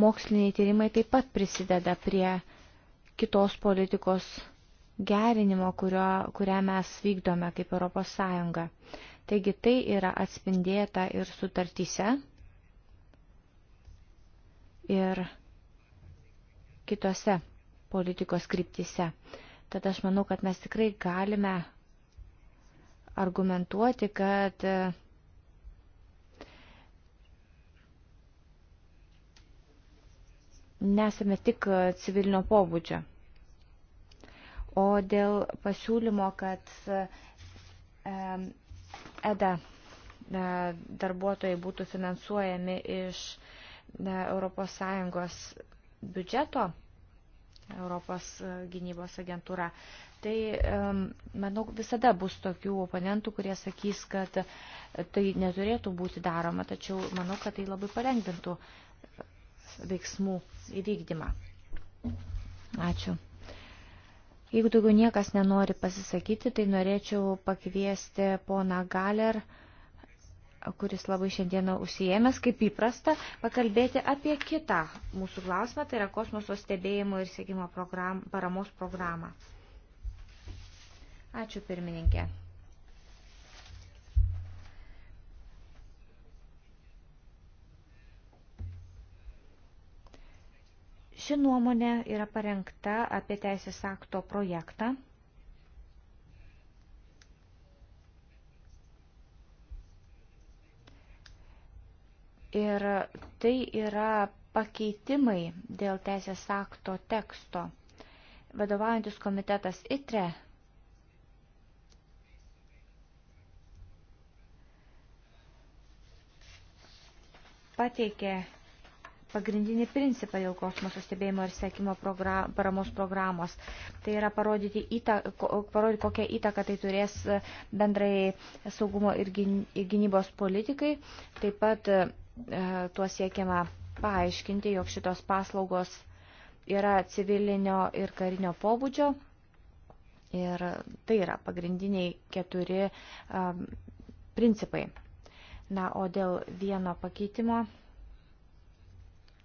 moksliniai tyrimai taip pat prisideda prie kitos politikos gerinimo, kurio, kurią mes vykdome kaip Europos Sąjunga. Taigi tai yra atspindėta ir sutartyse, ir kitose politikos kryptise. Tad aš manau, kad mes tikrai galime argumentuoti, kad nesame tik civilinio pobūdžio. O dėl pasiūlymo, kad EDA e, darbuotojai būtų finansuojami iš e, ES biudžeto, Europos gynybos agentūra. Tai, manau, visada bus tokių oponentų, kurie sakys, kad tai neturėtų būti daroma, tačiau manau, kad tai labai palengvintų veiksmų įvykdymą. Ačiū. Jeigu daugiau niekas nenori pasisakyti, tai norėčiau pakviesti poną Galer, kuris labai šiandieną užsijėmęs, kaip įprasta, pakalbėti apie kitą mūsų klausimą, tai yra kosmoso stebėjimo ir sėkimo program, paramos programą. Ačiū pirmininkė. Ši nuomonė yra parengta apie teisės akto projektą. Ir tai yra pakeitimai dėl teisės akto teksto. Vadovaujantis komitetas ITRE pateikė pagrindinį principą dėl kosmoso stebėjimo ir sekimo program, paramos programos. Tai yra parodyti, įta, parodyti, kokią įtaką tai turės bendrai saugumo ir gynybos politikai. Taip pat e, tuo siekiama paaiškinti, jog šitos paslaugos yra civilinio ir karinio pobūdžio. Ir tai yra pagrindiniai keturi um, principai. Na, o dėl vieno pakeitimo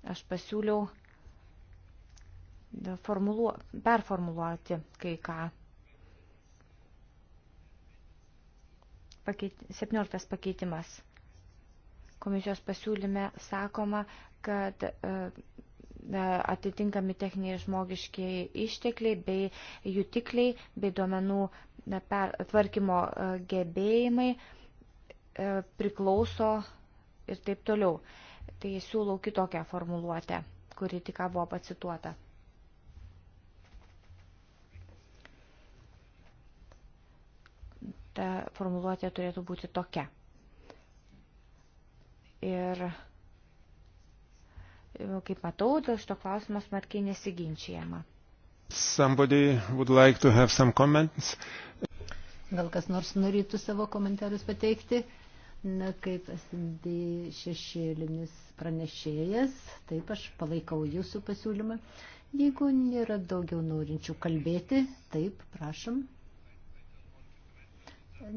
Aš pasiūliau formuluo, performuluoti kai ką. Pakeit, 17 pakeitimas. Komisijos pasiūlyme sakoma, kad e, e atitinkami techniniai ir žmogiškiai ištekliai bei jutikliai bei duomenų per, tvarkymo e, gebėjimai e, priklauso ir taip toliau. Tai siūlau kitokią formuluotę, kuri tik buvo pacituota. Ta formuluotė turėtų būti tokia. Ir kaip matau, dėl šito klausimo smarkiai nesiginčiama. Somebody would like to have some comments. Gal kas nors norėtų savo komentarus pateikti? Na, kaip SD šešėlinis pranešėjas, taip aš palaikau jūsų pasiūlymą. Jeigu nėra daugiau norinčių kalbėti, taip, prašom.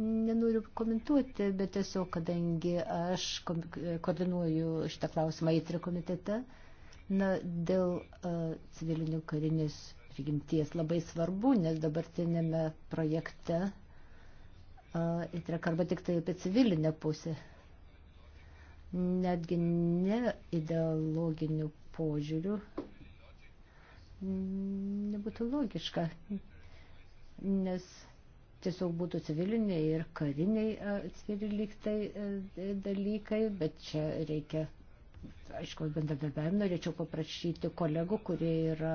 Nenoriu komentuoti, bet tiesiog, kadangi aš koordinuoju šitą klausimą įtri komitete, na, dėl uh, civilinių karinės prigimties labai svarbu, nes dabartinėme projekte įtrek arba tik tai apie civilinę pusę. Netgi ne ideologinių požiūrių nebūtų logiška, nes tiesiog būtų civiliniai ir kariniai atskiri lygtai dalykai, bet čia reikia, aišku, bendradarbiavim, norėčiau paprašyti kolegų, kurie yra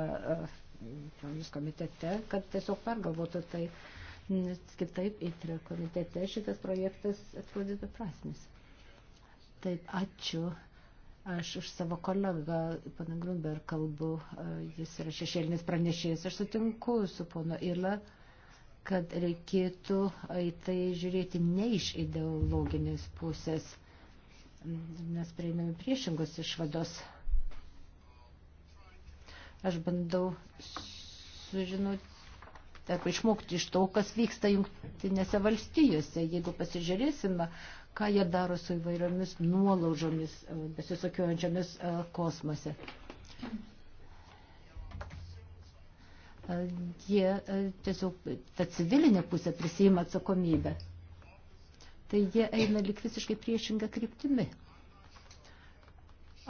komitete, kad tiesiog pergalvotų tai. Uh, nes kitaip įtrio komitete šitas projektas atrodė beprasmis. Taip, ačiū. Aš už savo kolegą, pana Grunberg, kalbu, e, jis yra šešėlinis pranešėjas. Aš sutinku su pono Ila, kad reikėtų e, į tai žiūrėti ne iš ideologinės pusės. Mes prieiname priešingos išvados. Aš bandau sužinoti arba išmokti iš to, kas vyksta jungtinėse valstijose. Jeigu pasižiūrėsime, ką jie daro su įvairiomis nuolaužomis e, besisokiojančiamis e, kosmose. E, jie tiesiog ta civilinė pusė prisima atsakomybę. Tai jie eina lik visiškai priešingą kryptimį.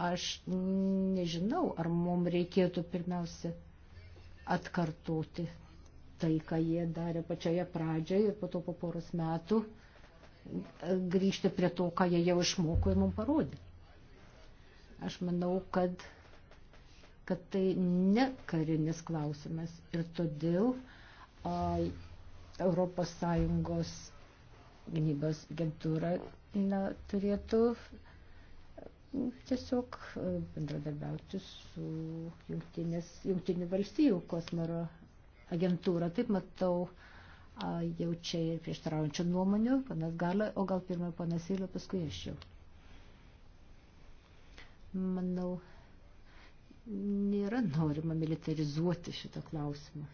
Aš nežinau, ar mums reikėtų pirmiausia atkartoti tai, ką jie darė pačioje pradžioje ir po to po poros metų e, grįžti prie to, ką jie jau išmoko ir mums parodė. Aš manau, kad, kad tai ne karinis klausimas ir todėl a, Europos Sąjungos gynybos agentūra na, turėtų e, tiesiog e, bendradarbiauti su jungtinės, jungtinių valstybių kosmoro agentūrą. Taip matau, jau čia ir prieštaraujančių nuomonių, panas Gala, o gal pirmą panas Ilio, paskui aš jau. Manau, nėra norima militarizuoti šitą klausimą.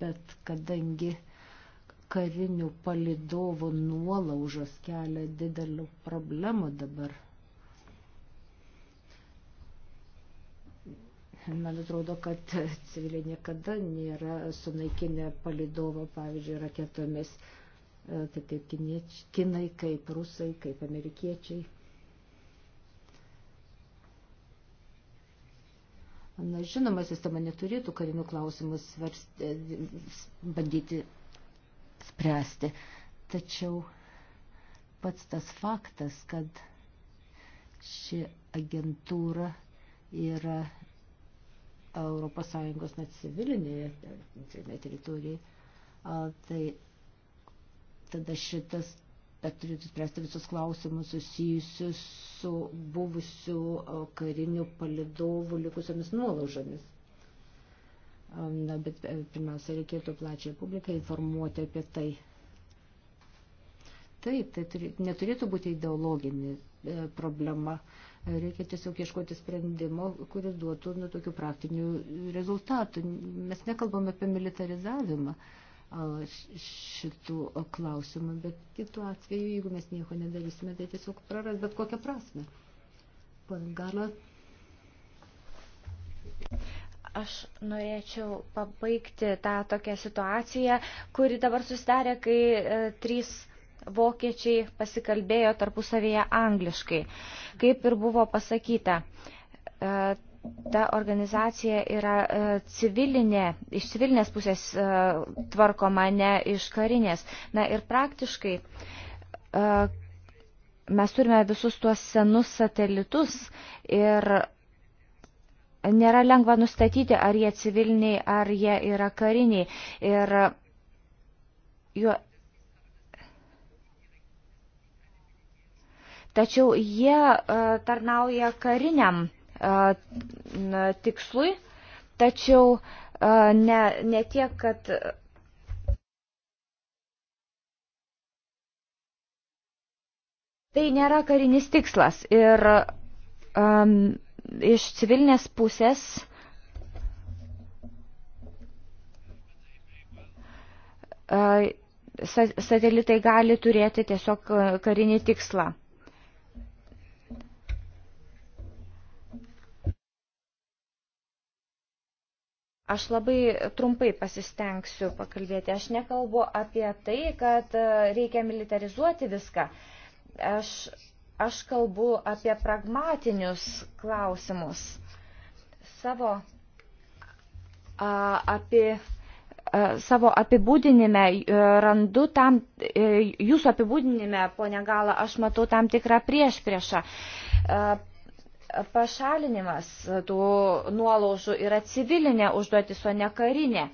Bet kadangi karinių palidovų nuolaužos kelia didelių problemų dabar – Man atrodo, kad civiliai niekada nėra sunaikinę palidovo, pavyzdžiui, raketomis. E, tai kaip kiniečiai, kinai, kaip rusai, kaip amerikiečiai. Na, žinoma, sistema neturėtų karinių klausimus svarsti, e, bandyti spręsti. Tačiau pats tas faktas, kad ši agentūra yra Europos Sąjungos net civilinėje teritorijoje, tai tada šitas bet turėtų spręsti visus klausimus susijusius su buvusiu kariniu palidovu likusiamis nuolaužomis. Na, bet e, pirmiausia, reikėtų plačiai publiką informuoti apie tai. Taip, tai turi, neturėtų būti ideologinė e, problema. Reikia tiesiog ieškoti sprendimo, kuris duotų nu, tokių praktinių rezultatų. Mes nekalbame apie militarizavimą šitų klausimų, bet kitų atveju, jeigu mes nieko nedarysime, tai tiesiog praras bet kokią prasme. Pane Gala. Aš norėčiau pabaigti tą tokią situaciją, kuri dabar susidarė, kai e, trys vokiečiai pasikalbėjo tarpusavėje angliškai. Kaip ir buvo pasakyta, e, ta organizacija yra e, civilinė, iš civilinės pusės e, tvarkoma, ne iš karinės. Na ir praktiškai mes turime visus tuos senus satelitus ir nėra lengva nustatyti, ar jie civiliniai, ar jie yra kariniai. Ir tačiau jie e, tarnauja kariniam e, tikslui, tačiau e, ne, ne tiek, kad tai nėra karinis tikslas. Ir um, iš civilinės pusės uh, satelitai gali turėti tiesiog karinį tikslą. Aš labai trumpai pasistengsiu pakalbėti. Aš nekalbu apie tai, kad e, reikia militarizuoti viską. Aš, aš kalbu apie pragmatinius klausimus. Savo, a, apie, a, savo apibūdinime e, randu tam, e, jūsų apibūdinime, ponia Gala, aš matau tam tikrą prieš priešą. A, pašalinimas tų nuolaužų yra civilinė užduotis, o ne karinė.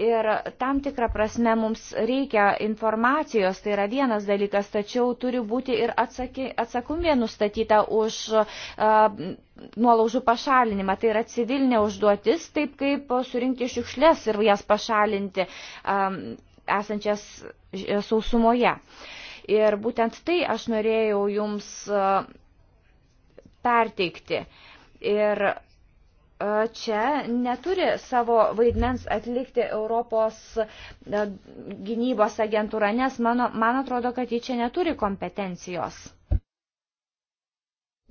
Ir tam tikrą prasme mums reikia informacijos, tai yra vienas dalykas, tačiau turi būti ir atsaki, atsakumė nustatyta už uh, nuolaužų pašalinimą. Tai yra civilinė užduotis, taip kaip surinkti šiukšlės ir jas pašalinti um, esančias sausumoje. Ir būtent tai aš norėjau jums. Uh, perteikti. Ir e, čia neturi savo vaidmens atlikti Europos e, gynybos agentūra, nes mano, man atrodo, kad ji čia neturi kompetencijos.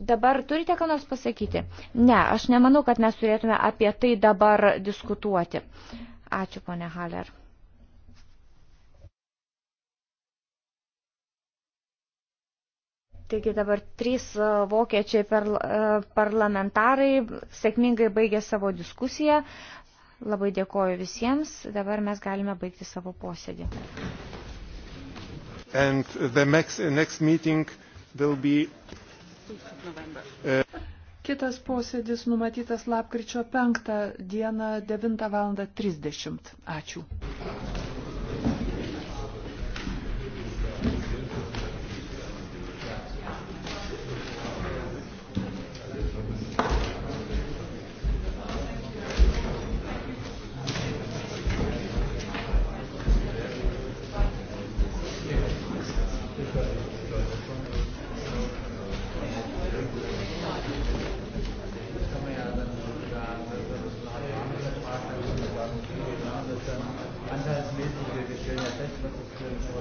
Dabar turite ką nors pasakyti? Ne, aš nemanau, kad mes turėtume apie tai dabar diskutuoti. Ačiū, ponė Haler. Taigi dabar trys e, vokiečiai e, parlamentarai sėkmingai baigė savo diskusiją. Labai dėkoju visiems. Dabar mes galime baigti savo posėdį. And the next, next meeting will be. Uh, Kitas posėdis numatytas lapkričio 5 dieną 9 val. 30. Ačiū.